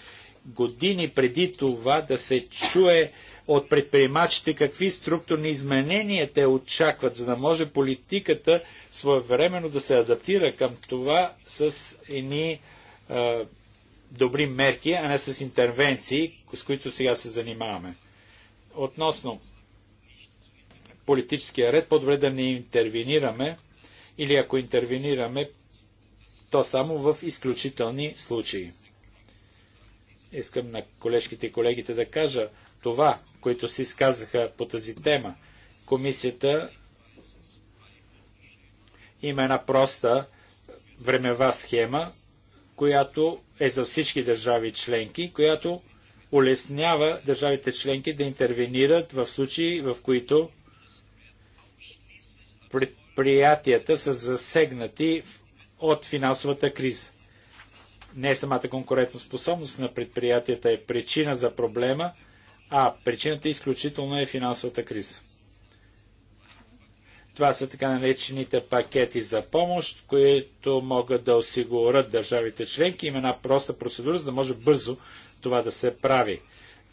години преди това да се чуе от предприемачите какви структурни изменения те очакват, за да може политиката своевременно да се адаптира към това с едни а, е, добри мерки, а не с интервенции, с които сега се занимаваме. Относно политическия ред, по-добре да не интервенираме или ако интервенираме, то само в изключителни случаи. Искам на колежките и колегите да кажа това, което се изказаха по тази тема. Комисията има една проста времева схема, която е за всички държави членки, която улеснява държавите членки да интервенират в случаи, в които предприятията са засегнати от финансовата криза. Не е самата конкурентоспособност на предприятията е причина за проблема, а причината изключително е финансовата криза. Това са така наречените пакети за помощ, които могат да осигурят държавите членки. Има една проста процедура, за да може бързо това да се прави.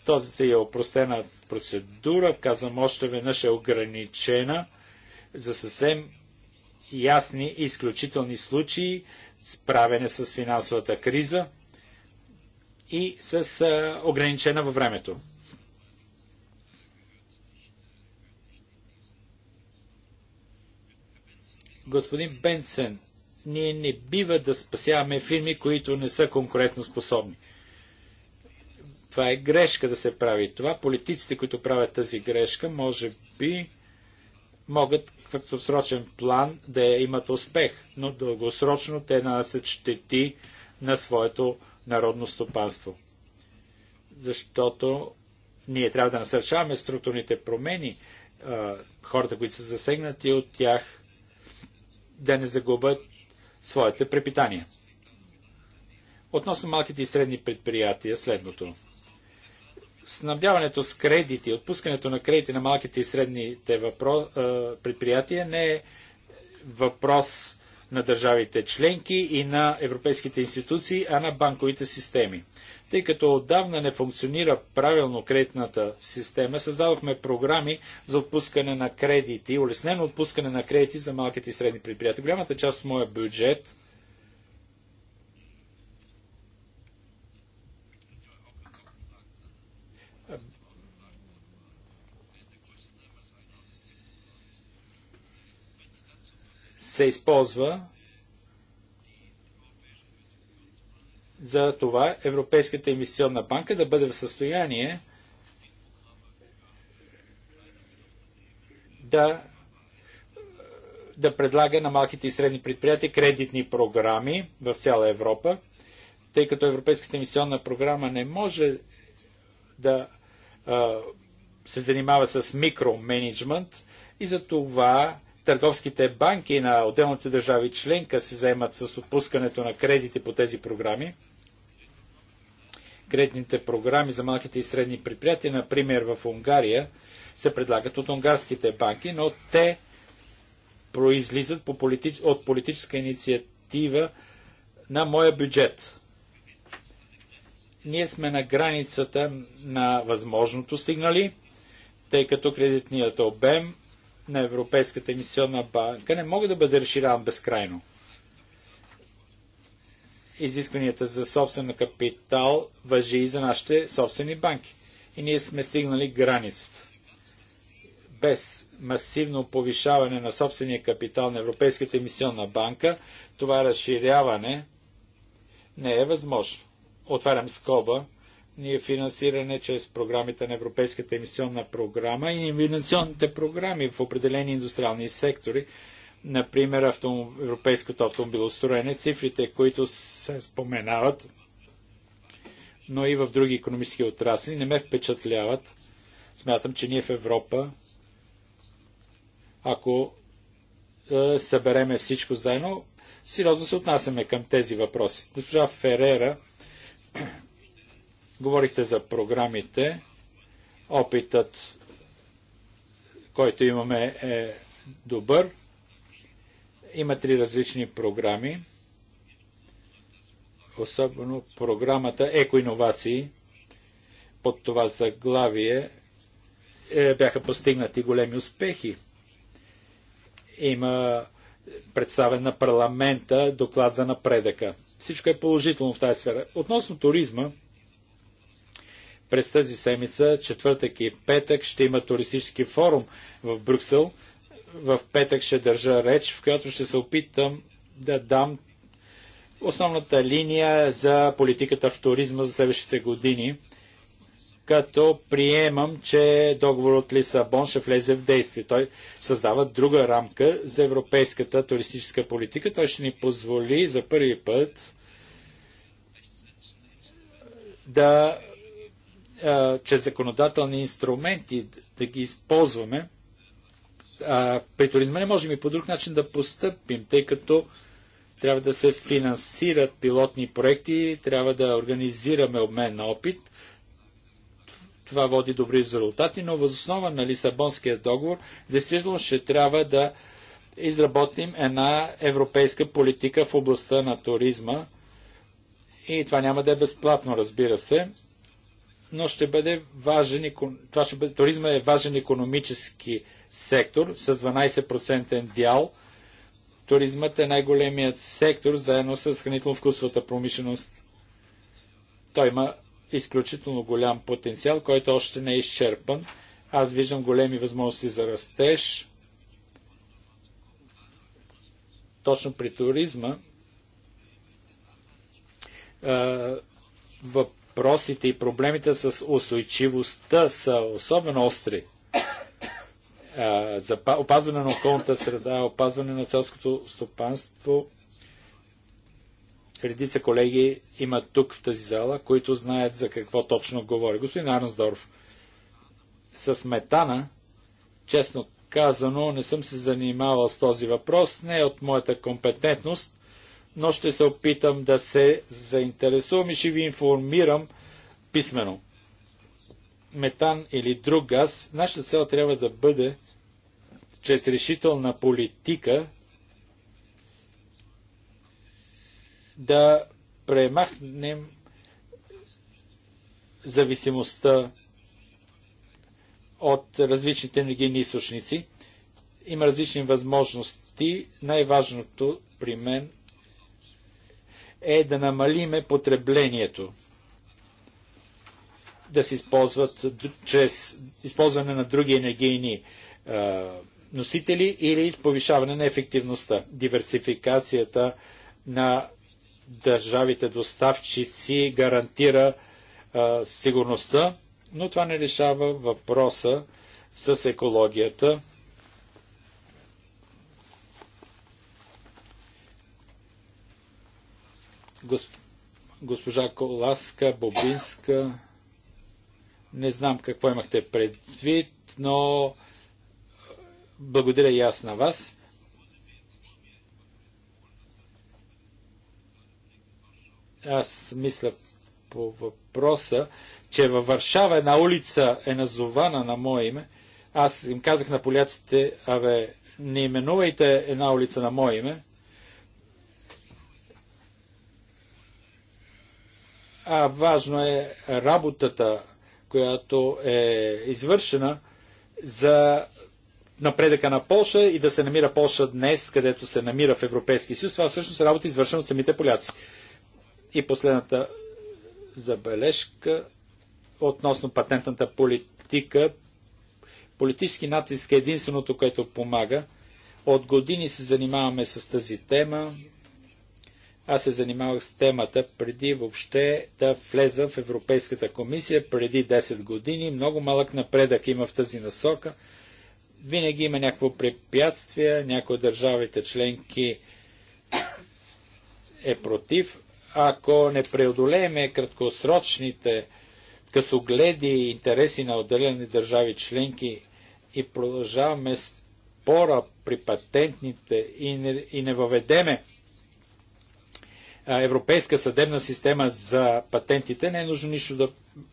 Този е опростена процедура, казвам още веднъж е ограничена за съвсем ясни и изключителни случаи, справяне с финансовата криза и с ограничена във времето. господин Бенсен, ние не бива да спасяваме фирми, които не са конкурентно способни. Това е грешка да се прави това. Политиците, които правят тази грешка, може би могат както срочен план да имат успех, но дългосрочно те нанасят щети на своето народно стопанство. Защото ние трябва да насърчаваме структурните промени, хората, които са засегнати от тях, да не загубят своите препитания. Относно малките и средни предприятия, следното. Снабдяването с кредити, отпускането на кредити на малките и средните е, предприятия не е въпрос на държавите членки и на европейските институции, а на банковите системи. Тъй като отдавна не функционира правилно кредитната система, създадохме програми за отпускане на кредити, улеснено отпускане на кредити за малките и средни предприятия. Голямата част от моя бюджет се използва за това Европейската инвестиционна банка да бъде в състояние да, да предлага на малките и средни предприятия кредитни програми в цяла Европа, тъй като Европейската инвестиционна програма не може да а, се занимава с микроменеджмент и за това търговските банки на отделните държави членка се заемат с отпускането на кредити по тези програми. Кредитните програми за малките и средни предприятия, например в Унгария, се предлагат от унгарските банки, но те произлизат по полити... от политическа инициатива на моя бюджет. Ние сме на границата на възможното стигнали, тъй като кредитният обем на Европейската емисионна банка не мога да бъде разширяван безкрайно. Изискванията за собствен капитал въжи и за нашите собствени банки. И ние сме стигнали границата. Без масивно повишаване на собствения капитал на Европейската емисионна банка, това разширяване не е възможно. Отварям скоба ни е финансиране чрез програмите на Европейската инвестиционна програма и инвестиционните програми в определени индустриални сектори, например автом... европейското автомобилостроене, цифрите, които се споменават, но и в други економически отрасли, не ме впечатляват. Смятам, че ние в Европа, ако е, събереме всичко заедно, сериозно се отнасяме към тези въпроси. Госпожа Ферера Говорихте за програмите. Опитът, който имаме, е добър. Има три различни програми. Особено програмата Екоинновации. Под това заглавие е, бяха постигнати големи успехи. Има представен на парламента доклад за напредъка. Всичко е положително в тази сфера. Относно туризма, през тази седмица, четвъртък и петък, ще има туристически форум в Брюксел. В петък ще държа реч, в която ще се опитам да дам основната линия за политиката в туризма за следващите години, като приемам, че договор от Лисабон ще влезе в действие. Той създава друга рамка за европейската туристическа политика. Той ще ни позволи за първи път да чрез законодателни инструменти да ги използваме. А, при туризма не можем и по друг начин да постъпим, тъй като трябва да се финансират пилотни проекти, трябва да организираме обмен на опит. Това води добри резултати, но възоснова на Лисабонския договор, действително ще трябва да изработим една европейска политика в областта на туризма. И това няма да е безплатно, разбира се но ще бъде важен, това ще бъде, туризма е важен економически сектор с 12% дял. Туризмът е най-големият сектор заедно с хранително-вкусовата промишленост. Той има изключително голям потенциал, който още не е изчерпан. Аз виждам големи възможности за растеж. Точно при туризма въпросите и проблемите с устойчивостта са особено остри. за опазване на околната среда, опазване на селското стопанство. Редица колеги имат тук в тази зала, които знаят за какво точно говори. Господин Арнсдорф, с метана, честно казано, не съм се занимавал с този въпрос, не е от моята компетентност, но ще се опитам да се заинтересувам и ще ви информирам писменно. Метан или друг газ, нашата цел трябва да бъде чрез решителна политика да премахнем зависимостта от различните енергийни източници. Има различни възможности. Най-важното при мен е да намалиме потреблението. Да се използват чрез използване на други енергийни а, носители или повишаване на ефективността. Диверсификацията на държавите доставчици гарантира а, сигурността, но това не решава въпроса с екологията Госпожа Коласка, Бобинска, не знам какво имахте предвид, но благодаря и аз на вас. Аз мисля по въпроса, че във Варшава една улица е назована на мое име. Аз им казах на поляците, абе, не именувайте една улица на мое име, а важно е работата, която е извършена за напредъка на Польша и да се намира Польша днес, където се намира в Европейския съюз. Това всъщност е работа извършена от самите поляци. И последната забележка относно патентната политика. Политически натиск е единственото, което помага. От години се занимаваме с тази тема. Аз се занимавах с темата преди въобще да влеза в Европейската комисия, преди 10 години. Много малък напредък има в тази насока. Винаги има някакво препятствие, някои държавите членки е против. Ако не преодолееме краткосрочните късогледи и интереси на отделени държави членки и продължаваме спора при патентните и не, и не въведеме европейска съдебна система за патентите, не е нужно нищо да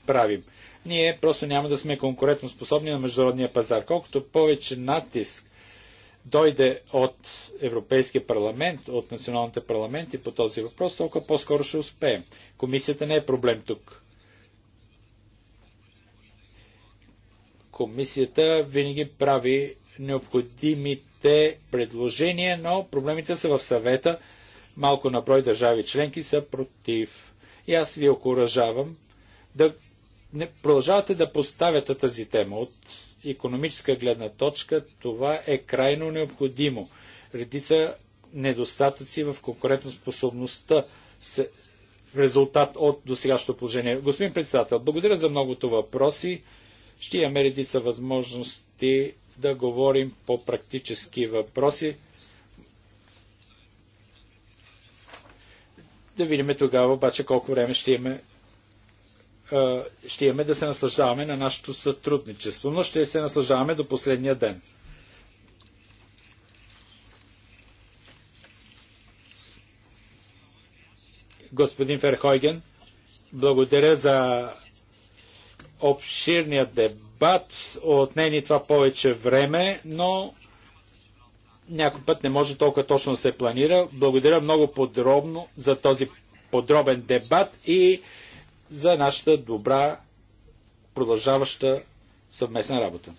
правим. Ние просто няма да сме способни на международния пазар. Колкото повече натиск дойде от Европейския парламент, от националните парламенти по този въпрос, толкова по-скоро ще успеем. Комисията не е проблем тук. Комисията винаги прави необходимите предложения, но проблемите са в съвета, малко на брой държави членки са против. И аз ви окоръжавам да не продължавате да поставяте тази тема. От економическа гледна точка това е крайно необходимо. Редица недостатъци в конкурентоспособността се резултат от досегашното положение. Господин председател, благодаря за многото въпроси. Ще имаме редица възможности да говорим по практически въпроси. Да видим тогава обаче колко време ще имаме ще имаме да се наслаждаваме на нашето сътрудничество, но ще се наслаждаваме до последния ден. Господин Ферхойген, благодаря за обширния дебат. Отнени това повече време, но някой път не може толкова точно да се планира. Благодаря много подробно за този подробен дебат и за нашата добра продължаваща съвместна работа.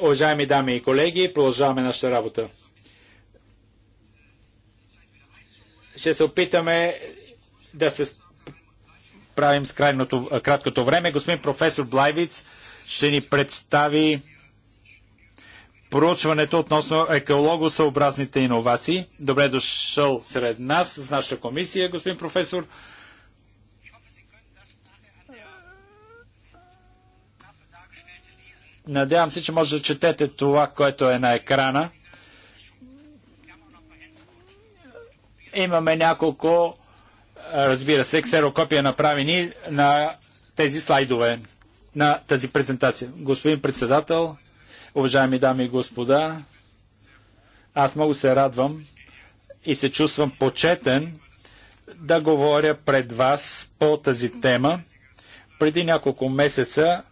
Уважаеми дами и колеги, продължаваме нашата работа. Ще се опитаме да се правим с крайното, краткото време. Господин професор Блайвиц ще ни представи проучването относно екологосъобразните иновации. Добре дошъл сред нас в нашата комисия, господин професор. Надявам се, че може да четете това, което е на екрана. Имаме няколко, разбира се, ксерокопия направени на тези слайдове, на тази презентация. Господин председател, уважаеми дами и господа, аз много се радвам и се чувствам почетен да говоря пред вас по тази тема. Преди няколко месеца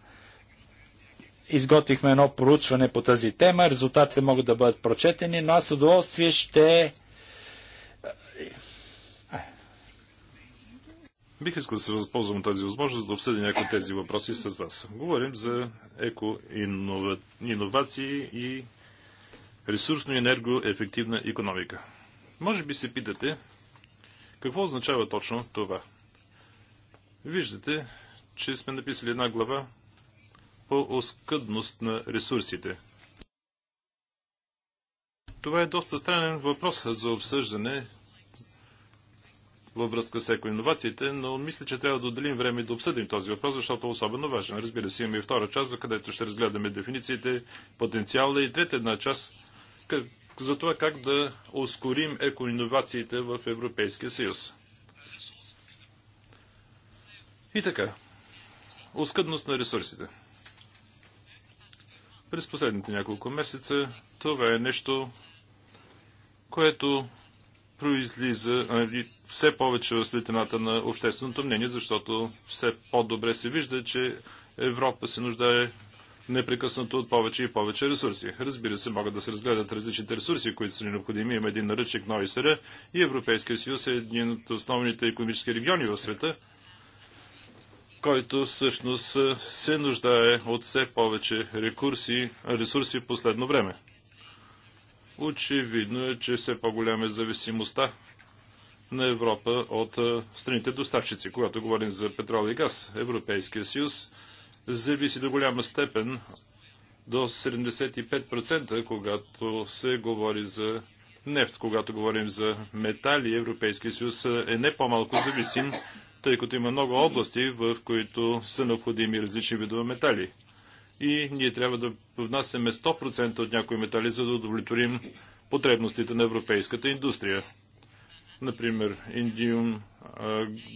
изготвихме едно проучване по тази тема. Резултатите могат да бъдат прочетени, но аз с удоволствие ще... Бих искал да се възползвам тази възможност, да обсъдя някои от тези въпроси с вас. Говорим за еко-инновации и ресурсно и енергоефективна економика. Може би се питате, какво означава точно това? Виждате, че сме написали една глава по-оскъдност на ресурсите. Това е доста странен въпрос за обсъждане във връзка с екоинновациите, но мисля, че трябва да отделим време да обсъдим този въпрос, защото е особено важен. Разбира се, имаме и втора част, до където ще разгледаме дефинициите, потенциала и трета една част за това как да ускорим екоинновациите в Европейския съюз. И така, оскъдност на ресурсите. През последните няколко месеца това е нещо, което произлиза а, все повече в светлината на общественото мнение, защото все по-добре се вижда, че Европа се нуждае непрекъснато от повече и повече ресурси. Разбира се, могат да се разгледат различните ресурси, които са ни необходими. Има един наръчник Нови ОИСР и Европейския съюз е един от основните економически региони в света – който всъщност е, се нуждае от все повече рекурси, ресурси в последно време. Очевидно е, че все по-голяма е зависимостта на Европа от е, страните доставчици. Когато говорим за петрол и газ, Европейския съюз зависи до голяма степен до 75%, когато се говори за нефт. Когато говорим за метали, Европейския съюз е не по-малко зависим тъй като има много области, в които са необходими различни видове метали. И ние трябва да внасяме 100% от някои метали, за да удовлетворим потребностите на европейската индустрия. Например, индиум,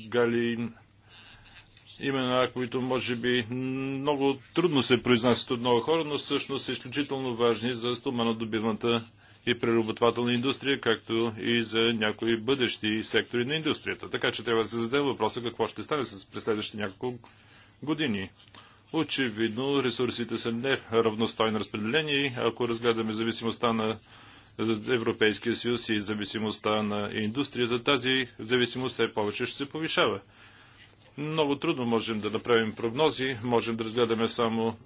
галин, имена, които може би много трудно се произнасят от много хора, но всъщност са изключително важни за стоманодобивната и преработвателна индустрия, както и за някои бъдещи сектори на индустрията. Така че трябва да се зададем въпроса какво ще стане с преследващите няколко години. Очевидно, ресурсите са не равностойно разпределени. Ако разгледаме зависимостта на Европейския съюз и зависимостта на индустрията, тази зависимост все повече ще се повишава. Много трудно можем да направим прогнози, можем да разгледаме само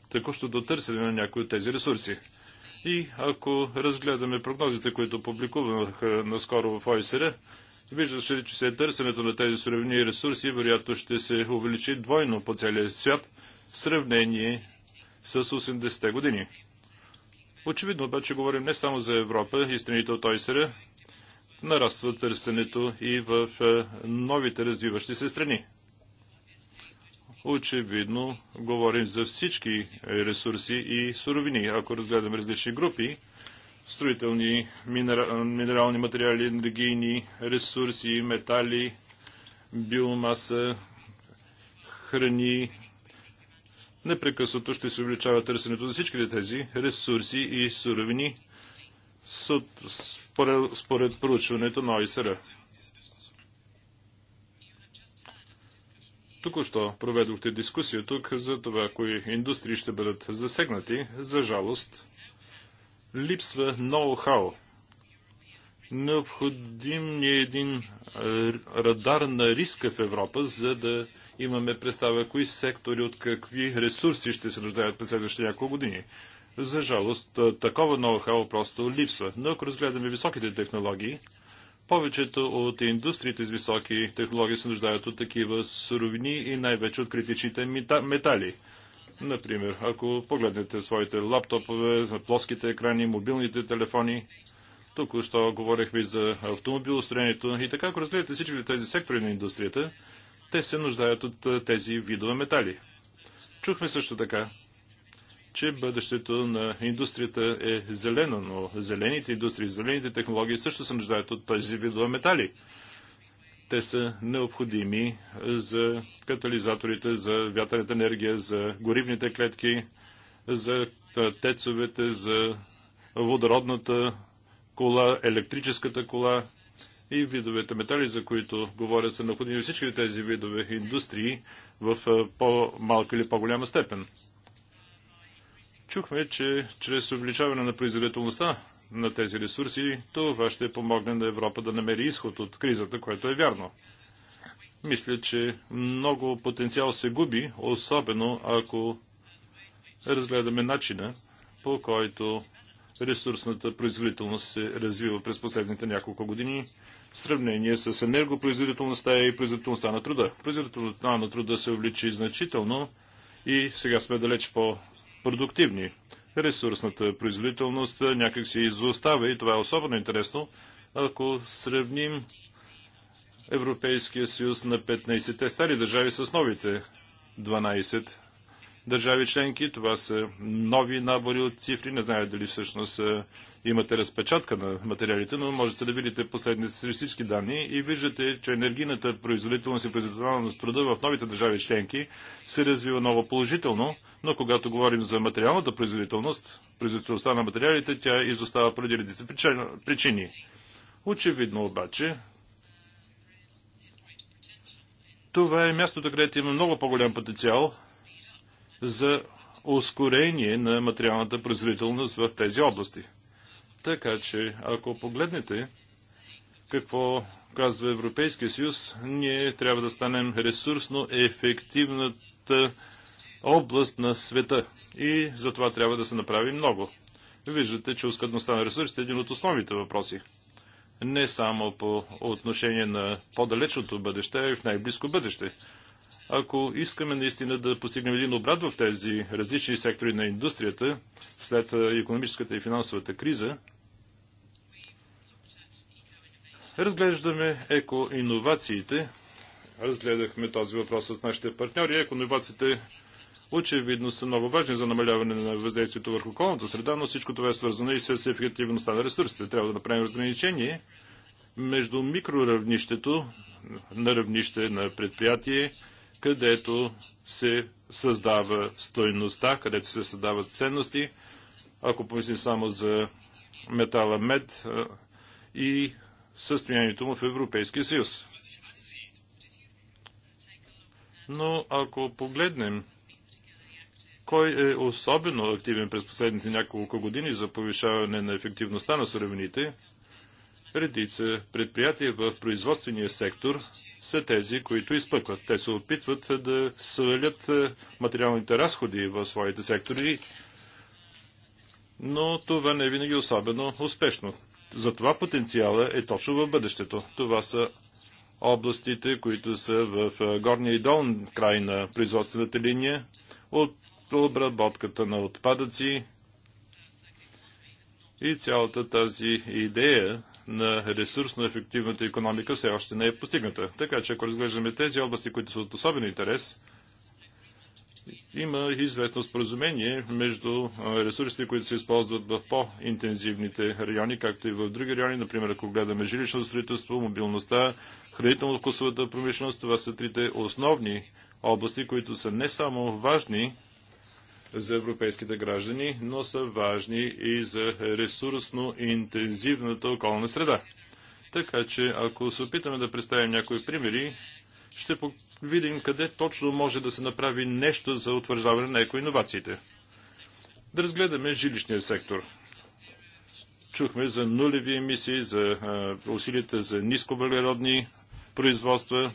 до търсене на някои от тези ресурси. И ако разгледаме прогнозите, които публикуваха наскоро в ОСР, вижда се, че се търсенето на тези суровини ресурси вероятно ще се увеличи двойно по целия свят в сравнение с 80-те години. Очевидно обаче говорим не само за Европа и страните от ОСР, нараства търсенето и в е, новите развиващи се страни очевидно говорим за всички ресурси и суровини. Ако разгледаме различни групи, строителни, минерални материали, енергийни ресурси, метали, биомаса, храни, непрекъснато ще се увеличава търсенето за всичките тези ресурси и суровини според, според проучването на ОИСР. Току-що проведохте дискусия тук за това, кои индустрии ще бъдат засегнати. За жалост, липсва ноу-хау. Необходим ни е един радар на риска в Европа, за да имаме представа кои сектори от какви ресурси ще се нуждаят през следващите няколко години. За жалост, такова ноу-хау просто липсва. Но ако разгледаме високите технологии, повечето от индустриите с високи технологии се нуждаят от такива суровини и най-вече от критичните метали. Например, ако погледнете своите лаптопове, плоските екрани, мобилните телефони, тук що говорих ви за автомобилостроението и така, ако разгледате всички тези сектори на индустрията, те се нуждаят от тези видове метали. Чухме също така, че бъдещето на индустрията е зелено, но зелените индустрии, зелените технологии също се нуждаят от тези видове метали. Те са необходими за катализаторите, за вятърната енергия, за горивните клетки, за тецовете, за водородната кола, електрическата кола и видовете метали, за които говоря, са необходими всички тези видове индустрии в по-малка или по-голяма степен. Чухме, че чрез увеличаване на производителността на тези ресурси, това ще помогне на Европа да намери изход от кризата, което е вярно. Мисля, че много потенциал се губи, особено ако разгледаме начина, по който ресурсната производителност се развива през последните няколко години в сравнение с енергопроизводителността и производителността на труда. Производителността на труда се увеличи значително и сега сме далеч по продуктивни. Ресурсната производителност някак си изостава и това е особено интересно, ако сравним Европейския съюз на 15-те стари държави с новите 12 държави членки. Това са нови набори от цифри. Не знаю дали всъщност е, имате разпечатка на материалите, но можете да видите последните статистически данни и виждате, че енергийната производителност и производителност труда в новите държави членки се развива много положително, но когато говорим за материалната производителност, производителността на материалите, тя изостава преди редица причини. Очевидно обаче, това е мястото, където има много по-голям потенциал за ускорение на материалната производителност в тези области. Така че, ако погледнете какво казва Европейския съюз, ние трябва да станем ресурсно ефективната област на света. И за това трябва да се направи много. Виждате, че ускъдността на ресурсите е един от основните въпроси. Не само по отношение на по-далечното бъдеще, а и в най-близко бъдеще ако искаме наистина да постигнем един обрат в тези различни сектори на индустрията след економическата и финансовата криза, разглеждаме екоинновациите. Разгледахме този въпрос с нашите партньори. Екоинновациите очевидно са много важни за намаляване на въздействието върху околната среда, но всичко това е свързано и с ефективността на ресурсите. Трябва да направим разграничение между микроравнището на равнище на предприятие където се създава стойността, където се създават ценности. Ако помислим само за метала мед и състоянието му в Европейския съюз. Но ако погледнем кой е особено активен през последните няколко години за повишаване на ефективността на суровините, редица предприятия в производствения сектор са тези, които изпъкват. Те се опитват да свалят е, материалните разходи в своите сектори, но това не е винаги особено успешно. Затова потенциала е точно в бъдещето. Това са областите, които са в е, горния и долен край на производствената линия, от обработката на отпадъци и цялата тази идея на ресурс на ефективната економика все още не е постигната. Така че ако разглеждаме тези области, които са от особен интерес, има известно споразумение между ресурсите, които се използват в по-интензивните райони, както и в други райони. Например, ако гледаме жилищно строителство, мобилността, хранително-вкусовата промишленост, това са трите основни области, които са не само важни за европейските граждани, но са важни и за ресурсно интензивната околна среда. Така че, ако се опитаме да представим някои примери, ще видим къде точно може да се направи нещо за утвърждаване на екоинновациите. Да разгледаме жилищния сектор. Чухме за нулеви емисии, за усилията за нисковъглеродни производства,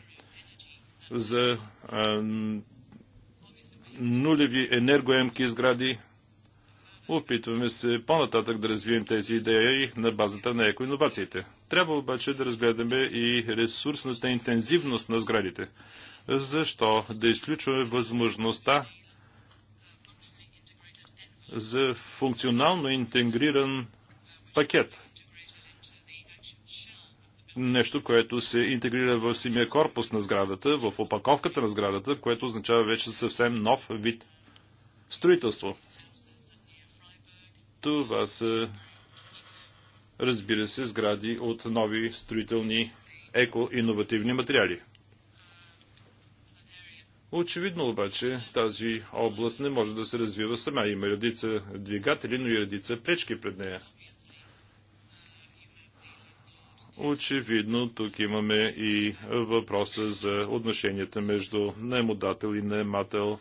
за а, нулеви енергоемки сгради. Опитваме се по-нататък да развием тези идеи на базата на екоинновациите. Трябва обаче да разгледаме и ресурсната интензивност на сградите. Защо да изключваме възможността за функционално интегриран пакет – нещо, което се интегрира в самия корпус на сградата, в опаковката на сградата, което означава вече съвсем нов вид строителство. Това са, разбира се, сгради от нови строителни еко-инновативни материали. Очевидно обаче тази област не може да се развива сама. Има редица двигатели, но и редица пречки пред нея. Очевидно, тук имаме и въпроса за отношенията между наемодател и наемател,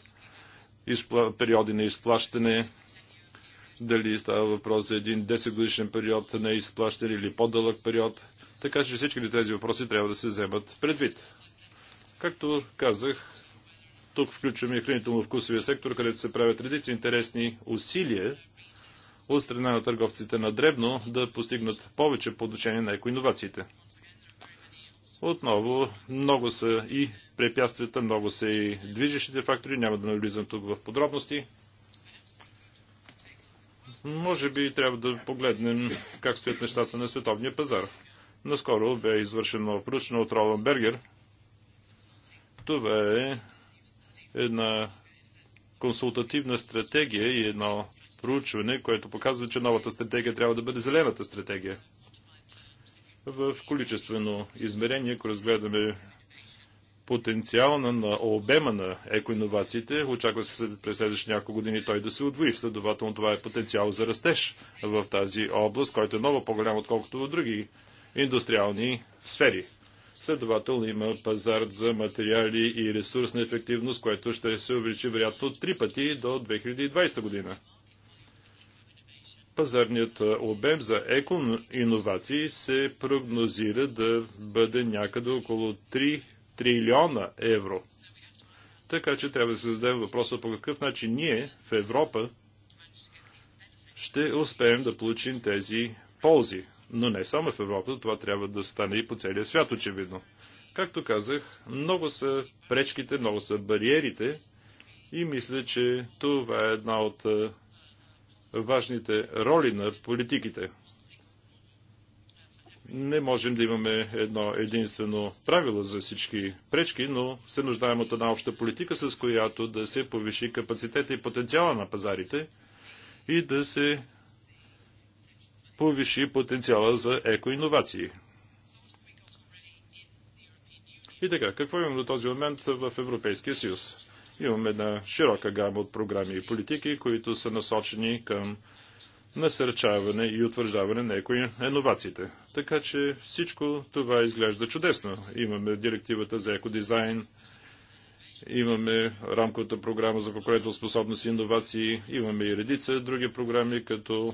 изпла... периоди на изплащане, дали става въпрос за един 10 годишен период на изплащане или по-дълъг период. Така че всички тези въпроси трябва да се вземат предвид. Както казах, тук включваме и хранително-вкусовия сектор, където се правят редици интересни усилия от страна на търговците на дребно да постигнат повече по отношение на екоинновациите. Отново, много са и препятствията, много са и движещите фактори. Няма да навлизам тук в подробности. Може би трябва да погледнем как стоят нещата на световния пазар. Наскоро бе извършено проучване от Ролан Бергер. Това е една консултативна стратегия и едно проучване, което показва, че новата стратегия трябва да бъде зелената стратегия. В количествено измерение, ако разгледаме потенциална на обема на екоинновациите, очаква се през следващите няколко години той да се отвои. Следователно това е потенциал за растеж в тази област, който е много по-голям, отколкото в други индустриални сфери. Следователно има пазар за материали и ресурсна ефективност, което ще се увеличи вероятно три пъти до 2020 година пазарният обем за еко иновации се прогнозира да бъде някъде около 3 трилиона евро. Така че трябва да се зададем въпроса по какъв начин ние в Европа ще успеем да получим тези ползи. Но не само в Европа, това трябва да стане и по целия свят, очевидно. Както казах, много са пречките, много са бариерите и мисля, че това е една от важните роли на политиките. Не можем да имаме едно единствено правило за всички пречки, но се нуждаем от една обща политика, с която да се повиши капацитета и потенциала на пазарите и да се повиши потенциала за екоинновации. И така, какво имаме до този момент в Европейския съюз? Имаме една широка гама от програми и политики, които са насочени към насърчаване и утвърждаване на еко-инновациите. Така че всичко това изглежда чудесно. Имаме директивата за екодизайн, имаме рамковата програма за способност и иновации, имаме и редица други програми, като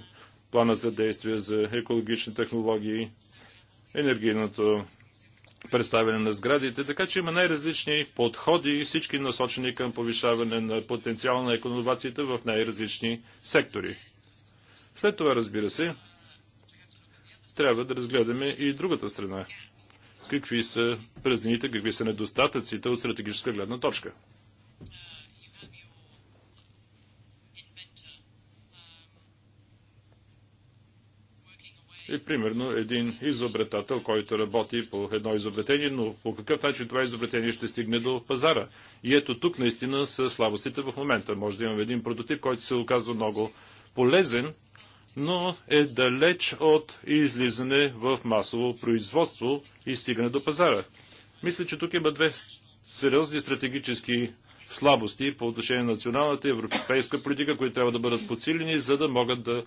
плана за действие за екологични технологии, енергийното представяне на сградите, така че има най-различни подходи, и всички насочени към повишаване на потенциала на еконовациите в най-различни сектори. След това, разбира се, трябва да разгледаме и другата страна. Какви са празнините, какви са недостатъците от стратегическа гледна точка. е примерно един изобретател, който работи по едно изобретение, но по какъв начин това изобретение ще стигне до пазара. И ето тук наистина са слабостите в момента. Може да имаме един прототип, който се оказва много полезен, но е далеч от излизане в масово производство и стигане до пазара. Мисля, че тук има две сериозни стратегически слабости по отношение на националната и европейска политика, които трябва да бъдат подсилени, за да могат да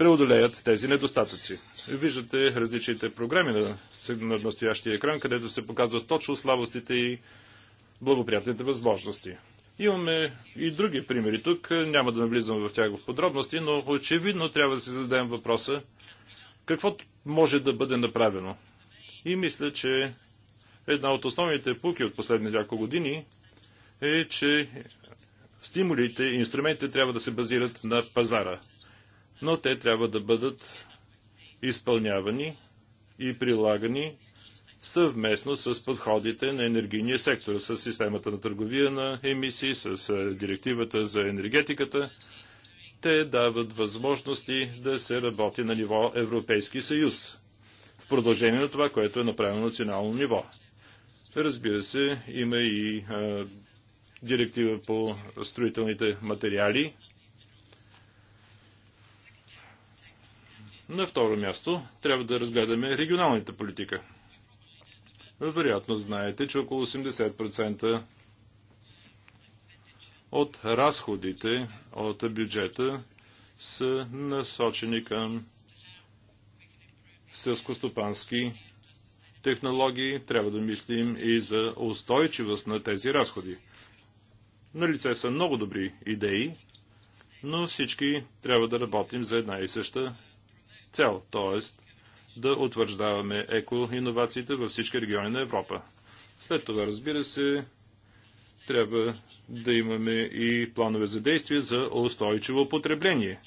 преодолеят тези недостатъци. Виждате различните програми на, на настоящия екран, където се показват точно слабостите и благоприятните възможности. Имаме и други примери тук, няма да навлизам в тях в подробности, но очевидно трябва да си зададем въпроса какво може да бъде направено. И мисля, че една от основните пуки от последните няколко години е, че стимулите и инструментите трябва да се базират на пазара но те трябва да бъдат изпълнявани и прилагани съвместно с подходите на енергийния сектор, с системата на търговия на емисии, с директивата за енергетиката. Те дават възможности да се работи на ниво Европейски съюз, в продължение на това, което е направено на национално ниво. Разбира се, има и а, директива по строителните материали, На второ място трябва да разгледаме регионалната политика. Вероятно знаете, че около 80% от разходите от бюджета са насочени към сълскостопански технологии. Трябва да мислим и за устойчивост на тези разходи. На лице са много добри идеи, но всички трябва да работим за една и съща цел, т.е. да утвърждаваме еко-инновациите във всички региони на Европа. След това, разбира се, трябва да имаме и планове за действие за устойчиво потребление,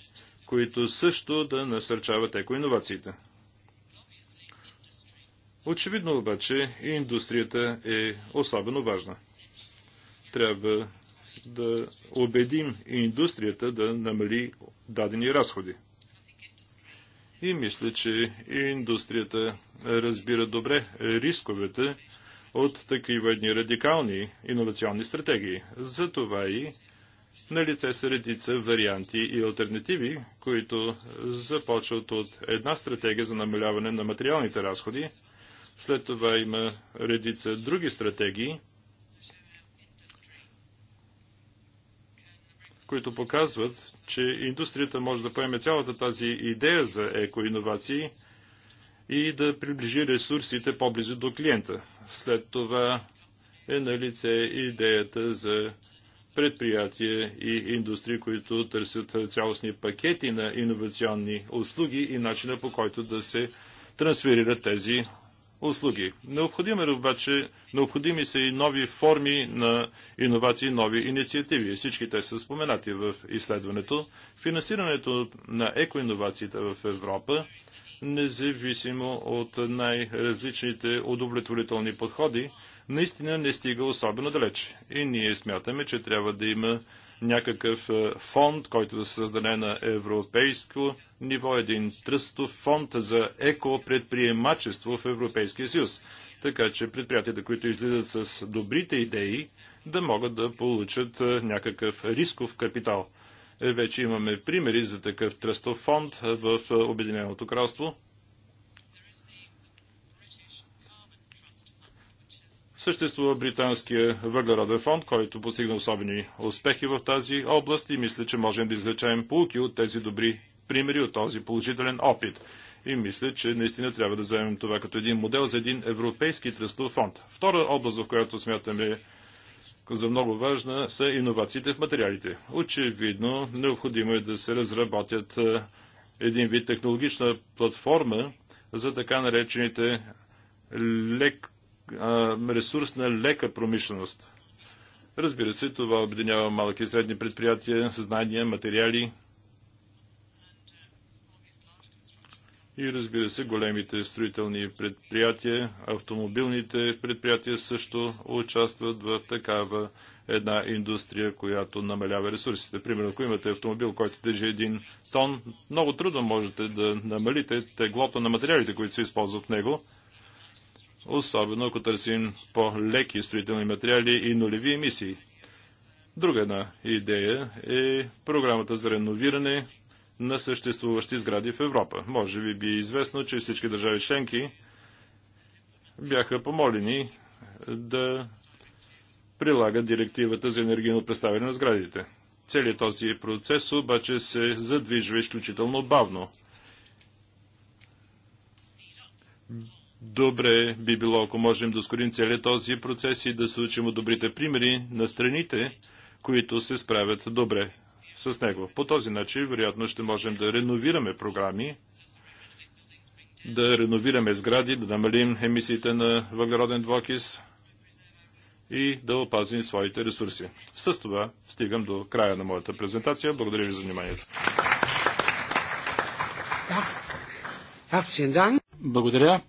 които също да насърчават еко-инновациите. Очевидно обаче и индустрията е особено важна. Трябва да убедим и индустрията да намали дадени разходи. И мисля, че индустрията разбира добре рисковете от такива едни радикални иновационни стратегии. Затова и на лице са редица варианти и альтернативи, които започват от една стратегия за намаляване на материалните разходи, след това има редица други стратегии – които показват, че индустрията може да поеме цялата тази идея за екоинновации и да приближи ресурсите по-близо до клиента. След това е на лице идеята за предприятия и индустрии, които търсят цялостни пакети на иновационни услуги и начина по който да се трансферират тези услуги. Необходимо е обаче, необходими са и нови форми на иновации, нови инициативи. Всички те са споменати в изследването. Финансирането на екоинновациите в Европа, независимо от най-различните удовлетворителни подходи, наистина не стига особено далеч. И ние смятаме, че трябва да има някакъв фонд, който да се създаде на европейско ниво, един тръстов фонд за екопредприемачество в Европейския съюз, така че предприятията, които излизат с добрите идеи, да могат да получат някакъв рисков капитал. Е, вече имаме примери за такъв тръстов фонд в Обединеното кралство. Съществува британския въглероден фонд, който постигна особени успехи в тази област и мисля, че можем да извлечем полуки от тези добри примери от този положителен опит. И мисля, че наистина трябва да вземем това като един модел за един европейски тръстов фонд. Втора област, в която смятаме за много важна, са иновациите в материалите. Очевидно, необходимо е да се разработят е, един вид технологична платформа за така наречените лек, е, ресурсна лека промишленост. Разбира се, това обединява малки и средни предприятия, знания, материали, И разбира се, големите строителни предприятия, автомобилните предприятия също участват в такава една индустрия, която намалява ресурсите. Примерно, ако имате автомобил, който държи един тон, много трудно можете да намалите теглото на материалите, които се използват в него. Особено ако търсим по-леки строителни материали и нулеви емисии. Друга една идея е програмата за реновиране, на съществуващи сгради в Европа. Може би би е известно, че всички държави членки бяха помолени да прилагат директивата за енергийно представяне на сградите. Целият този процес обаче се задвижва изключително бавно. Добре би било, ако можем да ускорим целият този процес и да се учим от добрите примери на страните, които се справят добре с него. По този начин, вероятно, ще можем да реновираме програми, да реновираме сгради, да намалим емисиите на въглероден двокис и да опазим своите ресурси. С това стигам до края на моята презентация. Благодаря ви за вниманието. Благодаря.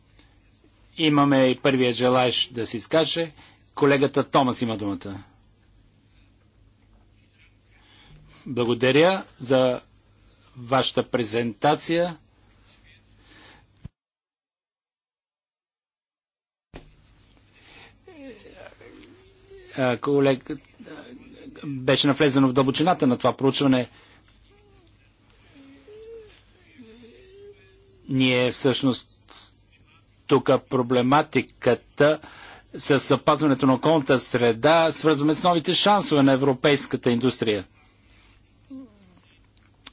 Имаме и първият желаещ да се изкаже. Колегата Томас има думата. Благодаря за вашата презентация. Колег, беше навлезено в дълбочината на това проучване. Ние всъщност тук проблематиката с запазването на околната среда свързваме с новите шансове на европейската индустрия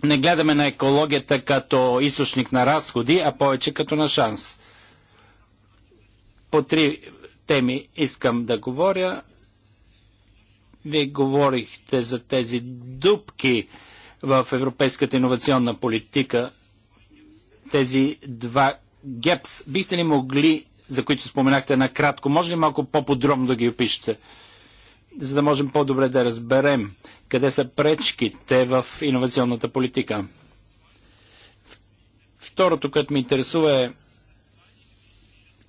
не гледаме на екологията като източник на разходи, а повече като на шанс. По три теми искам да говоря. Вие говорихте за тези дупки в европейската иновационна политика, тези два гепс. Бихте ли могли, за които споменахте накратко, може ли малко по-подробно да ги опишете? за да можем по-добре да разберем къде са пречките в иновационната политика. Второто, което ме интересува е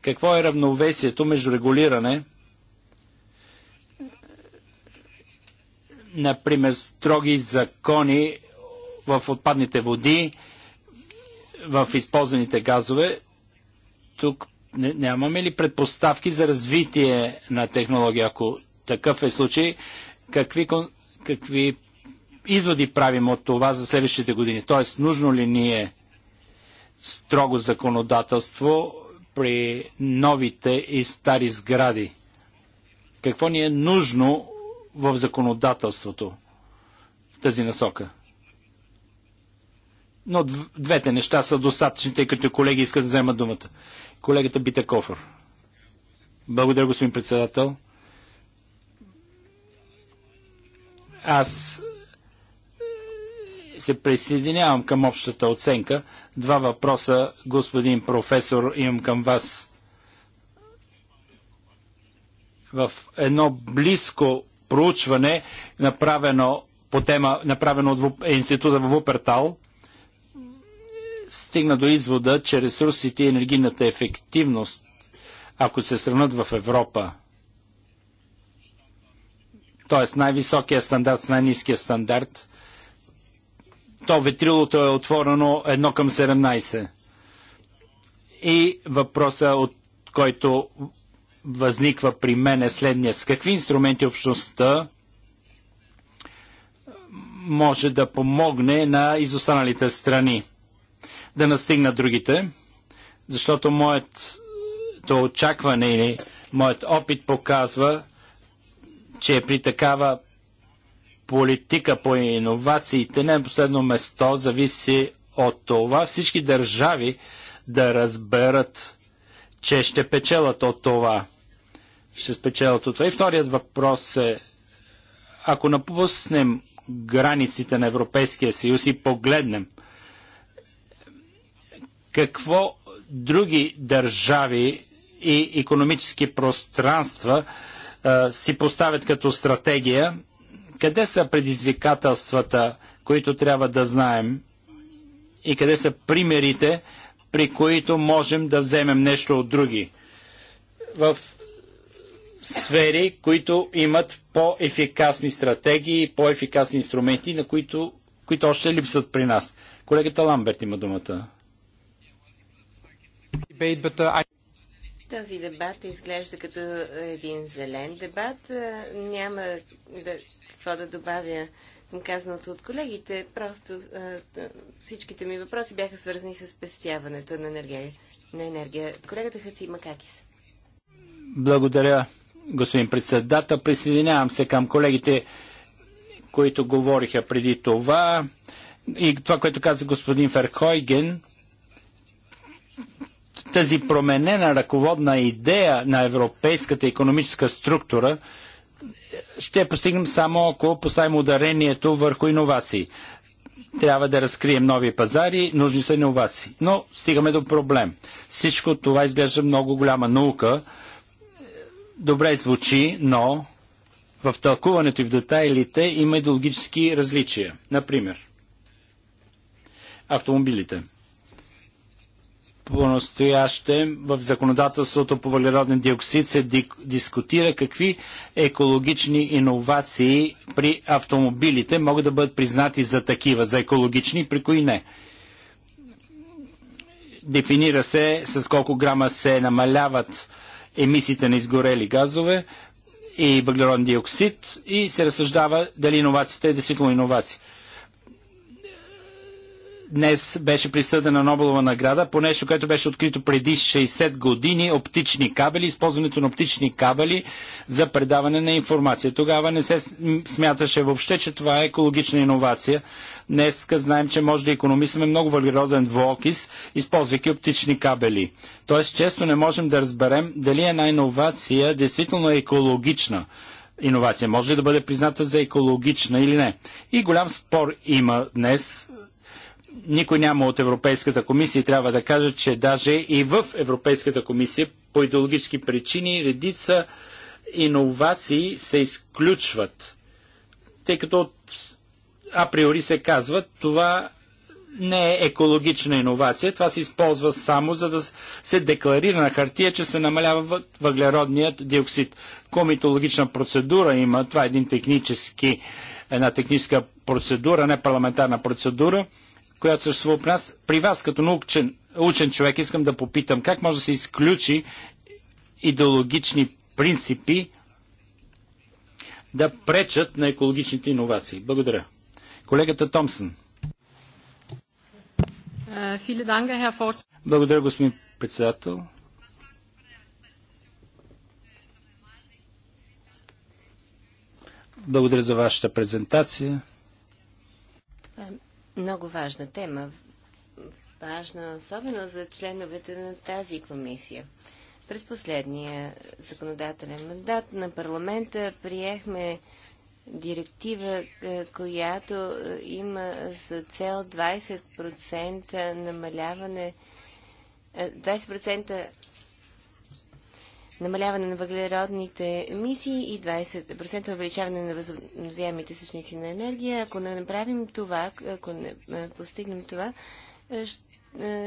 какво е равновесието между регулиране, например, строги закони в отпадните води, в използваните газове. Тук нямаме ли предпоставки за развитие на технология? Ако такъв е случай, какви, какви изводи правим от това за следващите години? Тоест, нужно ли ни е строго законодателство при новите и стари сгради? Какво ни е нужно в законодателството в тази насока? Но двете неща са достатъчни, тъй като колеги искат да вземат думата. Колегата Бита Благодаря, господин председател. Аз е, се присъединявам към общата оценка. Два въпроса, господин професор, имам към вас. В едно близко проучване, направено по тема, направено от института в Упертал, стигна до извода, че ресурсите и енергийната ефективност, ако се сравнат в Европа т.е. най-високия стандарт с най-низкия стандарт, то ветрилото е отворено 1 към 17. И въпроса, от който възниква при мен е следния. С какви инструменти общността може да помогне на изостаналите страни да настигнат другите? Защото моето очакване или моят опит показва, че при такава политика по иновациите не на последно место зависи от това всички държави да разберат, че ще печелят от това. Ще спечелят от това. И вторият въпрос е, ако напуснем границите на Европейския съюз и погледнем какво други държави и економически пространства си поставят като стратегия, къде са предизвикателствата, които трябва да знаем и къде са примерите, при които можем да вземем нещо от други в сфери, които имат по-ефикасни стратегии, по-ефикасни инструменти, на които, които още липсват при нас. Колегата Ламберт има думата. Uh, този дебат изглежда като един зелен дебат. Няма да, какво да добавя към казаното от колегите. Просто всичките ми въпроси бяха свързани с спестяването на енергия. На енергия. Колегата Хаци Макакис. Благодаря, господин председател. Присъединявам се към колегите, които говориха преди това. И това, което каза господин Ферхойген, тази променена ръководна идея на европейската економическа структура ще постигнем само ако поставим ударението върху иновации. Трябва да разкрием нови пазари, нужни са иновации. Но стигаме до проблем. Всичко това изглежда много голяма наука. Добре звучи, но в тълкуването и в детайлите има идеологически различия. Например, автомобилите по-настоящем в законодателството по въглероден диоксид се дискутира какви екологични иновации при автомобилите могат да бъдат признати за такива, за екологични, при кои не. Дефинира се с колко грама се намаляват емисиите на изгорели газове и въглероден диоксид и се разсъждава дали иновациите е действително иновация днес беше присъдена Нобелова награда по нещо, което беше открито преди 60 години оптични кабели, използването на оптични кабели за предаване на информация. Тогава не се смяташе въобще, че това е екологична иновация. Днес знаем, че може да економисаме много въглероден двуокис, използвайки оптични кабели. Тоест, често не можем да разберем дали една иновация действително е екологична иновация. Може да бъде призната за екологична или не. И голям спор има днес никой няма от Европейската комисия и трябва да кажа, че даже и в Европейската комисия по идеологически причини редица иновации се изключват, тъй като априори се казва, това не е екологична иновация, това се използва само за да се декларира на хартия, че се намалява въглеродният диоксид. Комитологична процедура има, това е един технически, една техническа процедура, не парламентарна процедура – която съществува при нас. При вас, като научен, учен човек, искам да попитам как може да се изключи идеологични принципи да пречат на екологичните иновации. Благодаря. Колегата Томсън. Е, Благодаря, господин председател. Благодаря за вашата презентация много важна тема. Важна особено за членовете на тази комисия. През последния законодателен мандат на парламента приехме директива, е, която е, има за цел 20% намаляване 20% е, намаляване на въглеродните емисии и 20% увеличаване на възобновяемите същници на енергия. Ако не направим това, ако не постигнем това,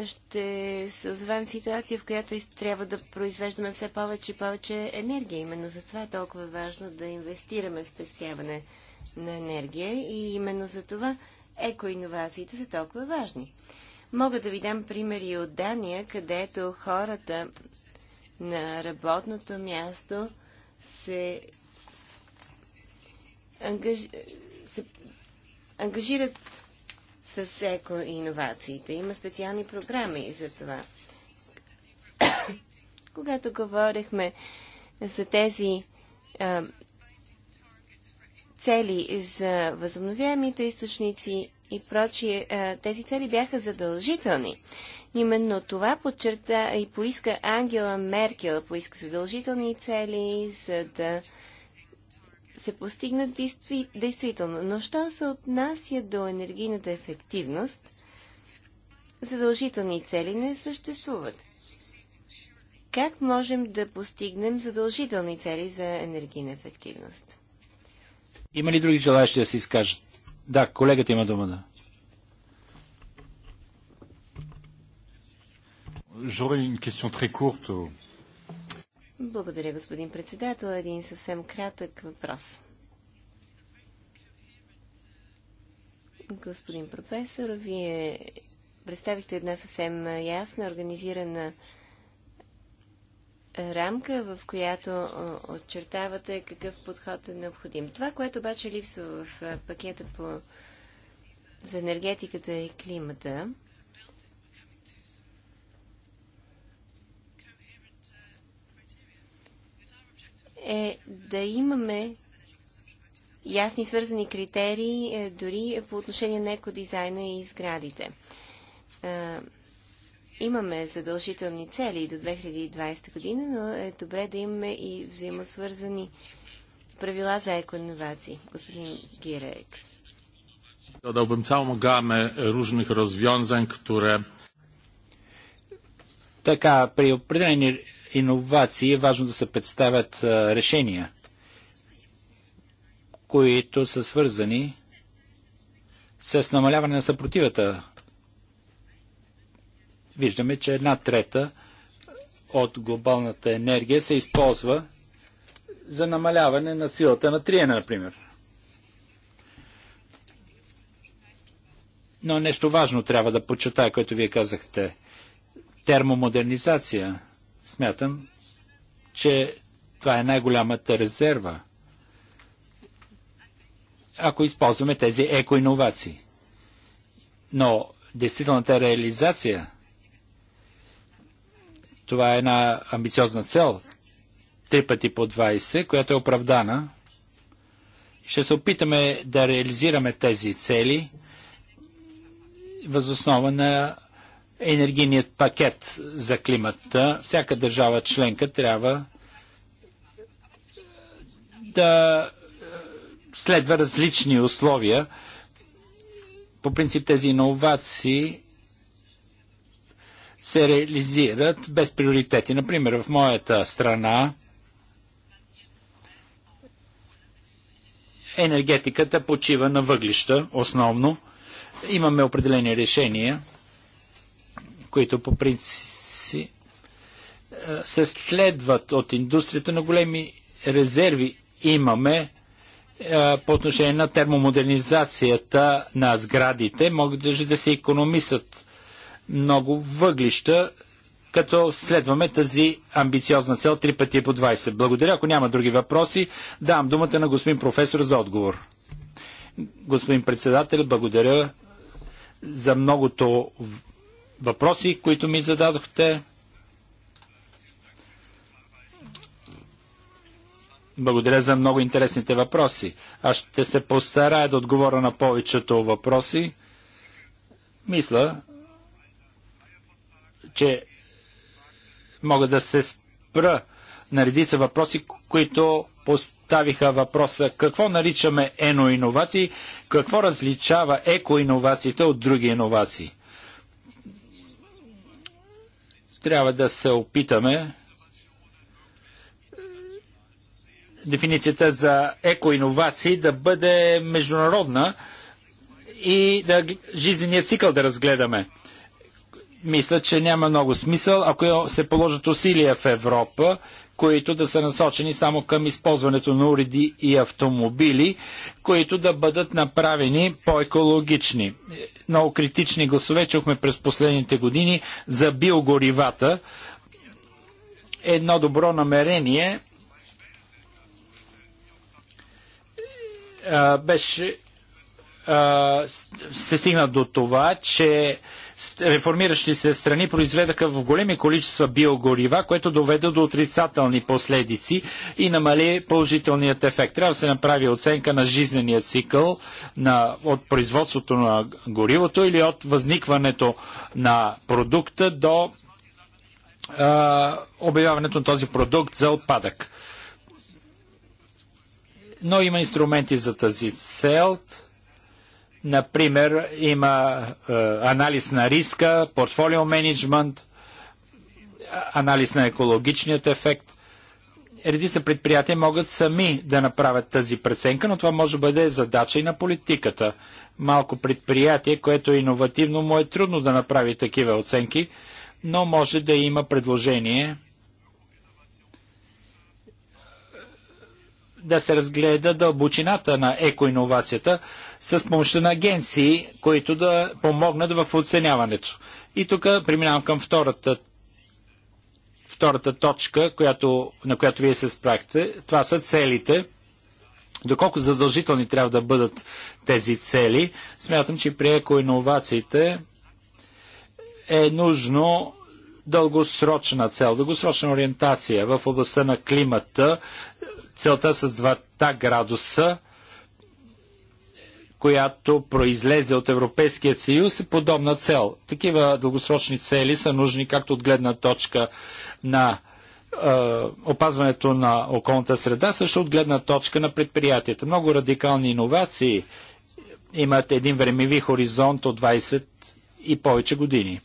ще създадем ситуация, в която трябва да произвеждаме все повече и повече енергия. Именно за това е толкова важно да инвестираме в спестяване на енергия и именно за това екоинновациите са толкова важни. Мога да ви дам примери от Дания, където хората на работното място се, ангаж... се ангажират с еко-инновациите. Има специални програми за това. Когато говорихме за тези а, цели за възобновяемите източници и прочие, тези цели бяха задължителни. Именно това подчерта и поиска Ангела Меркел, поиска задължителни цели, за да се постигнат действи, действително. Но що се отнася до енергийната ефективност, задължителни цели не съществуват. Как можем да постигнем задължителни цели за енергийна ефективност? Има ли други желаящи да се изкажат? Да, колегата има думата. Благодаря, господин председател. Един съвсем кратък въпрос. Господин професор, вие представихте една съвсем ясна, организирана рамка, в която отчертавате какъв подход е необходим. Това, което обаче липсва в пакета по, за енергетиката и климата, е да имаме ясни свързани критерии е, дори по отношение на екодизайна и сградите. Имаме задължителни цели до 2020 година, но е добре да имаме и взаимосвързани правила за екоинновации. Господин Гирек. Dodałbym całą gamę różnych rozwiązań, które. Така, при определени иновации е важно да се представят решения, които са свързани с намаляване на съпротивата виждаме, че една трета от глобалната енергия се използва за намаляване на силата на триена, например. Но нещо важно трябва да почетая, което вие казахте. Термомодернизация. Смятам, че това е най-голямата резерва, ако използваме тези екоиновации. Но действителната реализация това е една амбициозна цел. Три пъти по 20, която е оправдана. Ще се опитаме да реализираме тези цели възоснова на енергийният пакет за климата. Всяка държава членка трябва да следва различни условия. По принцип тези иновации се реализират без приоритети. Например, в моята страна енергетиката почива на въглища основно. Имаме определени решения, които по принцип е, се следват от индустрията, но големи резерви имаме е, по отношение на термомодернизацията на сградите. Могат да се економисат много въглища, като следваме тази амбициозна цел три пъти по 20. Благодаря. Ако няма други въпроси, давам думата на господин професор за отговор. Господин председател, благодаря за многото въпроси, които ми зададохте. Благодаря за много интересните въпроси. Аз ще се постарая да отговоря на повечето въпроси. Мисля, че мога да се спра на редица въпроси, които поставиха въпроса какво наричаме еноиновации, какво различава екоиновациите от други иновации. Трябва да се опитаме дефиницията за екоиновации да бъде международна и да жизненият цикъл да разгледаме мисля, че няма много смисъл, ако е- се положат усилия в Европа, които да са насочени само към използването на уреди и автомобили, които да бъдат направени по-екологични. Много критични гласове чухме през последните години за биогоривата. Едно добро намерение а, беше а, се стигна до това, че реформиращи се страни произведаха в големи количества биогорива, което доведе до отрицателни последици и намали положителният ефект. Трябва да се направи оценка на жизнения цикъл на, от производството на горивото или от възникването на продукта до а, обявяването на този продукт за отпадък. Но има инструменти за тази цел Например, има е, анализ на риска, портфолио менеджмент, анализ на екологичният ефект. Редица предприятия могат сами да направят тази преценка, но това може да бъде задача и на политиката. Малко предприятие, което е иновативно, му е трудно да направи такива оценки, но може да има предложение да се разгледа дълбочината на екоинновацията с помощта на агенции, които да помогнат в оценяването. И тук преминавам към втората, втората точка, която, на която вие се спрахте. Това са целите. Доколко задължителни трябва да бъдат тези цели, смятам, че при екоинновациите е нужно дългосрочна цел, дългосрочна ориентация в областта на климата, целта с двата градуса, която произлезе от Европейския съюз, е подобна цел. Такива дългосрочни цели са нужни както от гледна точка на е, опазването на околната среда, също от гледна точка на предприятията. Много радикални иновации имат един времеви хоризонт от 20 и повече години.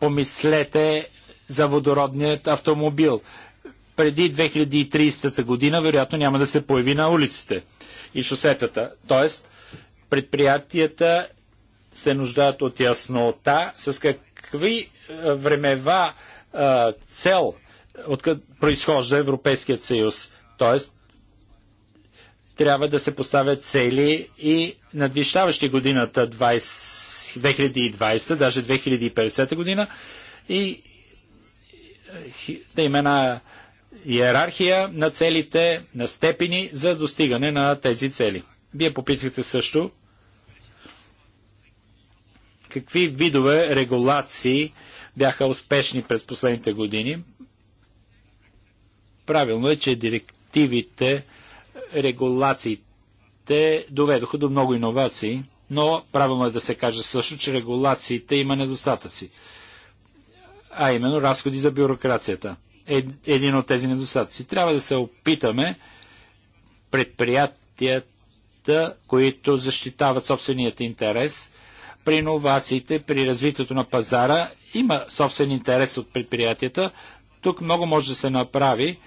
Помислете за водородният автомобил – преди 2030 година вероятно няма да се появи на улиците и шосетата. Тоест, предприятията се нуждаят от яснота с какви е, времева а, е, цел откъд произхожда Европейският съюз. Тоест, трябва да се поставят цели и надвищаващи годината 20, 2020, даже 2050 година и е, да има една иерархия на целите, на степени за достигане на тези цели. Вие попитахте също какви видове регулации бяха успешни през последните години. Правилно е, че директивите, регулациите доведоха до много иновации, но правилно е да се каже също, че регулациите има недостатъци, а именно разходи за бюрокрацията – е един от тези недостатъци. Трябва да се опитаме предприятията, които защитават собственият интерес, при иновациите, при развитието на пазара, има собствен интерес от предприятията. Тук много може да се направи,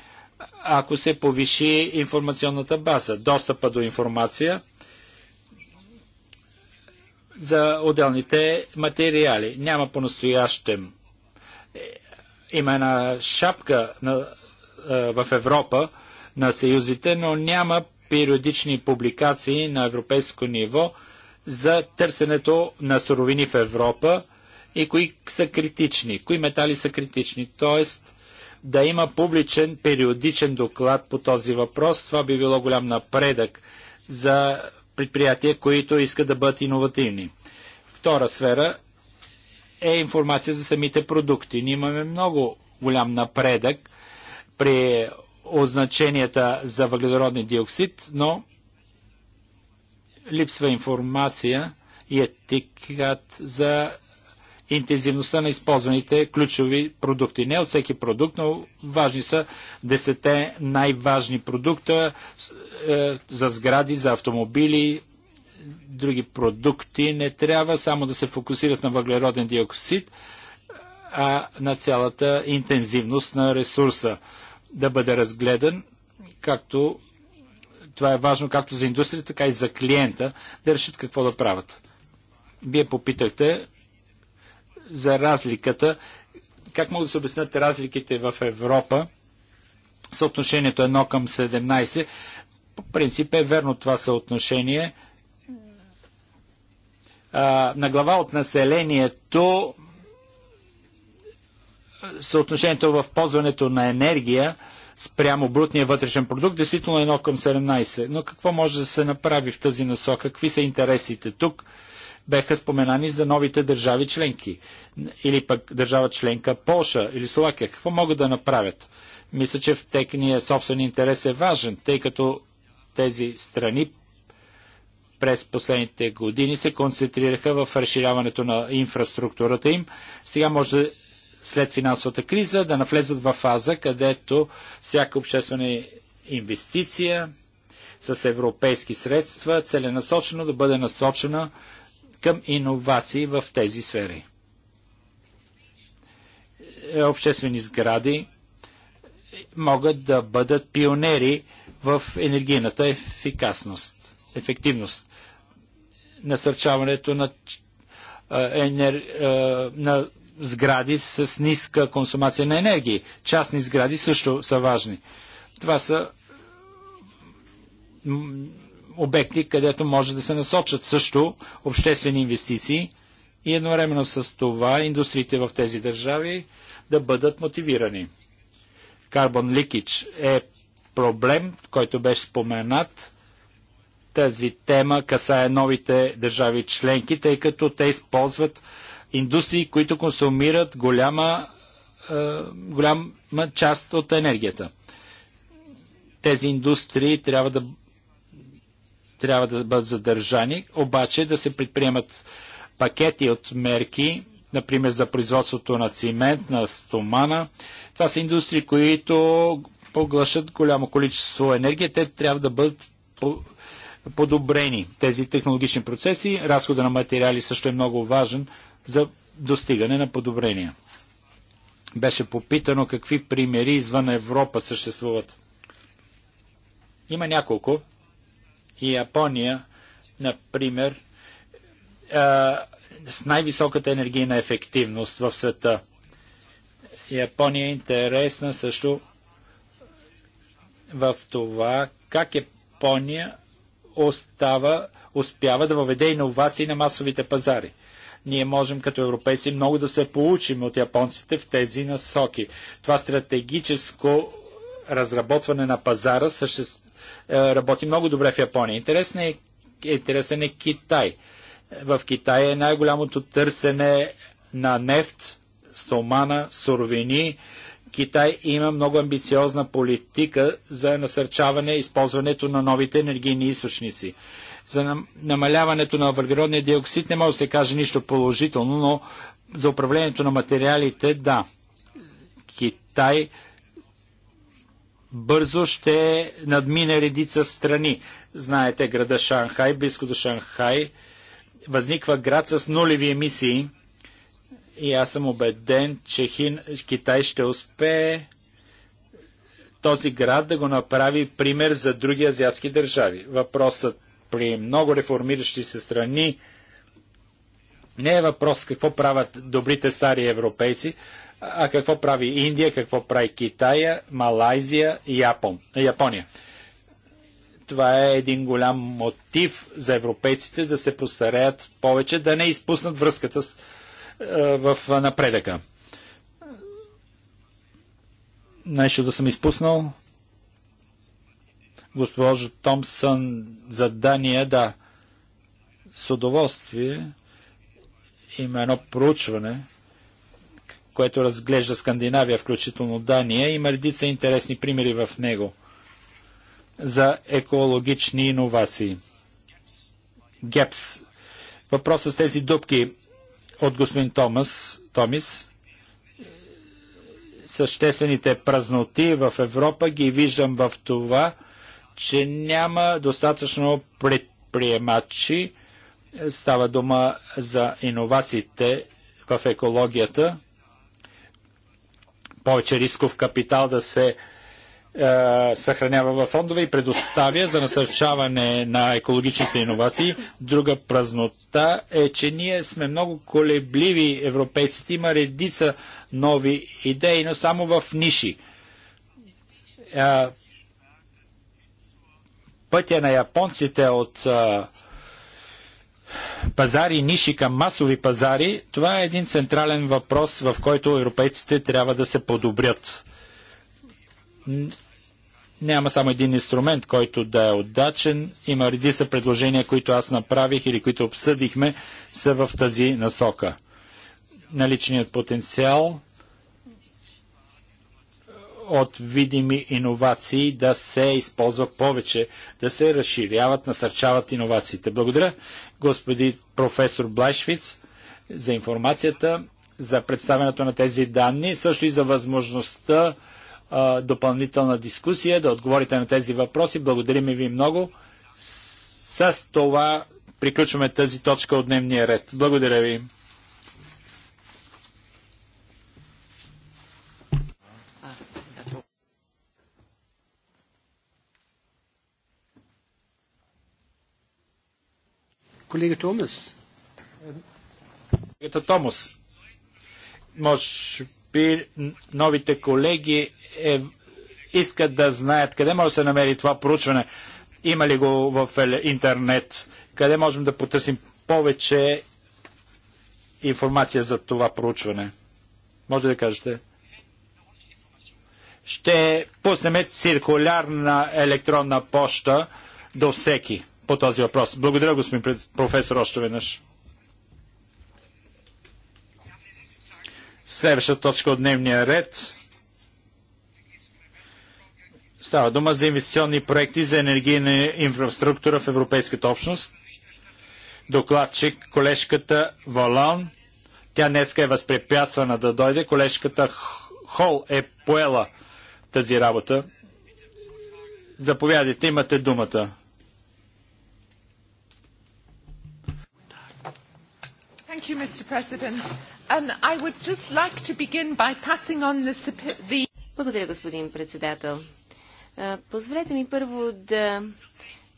ако се повиши информационната база, достъпа до информация за отделните материали. Няма по-настоящем има една шапка на, е, в Европа на съюзите, но няма периодични публикации на европейско ниво за търсенето на суровини в Европа и кои са критични, кои метали са критични. Тоест да има публичен периодичен доклад по този въпрос, това би било голям напредък за предприятия, които искат да бъдат иновативни. Втора сфера е информация за самите продукти. Ние имаме много голям напредък при означенията за въглеродни диоксид, но липсва информация и етикат за интензивността на използваните ключови продукти. Не от всеки продукт, но важни са десете най-важни продукта е, за сгради, за автомобили, други продукти не трябва само да се фокусират на въглероден диоксид, а на цялата интензивност на ресурса да бъде разгледан, както това е важно както за индустрията, така и за клиента да решат какво да правят. Вие попитахте за разликата, как могат да се обяснят разликите в Европа, съотношението 1 към 17. По принцип е верно това съотношение – а, на глава от населението съотношението в ползването на енергия спрямо брутния вътрешен продукт, действително едно към 17. Но какво може да се направи в тази насока? Какви са интересите тук? Беха споменани за новите държави членки. Или пък държава членка Полша или Словакия. Какво могат да направят? Мисля, че в техния собствен интерес е важен, тъй като тези страни през последните години се концентрираха в разширяването на инфраструктурата им. Сега може след финансовата криза да навлезат в фаза, където всяка обществена инвестиция с европейски средства целенасочено да бъде насочена към иновации в тези сфери. Е, обществени сгради могат да бъдат пионери в енергийната ефикасност, ефективност насърчаването на, енер... на сгради с ниска консумация на енергии. Частни сгради също са важни. Това са обекти, където може да се насочат също обществени инвестиции и едновременно с това индустриите в тези държави да бъдат мотивирани. Карбон ликич е проблем, който беше споменат тази тема касае новите държави членки, тъй като те използват индустрии, които консумират голяма, е, голяма част от енергията. Тези индустрии трябва да, трябва да бъдат задържани, обаче да се предприемат пакети от мерки, например за производството на цимент, на стомана. Това са индустрии, които поглъщат голямо количество енергия. Те трябва да бъдат подобрени тези технологични процеси. Разхода на материали също е много важен за достигане на подобрения. Беше попитано какви примери извън Европа съществуват. Има няколко. И Япония, например, с най-високата енергийна ефективност в света. Япония е интересна също в това как Япония остава, успява да въведе иновации на масовите пазари. Ние можем като европейци много да се получим от японците в тези насоки. Това стратегическо разработване на пазара съще... Е, работи много добре в Япония. Интересен е, интересен е Китай. В Китай е най-голямото търсене на нефт, стомана, суровини, Китай има много амбициозна политика за насърчаване използването на новите енергийни източници. За намаляването на въглеродния диоксид не може да се каже нищо положително, но за управлението на материалите да. Китай бързо ще надмине редица страни. Знаете, града Шанхай, близко до Шанхай, възниква град с нулеви емисии и аз съм убеден, че Хин, Китай ще успее този град да го направи пример за други азиатски държави. Въпросът при много реформиращи се страни не е въпрос какво правят добрите стари европейци, а какво прави Индия, какво прави Китая, Малайзия и Япон, Япония. Това е един голям мотив за европейците да се постареят повече, да не изпуснат връзката с е, в е, напредъка. Нещо да съм изпуснал. Госпожо Томсън за Дания, да. С удоволствие има едно проучване, което разглежда Скандинавия, включително Дания. Има редица интересни примери в него за екологични иновации. ГЕПС. Въпросът с тези дупки от господин Томас, Томис. Съществените празноти в Европа ги виждам в това, че няма достатъчно предприемачи. Става дума за иновациите в екологията. Повече рисков капитал да се е, съхранява във фондове и предоставя за насърчаване на екологичните иновации. Друга празнота е, че ние сме много колебливи европейците. Има редица нови идеи, но само в ниши. А, е, пътя на японците от а, е, пазари, ниши към масови пазари, това е един централен въпрос, в който европейците трябва да се подобрят няма само един инструмент, който да е отдачен. Има редица предложения, които аз направих или които обсъдихме, са в тази насока. Наличният потенциал от видими иновации да се използва повече, да се разширяват, насърчават иновациите. Благодаря, господин професор Блайшвиц, за информацията, за представянето на тези данни, също и за възможността допълнителна дискусия, да отговорите на тези въпроси. Благодарим ви много. С, това приключваме тази точка от дневния ред. Благодаря ви. Колега Томас. Томас. Може би новите колеги е, искат да знаят къде може да се намери това проучване. Има ли го в е, интернет? Къде можем да потърсим повече информация за това проучване? Може ли да кажете? Ще пуснем циркулярна електронна поща до всеки по този въпрос. Благодаря, господин професор, още веднъж. Следваща точка от дневния ред Става дума за инвестиционни проекти за енергийна инфраструктура в Европейската общност. Докладчик, колежката Волан, тя днеска е възпрепятствана да дойде. Колежката Хол е поела тази работа. Заповядайте, имате думата. Um, Благодаря, господин председател. Позволете ми първо да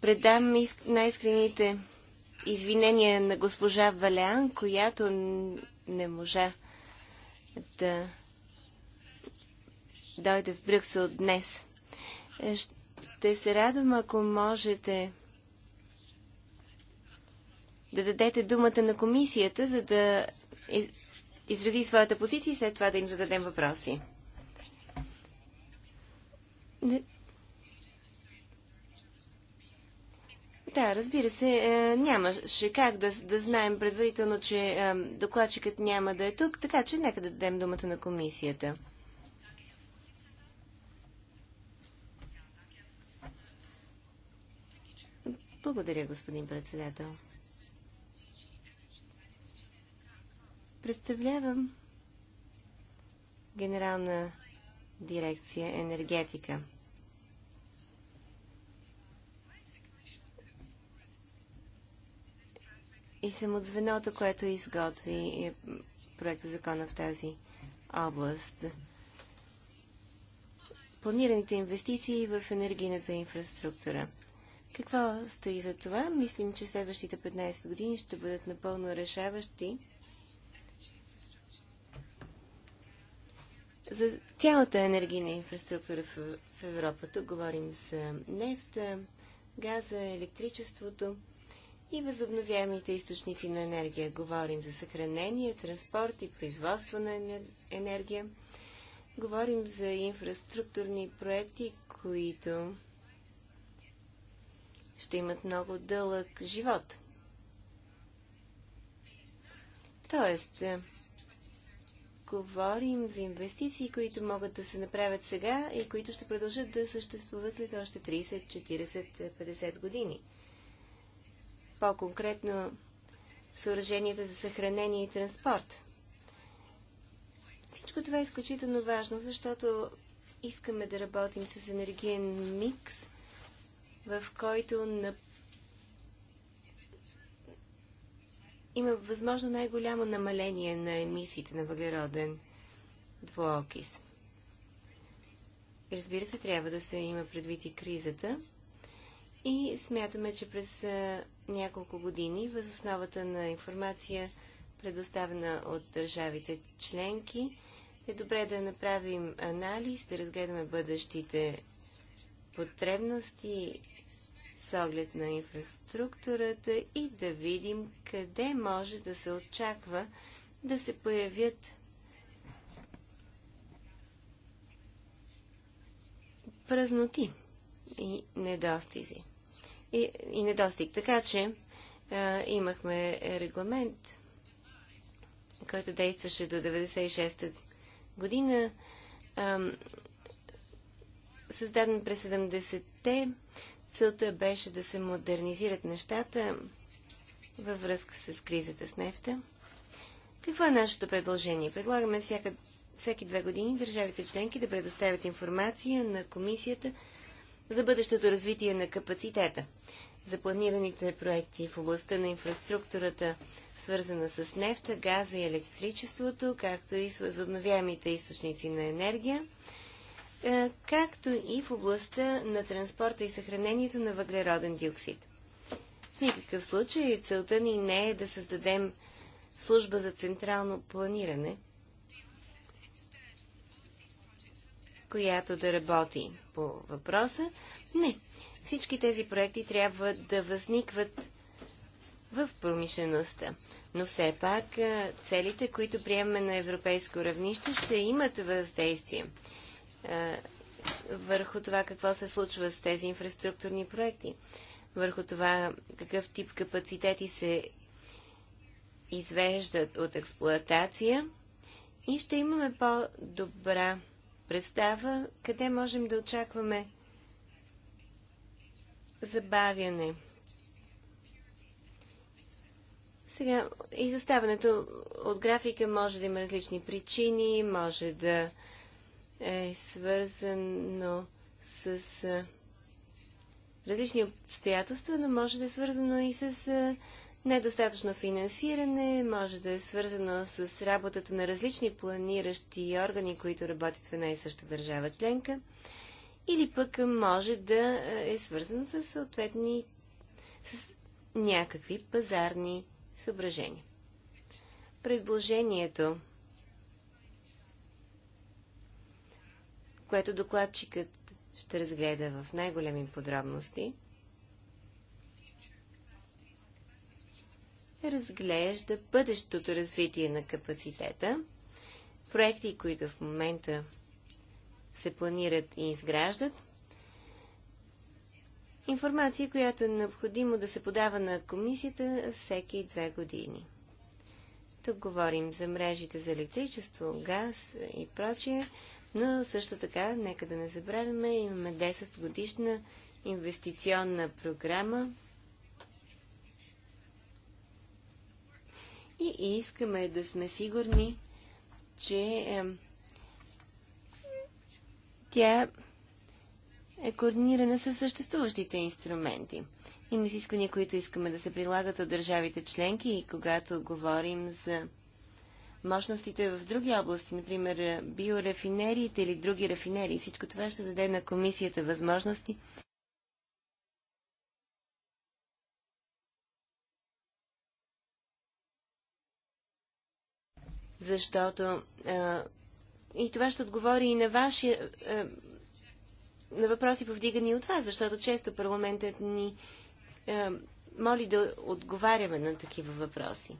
предам най-искрените извинения на госпожа Валян, която не можа да дойде в Брюксел днес. Е, ще се радвам, ако можете да дадете думата на комисията, за да изрази своята позиция и след това да им зададем въпроси. Да, разбира се, е, нямаше как да, да знаем предварително, че е, докладчикът няма да е тук, така че нека да дадем думата на комисията. Благодаря, господин председател. Представлявам Генерална дирекция енергетика. и съм от звеното, което изготви проекта закона в тази област. Планираните инвестиции в енергийната инфраструктура. Какво стои за това? Мислим, че следващите 15 години ще бъдат напълно решаващи за цялата енергийна инфраструктура в Европа. Тук говорим за нефта, газа, електричеството и възобновяемите източници на енергия. Говорим за съхранение, транспорт и производство на енергия. Говорим за инфраструктурни проекти, които ще имат много дълъг живот. Тоест, е, говорим за инвестиции, които могат да се направят сега и които ще продължат да съществуват след още 30, 40, 50 години по-конкретно съоръженията за съхранение и транспорт. Всичко това е изключително важно, защото искаме да работим с енергиен микс, в който на... има възможно най-голямо намаление на емисиите на въглероден двуокис. Разбира се, трябва да се има предвид и кризата. И смятаме, че през няколко години въз основата на информация, предоставена от държавите членки. Е добре да направим анализ, да разгледаме бъдещите потребности с оглед на инфраструктурата и да видим къде може да се очаква да се появят празноти и недостизи и, и недостиг. Така че а, имахме регламент, който действаше до 96-та година, а, създаден през 70-те. Целта беше да се модернизират нещата във връзка с кризата с нефта. Какво е нашето предложение? Предлагаме всяка, всеки две години държавите членки да предоставят информация на комисията за бъдещото развитие на капацитета, за планираните проекти в областта на инфраструктурата, свързана с нефта, газа и електричеството, както и с възобновяемите източници на енергия, е, както и в областта на транспорта и съхранението на въглероден диоксид. В никакъв случай целта ни не е да създадем служба за централно планиране – която да работи по въпроса. Не. Всички тези проекти трябва да възникват в промишлеността. Но все пак целите, които приемаме на европейско равнище, ще имат въздействие върху това какво се случва с тези инфраструктурни проекти, върху това какъв тип капацитети се извеждат от експлоатация и ще имаме по-добра представа къде можем да очакваме забавяне. Сега, изоставането от графика може да има различни причини, може да е свързано с различни обстоятелства, но може да е свързано и с Недостатъчно финансиране може да е свързано с работата на различни планиращи органи, които работят в една и съща държава членка, или пък може да е свързано с съответни с някакви пазарни съображения. Предложението, което докладчикът ще разгледа в най-големи подробности – разглежда бъдещото развитие на капацитета, проекти, които в момента се планират и изграждат, информация, която е необходимо да се подава на комисията всеки две години. Тук говорим за мрежите за електричество, газ и прочие, но също така, нека да не забравяме, имаме 10 годишна инвестиционна програма, и искаме да сме сигурни, че е, тя е координирана с съществуващите инструменти. Има изисквания, които искаме да се прилагат от държавите членки и когато говорим за мощностите в други области, например биорафинериите или други рафинерии, всичко това ще даде на комисията възможности защото а, и това ще отговори и на вашия а, на въпроси повдигани от вас, защото често парламентът ни а, моли да отговаряме на такива въпроси.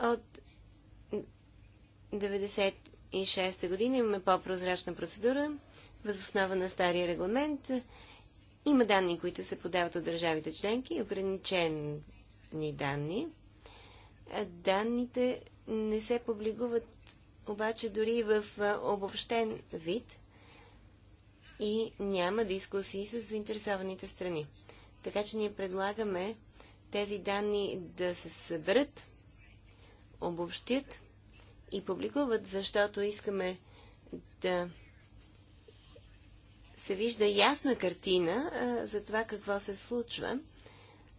От 96-та година имаме по-прозрачна процедура, възоснова на стария регламент. Има данни, които се подават от държавите членки, ограничени данни. Данните не се публикуват обаче дори в обобщен вид и няма дискусии с заинтересованите страни. Така че ние предлагаме тези данни да се съберат, обобщят и публикуват, защото искаме да се вижда ясна картина а, за това какво се случва,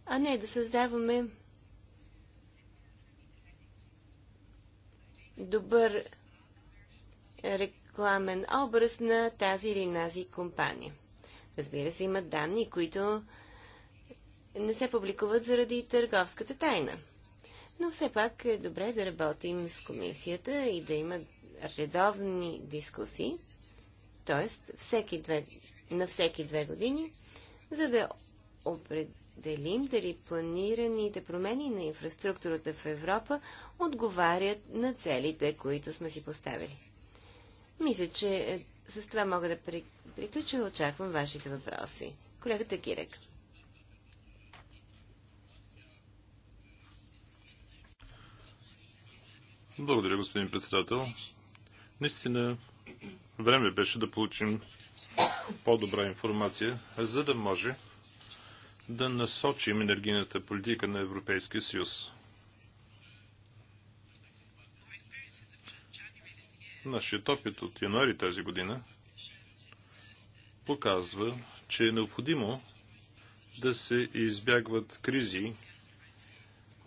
а не да създаваме добър рекламен образ на тази или нази компания. Разбира се, има данни, които не се публикуват заради търговската тайна. Но все пак е добре да работим с комисията и да има редовни дискусии, т.е. всеки две на всеки две години, за да определим дали планираните промени на инфраструктурата в Европа отговарят на целите, които сме си поставили. Мисля, че е, с това мога да приключа. и Очаквам вашите въпроси. Колегата Кирек. Благодаря, господин председател. Наистина, време беше да получим по-добра информация, за да може да насочим енергийната политика на Европейския съюз. Нашият опит от януари тази година показва, че е необходимо да се избягват кризи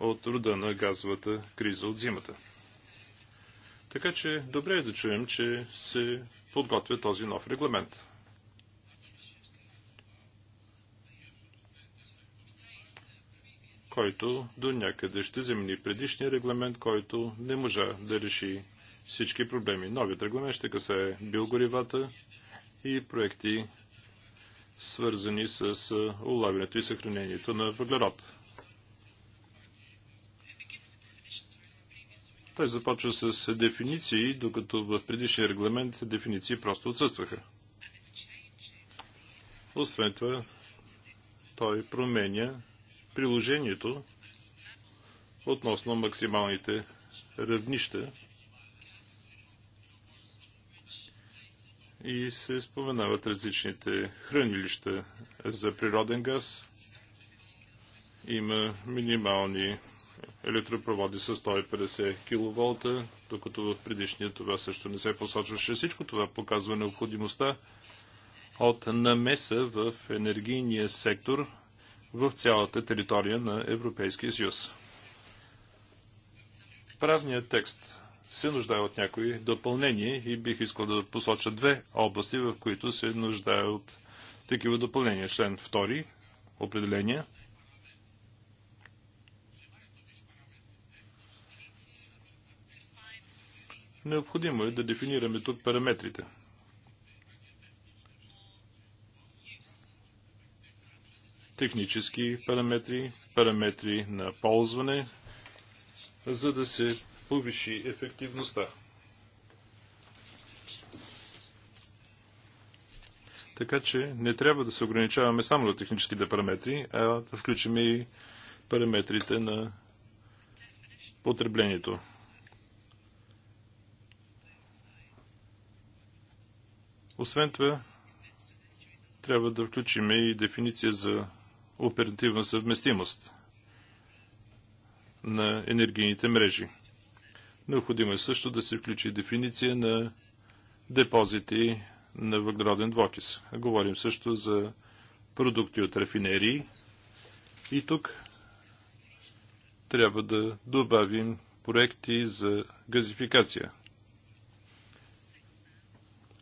от рода на газовата криза от зимата. Така че добре е да чуем, че се подготвя този нов регламент. който до някъде ще замени предишния регламент, който не можа да реши всички проблеми. Новият регламент ще касае биогоривата и проекти, свързани с улавянето и съхранението на въглерод. Той започва с дефиниции, докато в предишния регламент дефиниции просто отсъстваха. Освен това, той променя приложението относно максималните равнища и се споменават различните хранилища за природен газ. Има минимални електропроводи с 150 кВт, докато в предишния това също не се посочваше. Всичко това показва необходимостта от намеса в енергийния сектор в цялата територия на Европейския съюз. Правният текст се нуждае от някои допълнения и бих искал да посоча две области, в които се нуждае от такива допълнения. Член 2, определения. Необходимо е да дефинираме тук параметрите – технически параметри, параметри на ползване, за да се повиши ефективността. Така че не трябва да се ограничаваме само до техническите параметри, а да включим и параметрите на потреблението. Освен това, трябва да включим и дефиниция за оперативна съвместимост на енергийните мрежи. Необходимо е също да се включи дефиниция на депозити на въглероден двокис. Говорим също за продукти от рафинерии и тук трябва да добавим проекти за газификация.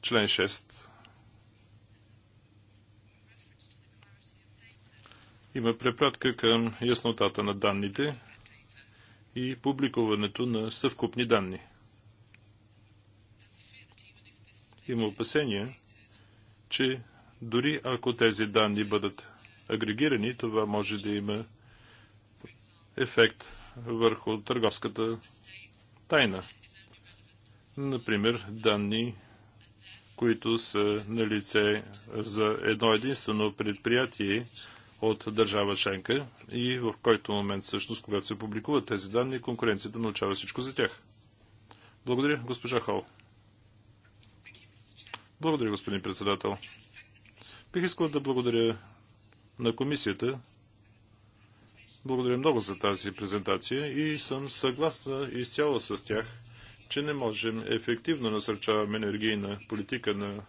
Член 6 Има препратка към яснотата на данните и публикуването на съвкупни данни. Има опасения, че дори ако тези данни бъдат агрегирани, това може да има ефект върху търговската тайна. Например, данни, които са на лице за едно единствено предприятие от държава Шенка и в който момент всъщност, когато се публикуват тези данни, конкуренцията научава всичко за тях. Благодаря, госпожа Хол. Благодаря, господин председател. Бих искал да благодаря на комисията. Благодаря много за тази презентация и съм съгласна изцяло с тях, че не можем ефективно насърчаваме енергийна политика на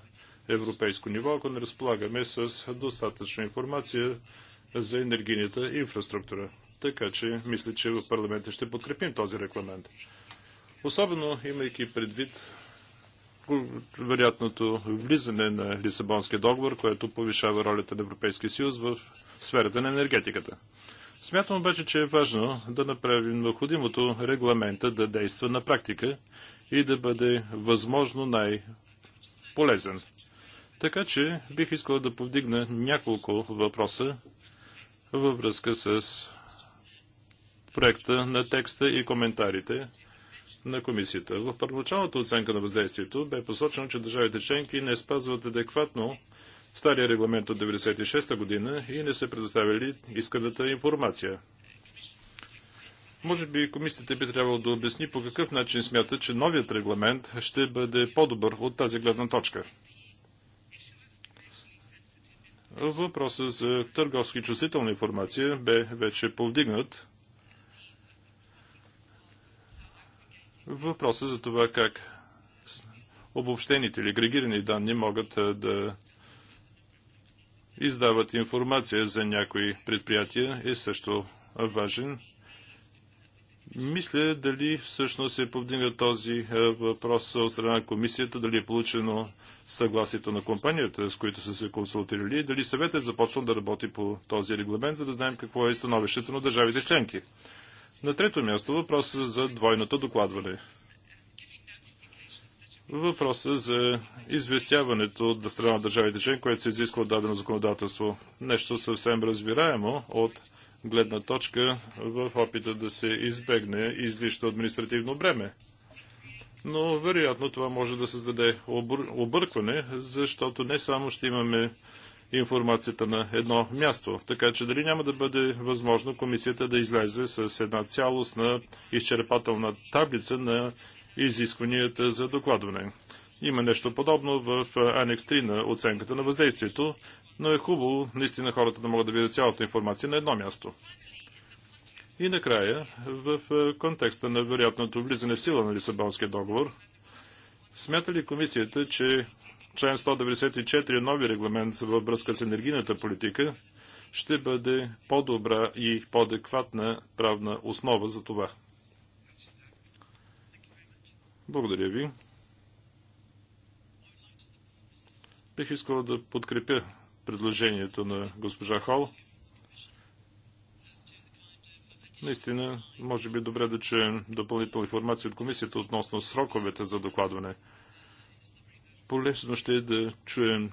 европейско ниво, ако не разполагаме с достатъчна информация за енергийната инфраструктура. Така че мисля, че в парламента ще подкрепим този регламент. Особено имайки предвид вероятното влизане на Лисабонския договор, което повишава ролята на Европейския съюз в сферата на енергетиката. Смятам обаче, че е важно да направим необходимото регламента да действа на практика и да бъде възможно най-полезен. Така че бих искал да повдигна няколко въпроса във връзка с проекта на текста и коментарите на комисията. В първоначалната оценка на въздействието бе посочено, че държавите членки не спазват адекватно стария регламент от 1996 година и не са предоставили исканата информация. Може би комисията би трябвало да обясни по какъв начин смята, че новият регламент ще бъде по-добър от тази гледна точка. Въпросът за търговски чувствителна информация бе вече повдигнат. Въпросът за това как обобщените или агрегирани данни могат да издават информация за някои предприятия е също важен. Мисля дали всъщност се повдига този е, въпрос от страна на комисията, дали е получено съгласието на компанията, с които са се консултирали, и дали съветът е започнал да работи по този регламент, за да знаем какво е становището на държавите членки. На трето място въпрос за двойното докладване. Въпроса за известяването от страна на държавите член, което се изисква от дадено законодателство. Нещо съвсем разбираемо от гледна точка в опита да се избегне излишно административно бреме. Но вероятно това може да създаде объркване, защото не само ще имаме информацията на едно място. Така че дали няма да бъде възможно комисията да излезе с една цялостна изчерпателна таблица на изискванията за докладване. Има нещо подобно в анекс 3 на оценката на въздействието, но е хубаво наистина хората да могат да видят цялата информация на едно място. И накрая, в контекста на вероятното влизане в сила на Лисабонския договор, смята ли комисията, че член 194 е нови регламент във връзка с енергийната политика ще бъде по-добра и по-адекватна правна основа за това? Благодаря ви. Бих искал да подкрепя предложението на госпожа Хол. Наистина, може би добре да чуем допълнителна информация от комисията относно сроковете за докладване. Полесно ще е да чуем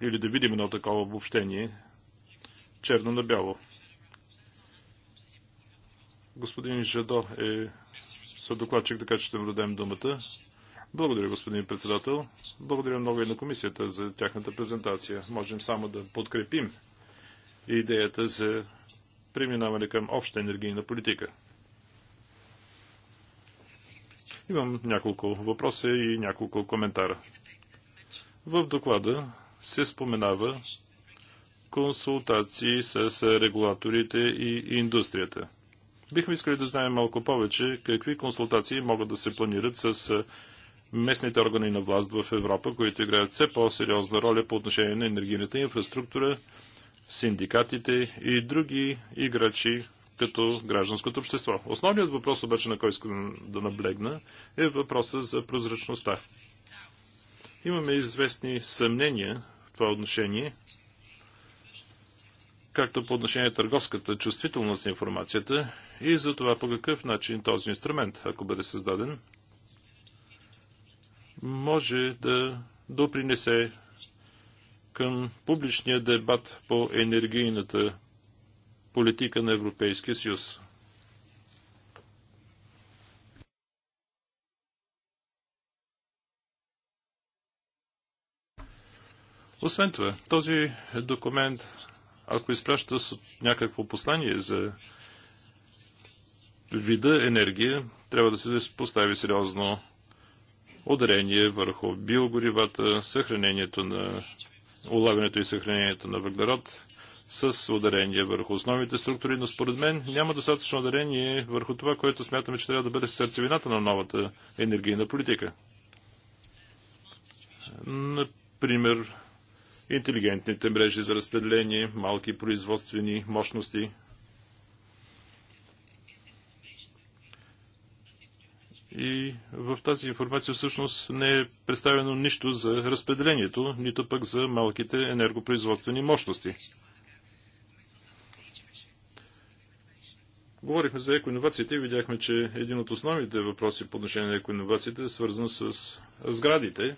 или да видим едно такова обобщение черно на бяло. Господин Жадо е съдокладчик, така че ще му дадем думата. Благодаря, господин председател. Благодаря много и на комисията за тяхната презентация. Можем само да подкрепим идеята за преминаване към обща енергийна политика. Имам няколко въпроса и няколко коментара. В доклада се споменава консултации с регулаторите и индустрията. Бихме искали да знаем малко повече какви консултации могат да се планират с местните органи на власт в Европа, които играят все по-сериозна роля по отношение на енергийната инфраструктура, синдикатите и други играчи като гражданското общество. Основният въпрос обаче, на който искам да наблегна, е въпроса за прозрачността. Имаме известни съмнения в това отношение, както по отношение на търговската чувствителност на информацията и за това по какъв начин този инструмент, ако бъде създаден, може да допринесе към публичния дебат по енергийната политика на Европейския съюз. Освен това, този документ, ако изпраща някакво послание за вида енергия, трябва да се постави сериозно ударение върху биогоривата, съхранението на улавянето и съхранението на въглерод с ударение върху основните структури, но според мен няма достатъчно ударение върху това, което смятаме, че трябва да бъде сърцевината на новата енергийна политика. Например, интелигентните мрежи за разпределение, малки производствени мощности – И в тази информация всъщност не е представено нищо за разпределението, нито пък за малките енергопроизводствени мощности. Говорихме за екоинновациите и видяхме, че един от основните въпроси по отношение на екоинновациите е свързан с сградите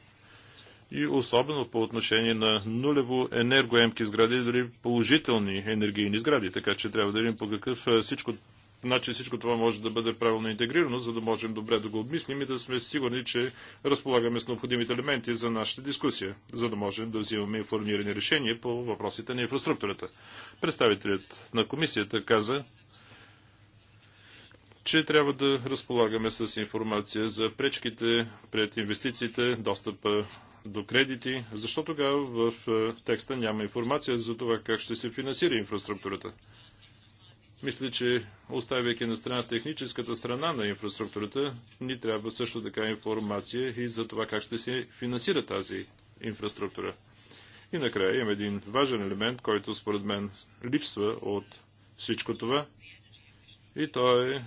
и особено по отношение на нулево енергоемки сгради, дори положителни енергийни сгради, така че трябва да видим по какъв всичко начин всичко това може да бъде правилно интегрирано, за да можем добре да го обмислим и да сме сигурни, че разполагаме с необходимите елементи за нашата дискусия, за да можем да взимаме информирани решения по въпросите на инфраструктурата. Представителят на комисията каза, че трябва да разполагаме с информация за пречките пред инвестициите, достъпа до кредити, защото тогава в е, текста няма информация за това как ще се финансира инфраструктурата. Мисля, че оставяйки на страна техническата страна на инфраструктурата, ни трябва също така информация и за това как ще се финансира тази инфраструктура. И накрая има един важен елемент, който според мен липсва от всичко това. И то е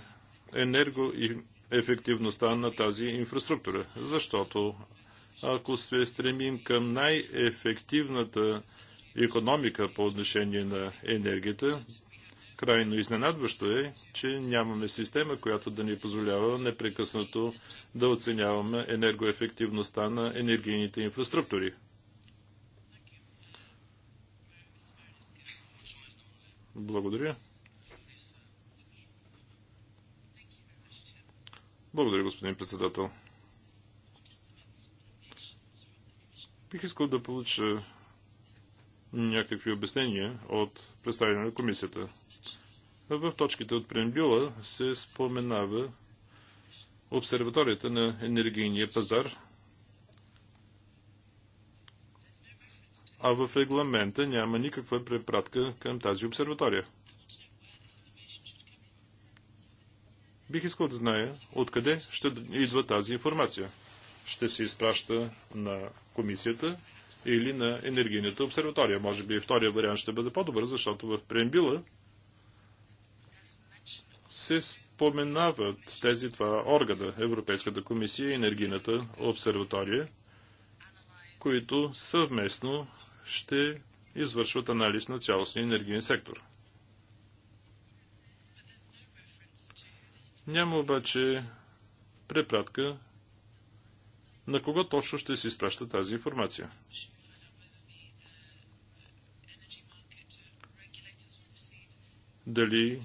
енерго и ефективността на тази инфраструктура. Защото ако се стремим към най-ефективната економика по отношение на енергията, Крайно изненадващо е, че нямаме система, която да ни позволява непрекъснато да оценяваме енергоефективността на енергийните инфраструктури. Благодаря. Благодаря, господин председател. Бих искал да получа някакви обяснения от представителя на комисията. В точките от преамбюла се споменава обсерваторията на енергийния пазар, а в регламента няма никаква препратка към тази обсерватория. Бих искал да зная откъде ще идва тази информация. Ще се изпраща на комисията или на енергийната обсерватория. Може би втория вариант ще бъде по-добър, защото в преембила се споменават тези два органа, Европейската комисия и Енергийната обсерватория, които съвместно ще извършват анализ на цялостния енергиен сектор. Няма обаче препратка на кого точно ще се изпраща тази информация. Дали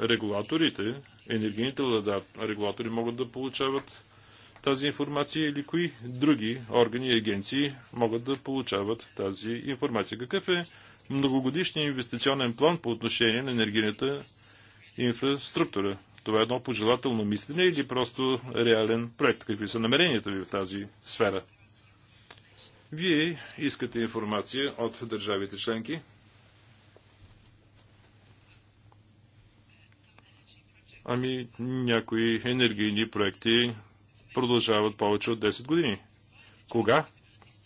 регулаторите, енергийните регулатори могат да получават тази информация или кои други органи и агенции могат да получават тази информация. Какъв е многогодишният инвестиционен план по отношение на енергийната инфраструктура? Това е едно пожелателно мислене или просто реален проект? Какви са намеренията ви в тази сфера? Вие искате информация от държавите членки Ами някои енергийни проекти продължават повече от 10 години. Кога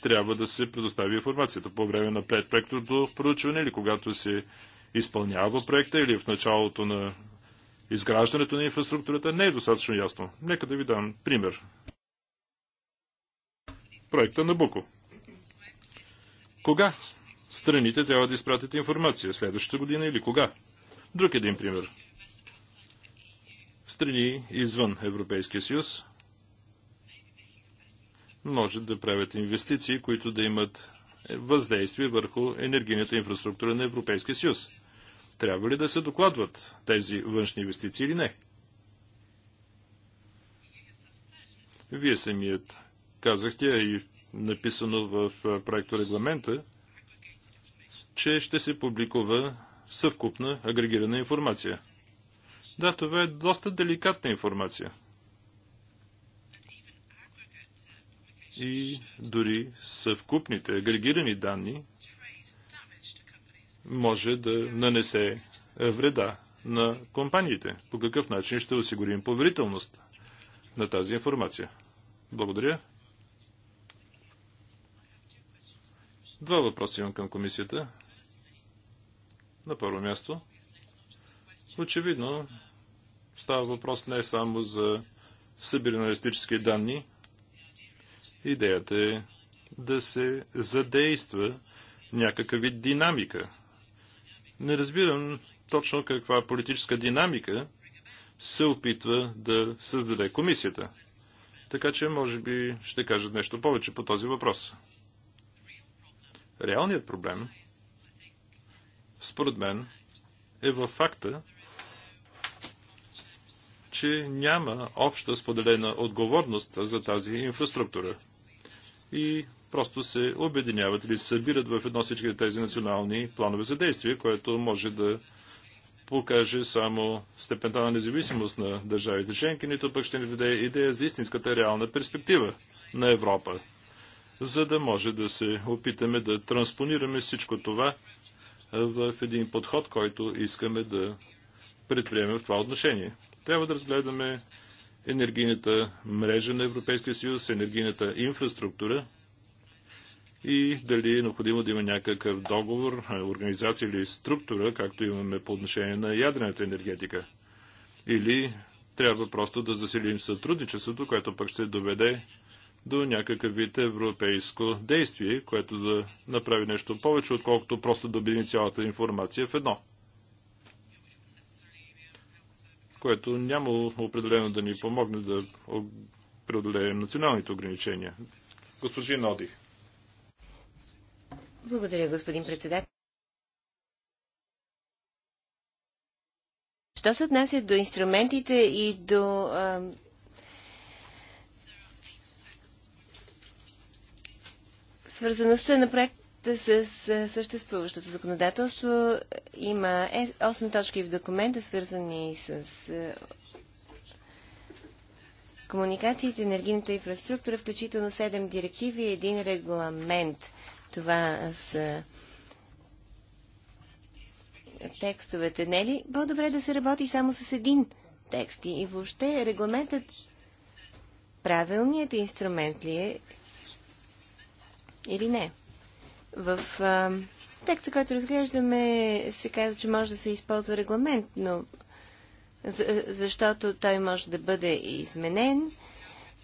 трябва да се предостави информацията? По време на предпроектното проучване или когато се изпълнява проекта или в началото на изграждането на инфраструктурата не е достатъчно ясно. Нека да ви дам пример. Проекта на Буко. Кога страните трябва да изпратят информация? Следващата година или кога? Друг един пример страни извън Европейския съюз може да правят инвестиции, които да имат въздействие върху енергийната инфраструктура на Европейския съюз. Трябва ли да се докладват тези външни инвестиции или не? Вие самият казахте и написано в проекто регламента, че ще се публикува съвкупна агрегирана информация. Да, това е доста деликатна информация. И дори съвкупните агрегирани данни може да нанесе вреда на компаниите. По какъв начин ще осигурим поверителност на тази информация? Благодаря. Два въпроса имам към комисията. На първо място. Очевидно, Става въпрос не само за събираналистически данни. Идеята е да се задейства някакъв вид динамика. Не разбирам точно каква политическа динамика се опитва да създаде комисията. Така че, може би, ще кажа нещо повече по този въпрос. Реалният проблем, според мен, е във факта, че няма обща споделена отговорност за тази инфраструктура. И просто се обединяват или събират в едно всички тези национални планове за действие, което може да покаже само степента на независимост на държавите членки, нито пък ще ни даде идея за истинската реална перспектива на Европа, за да може да се опитаме да транспонираме всичко това в един подход, който искаме да предприемем в това отношение. Трябва да разгледаме енергийната мрежа на Европейския съюз, енергийната инфраструктура и дали е необходимо да има някакъв договор, организация или структура, както имаме по отношение на ядрената енергетика. Или трябва просто да заселим сътрудничеството, което пък ще доведе до някакъв вид европейско действие, което да направи нещо повече, отколкото просто да обедини цялата информация в едно което няма определено да ни помогне да преодолеем националните ограничения. Госпожи Ноди. Благодаря, господин председател. Що се отнася до инструментите и до свързаността на проект с съществуващото законодателство. Има 8 е, точки в документа, свързани с комуникациите, енергийната инфраструктура, включително 7 директиви и един регламент. Това са текстовете. Не е ли по-добре да се работи само с един текст? И въобще регламентът правилният инструмент ли е или не? В а, текста, който разглеждаме, се казва, че може да се използва регламент, но за, защото той може да бъде изменен.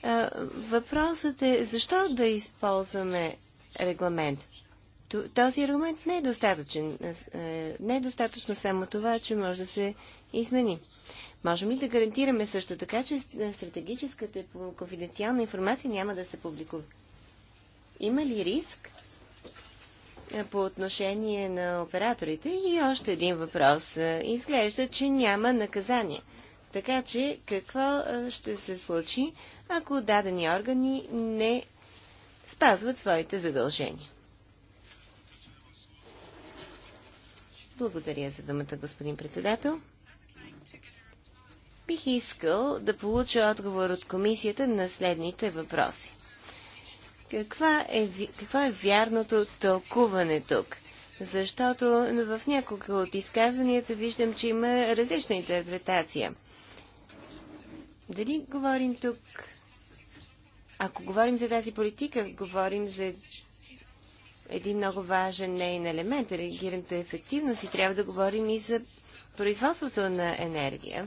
А, въпросът е защо да използваме регламент? Този регламент не е достатъчен. Е, не е достатъчно само това, че може да се измени. Можем и да гарантираме също така, че стратегическата конфиденциална информация няма да се публикува. Има ли риск е, по отношение на операторите. И още един въпрос. Е, изглежда, че няма наказание. Така че какво е, ще се случи, ако дадени органи не спазват своите задължения? Благодаря за думата, господин председател. Бих искал да получа отговор от комисията на следните въпроси. Каква е, какво е вярното тълкуване тук? Защото в няколко от изказванията виждам, че има различна интерпретация. Дали говорим тук, ако говорим за тази политика, говорим за един много важен нейн елемент, реагирането е ефективност и трябва да говорим и за производството на енергия.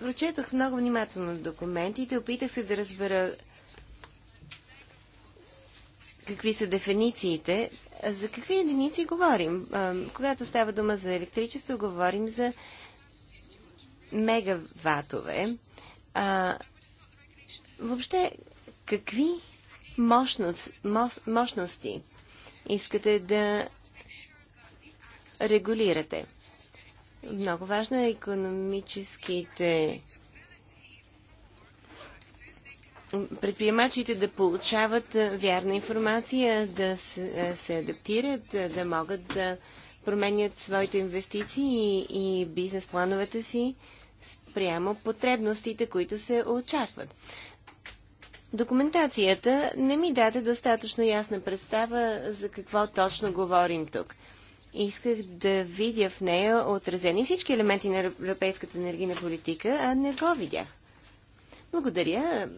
Прочетох много внимателно документите, опитах се да разбера какви са дефинициите. За какви единици говорим? Когато става дума за електричество, говорим за мегаватове. А, въобще, какви мощност, мощ, мощности искате да регулирате? Много важно е економическите предприемачите да получават вярна информация, да се, се адаптират, да, могат да променят своите инвестиции и, и бизнес плановете си прямо потребностите, които се очакват. Документацията не ми даде достатъчно ясна представа за какво точно говорим тук. Исках да видя в нея отразени всички елементи на европейската енергийна политика, а не го видях. Благодаря.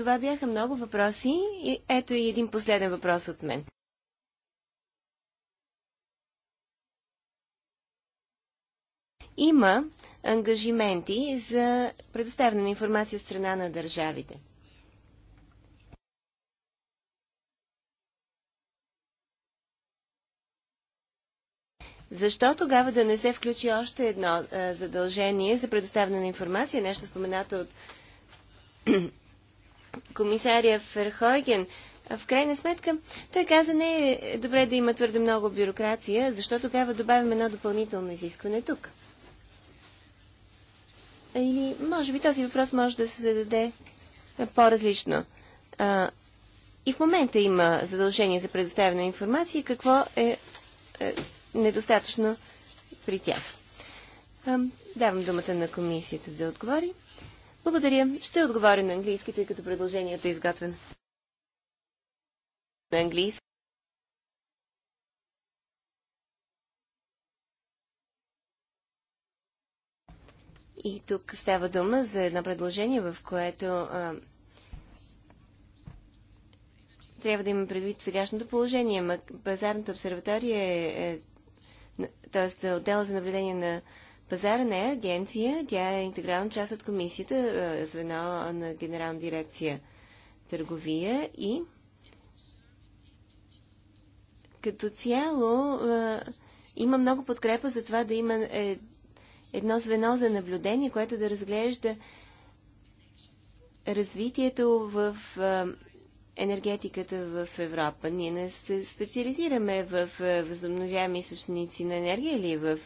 Това бяха много въпроси и ето и един последен въпрос от мен. Има ангажименти за предоставяне на информация от страна на държавите. Защо тогава да не се включи още едно а, задължение за предоставяне на информация, нещо споменато от комисария Ферхойген, в крайна сметка, той каза, не е добре да има твърде много бюрокрация, защо тогава добавим едно допълнително изискване тук. Или, може би, този въпрос може да се зададе по-различно. и в момента има задължение за предоставяне на информация какво е, е недостатъчно при тях. А, давам думата на комисията да отговори. Благодаря. Ще отговоря на английски, тъй като предложението е изготвено. На английски. И тук става дума за едно предложение, в което а, трябва да има предвид сегашното положение. Пазарната обсерватория е, е т.е. отдела за наблюдение на Пазара не е агенция, тя е интегрална част от комисията, е, звено на Генерална дирекция търговия и като цяло е, има много подкрепа за това да има е, едно звено за наблюдение, което да разглежда развитието в енергетиката в Европа. Ние не се специализираме в възобновяеми източници на енергия или в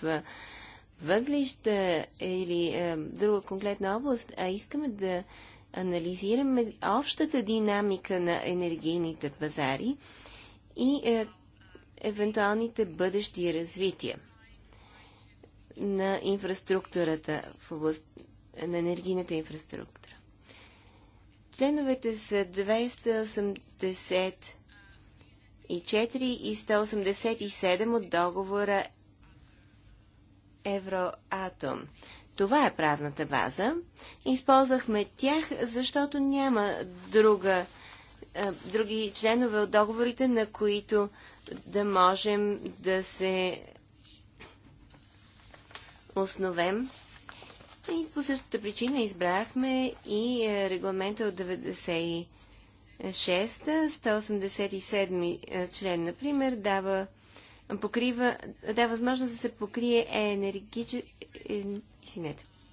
въглища или е, друга конкретна област, а искаме да анализираме общата динамика на енергийните пазари и е, евентуалните бъдещи развития на инфраструктурата в област на енергийната инфраструктура. Членовете са 284 и 187 от договора Евроатом. Това е правната база. Използвахме тях, защото няма друга, а, е, други членове от договорите, на които да можем да се основем. И по същата причина избрахме и е, регламента от 96-187 е, член, например, дава покрива, да, възможност да се покрие енергиче, е,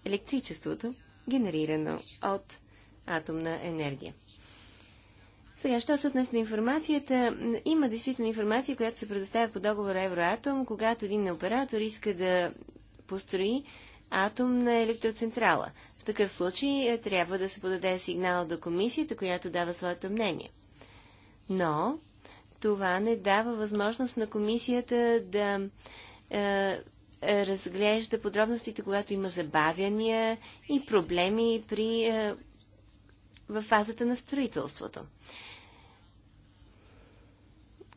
електричеството, генерирано от атомна енергия. Сега, що се отнесе до информацията? Има действително информация, която се предоставя по договора Евроатом, когато един оператор иска да построи атомна електроцентрала. В такъв случай е, трябва да се подаде сигнал до комисията, която дава своето мнение. Но това не дава възможност на комисията да е, разглежда подробностите, когато има забавяния и проблеми при, е, във фазата на строителството.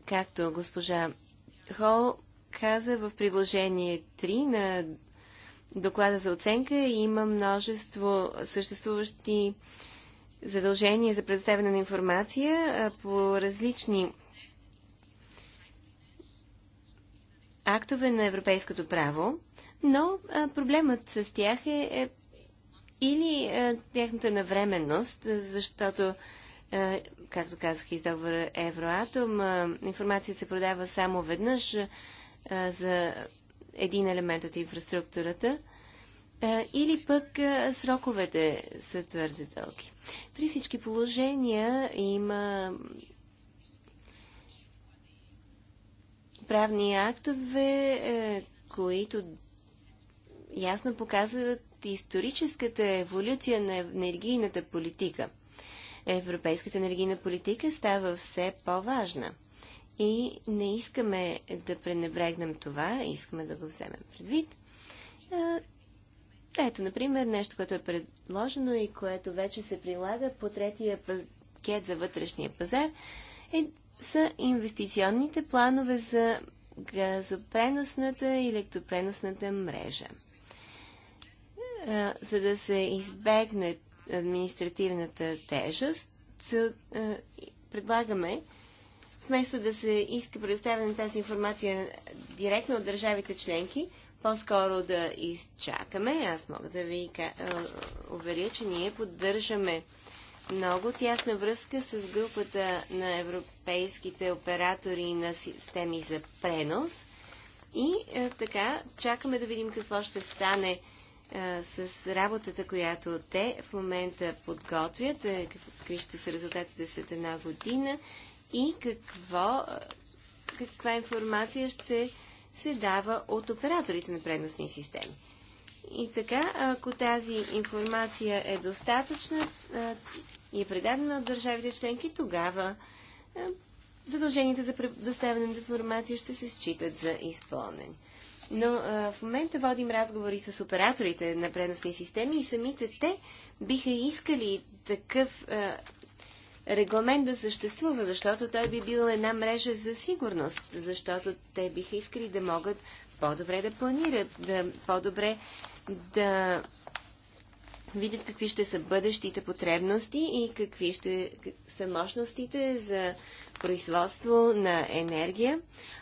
Както госпожа Хол каза в приложение 3 на доклада за оценка има множество съществуващи задължения за предоставяне на информация по различни актове на европейското право, но а, проблемът с тях е, е или а, тяхната навременност, защото, а, както казах из договора Евроатом, а, информация се продава само веднъж а, за един елемент от инфраструктурата, а, или пък а, сроковете са твърде дълги. При всички положения има правни актове, е, които ясно показват историческата еволюция на енергийната политика. Европейската енергийна политика става все по-важна. И не искаме да пренебрегнем това, искаме да го вземем предвид. Ето, например, нещо, което е предложено и което вече се прилага по третия пакет за вътрешния пазар, е са инвестиционните планове за газопреносната и електропреносната мрежа. За да се избегне административната тежест, предлагаме вместо да се иска предоставяне на тази информация директно от държавите членки, по-скоро да изчакаме. Аз мога да ви уверя, че ние поддържаме много тясна връзка с групата на Европейския европейските оператори на системи за пренос. И е, така, чакаме да видим какво ще стане е, с работата, която те в момента подготвят, е, какви ще са резултатите след една година и какво, е, каква информация ще се дава от операторите на преносни системи. И така, ако тази информация е достатъчна е, и е предадена от държавите членки, тогава е, задълженията за предоставяне на информация ще се считат за изпълнени. Но а, в момента водим разговори с операторите на преносни системи и самите те биха искали такъв а, регламент да съществува, защото той би бил една мрежа за сигурност, защото те биха искали да могат по-добре да планират, да, по-добре да видят какви ще са бъдещите потребности и какви ще са мощностите за производство на енергия.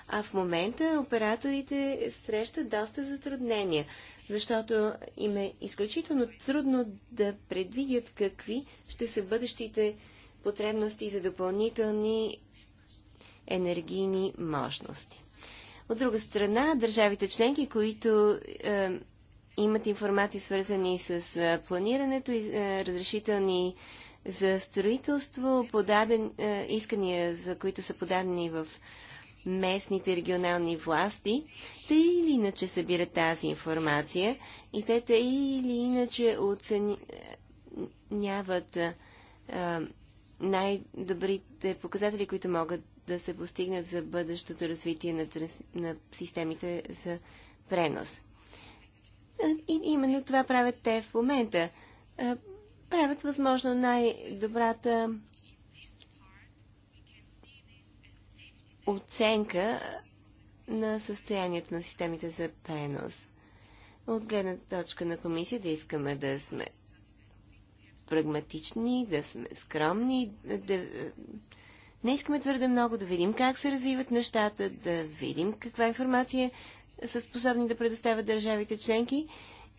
А в момента операторите срещат доста затруднения, защото им е изключително трудно да предвидят какви ще са бъдещите потребности за допълнителни енергийни мощности. От друга страна, държавите членки, които е, имат информации свързани с планирането и разрешителни за строителство, подаден, искания, за които са подадени в местните регионални власти, те или иначе събират тази информация и те те или иначе оценяват най-добрите показатели, които могат да се постигнат за бъдещото развитие на, на системите за пренос. И именно това правят те в момента. Правят възможно най-добрата оценка на състоянието на системите за пренос. От гледна точка на комисията да искаме да сме прагматични, да сме скромни, да... Не искаме твърде много да видим как се развиват нещата, да видим каква информация са способни да предоставят държавите членки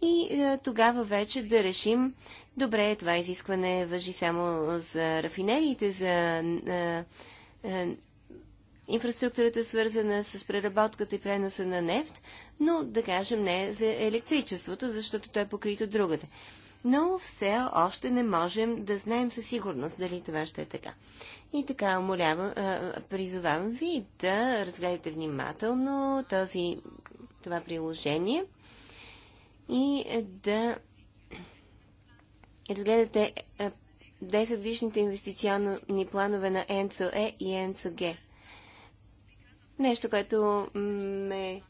и а, е, тогава вече да решим, добре, това изискване въжи само за рафинериите, за а, е, а, е, инфраструктурата свързана с преработката и преноса на нефт, но да кажем не за електричеството, защото то е покрито другата. Но все още не можем да знаем със сигурност дали това ще е така. И така, умолявам, призовавам ви да разгледате внимателно този, това приложение и да разгледате 10 годишните инвестиционни планове на НЦОЕ и НЦОГ. Нещо, което ме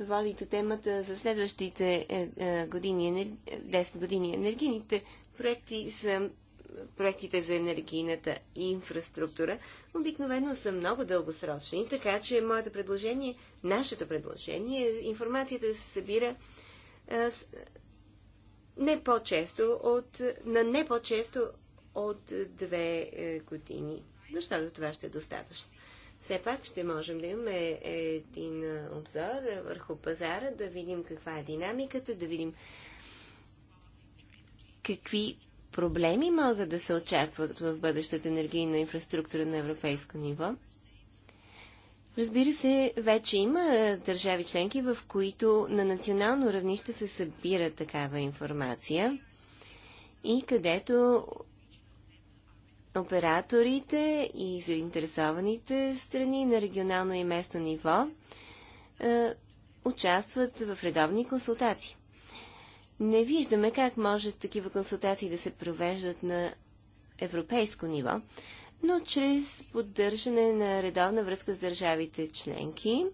води до темата за следващите е, е, години, 10 години. Енергийните проекти са проектите за енергийната инфраструктура обикновено са много дългосрочни, така че моето предложение, нашето предложение е информацията да се събира не по-често от, на не по-често от две е, години, защото това ще е достатъчно. Все пак ще можем да имаме един обзор върху пазара, да видим каква е динамиката, да видим какви проблеми могат да се очакват в бъдещата енергийна инфраструктура на европейско ниво? Разбира се, вече има държави членки, в които на национално равнище се събира такава информация и където операторите и заинтересованите страни на регионално и местно ниво участват в редовни консултации. Не виждаме как може такива консултации да се провеждат на европейско ниво, но чрез поддържане на редовна връзка с държавите членки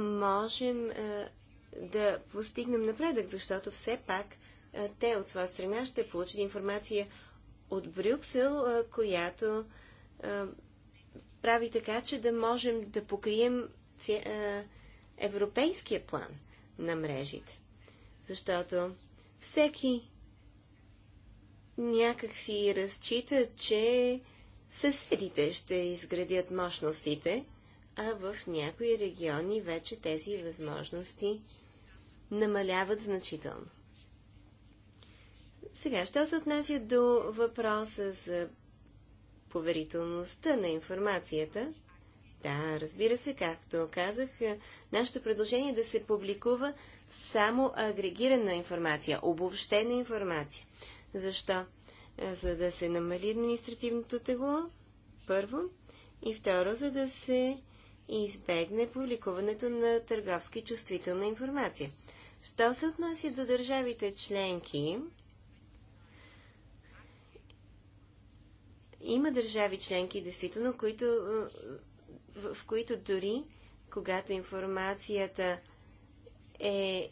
можем да постигнем напредък, защото все пак те от своя страна ще получат информация от Брюксел, която прави така, че да можем да покрием европейския план на мрежите защото всеки някак си разчита, че съседите ще изградят мощностите, а в някои региони вече тези възможности намаляват значително. Сега, що се отнася до въпроса за поверителността на информацията? Да, разбира се, както казах, нашето предложение е да се публикува само агрегирана информация, обобщена информация. Защо? Е, за да се намали административното тегло, първо, и второ, за да се избегне публикуването на търговски чувствителна информация. Що се отнася до държавите членки, има държави членки, действително, които, е, в които дори когато информацията е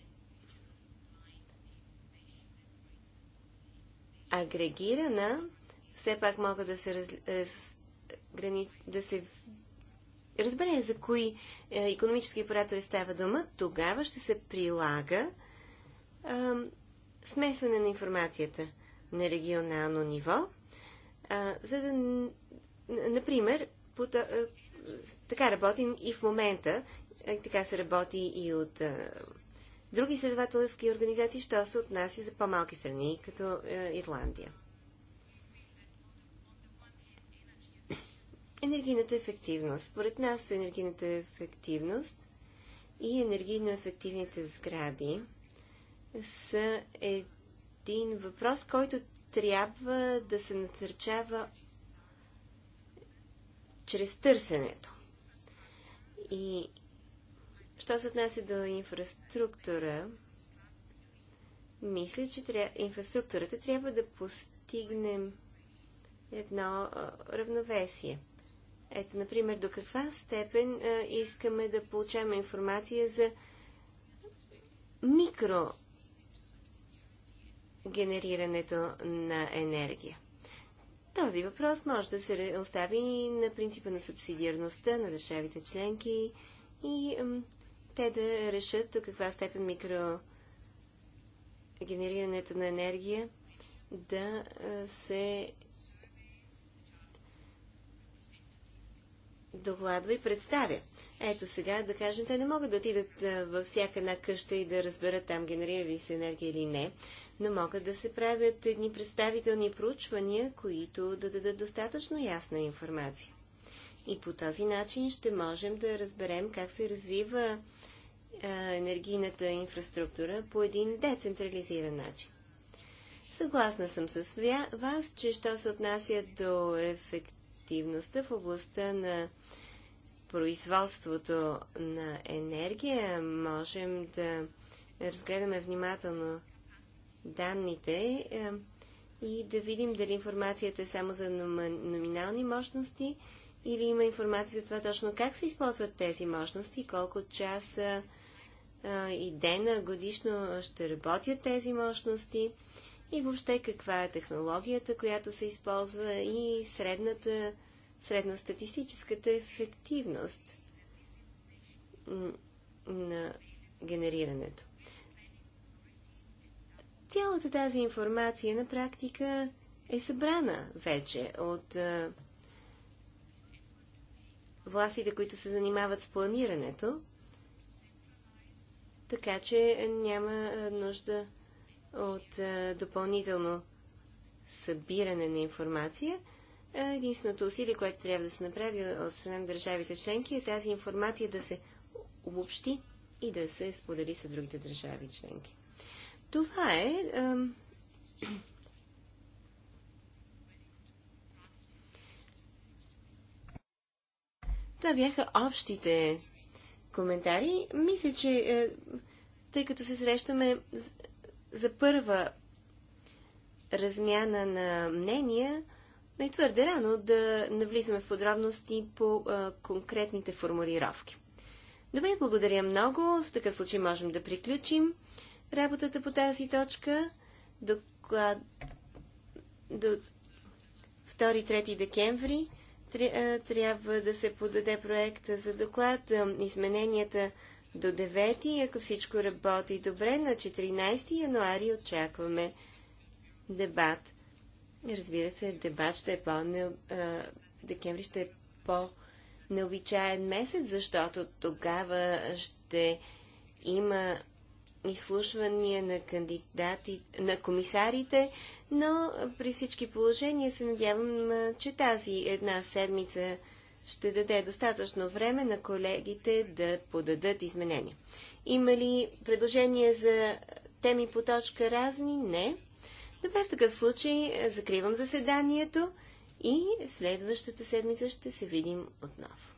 агрегирана, все пак мога да се, раз, раз, грани, да се разбере за кои е, економически оператори става дума, тогава ще се прилага е, смесване на информацията на регионално ниво, е, за да, например, по, е, така работим и в момента, е, така се работи и от е, други изследователски организации, що се отнася за по-малки страни, като е, Ирландия. Енергийната ефективност. Според нас енергийната ефективност и енергийно ефективните сгради са един въпрос, който трябва да се насърчава чрез търсенето. И Що се отнася до инфраструктура, мисля, че тря... инфраструктурата трябва да постигнем едно а, равновесие. Ето, например, до каква степен а, искаме да получаваме информация за микро генерирането на енергия. Този въпрос може да се остави на принципа на субсидиарността на държавите членки и те да решат до каква степен микрогенерирането на енергия да се докладва и представя. Ето сега, да кажем, те не могат да отидат във всяка една къща и да разберат там генерира ли се енергия или не, но могат да се правят едни представителни проучвания, които да дадат достатъчно ясна информация. И по този начин ще можем да разберем как се развива енергийната инфраструктура по един децентрализиран начин. Съгласна съм с вас, че що се отнася до ефективността в областта на производството на енергия, можем да разгледаме внимателно данните и да видим дали информацията е само за номинални мощности или има информация за това точно как се използват тези мощности, колко часа а, и дена годишно ще работят тези мощности и въобще каква е технологията, която се използва и средната, средностатистическата ефективност на генерирането. Цялата тази информация на практика е събрана вече от властите, които се занимават с планирането, така че няма нужда от допълнително събиране на информация. Единственото усилие, което трябва да се направи от страна на държавите членки е тази информация да се обобщи и да се сподели с другите държави членки. Това е. Ам, Това бяха общите коментари. Мисля, че е, тъй като се срещаме за първа размяна на мнения, най твърде рано да навлизаме в подробности по е, конкретните формулировки. Добре, благодаря много. В такъв случай можем да приключим работата по тази точка. Доклад до 2-3 декември трябва да се подаде проекта за доклад. Измененията до 9, ако всичко работи добре, на 14 януари очакваме дебат. Разбира се, дебат ще е по... Не, декември ще е по необичаен месец, защото тогава ще има изслушвания на кандидати, на комисарите, но при всички положения се надявам, че тази една седмица ще даде достатъчно време на колегите да подадат изменения. Има ли предложения за теми по точка разни? Не. Добре, в такъв случай закривам заседанието и следващата седмица ще се видим отново.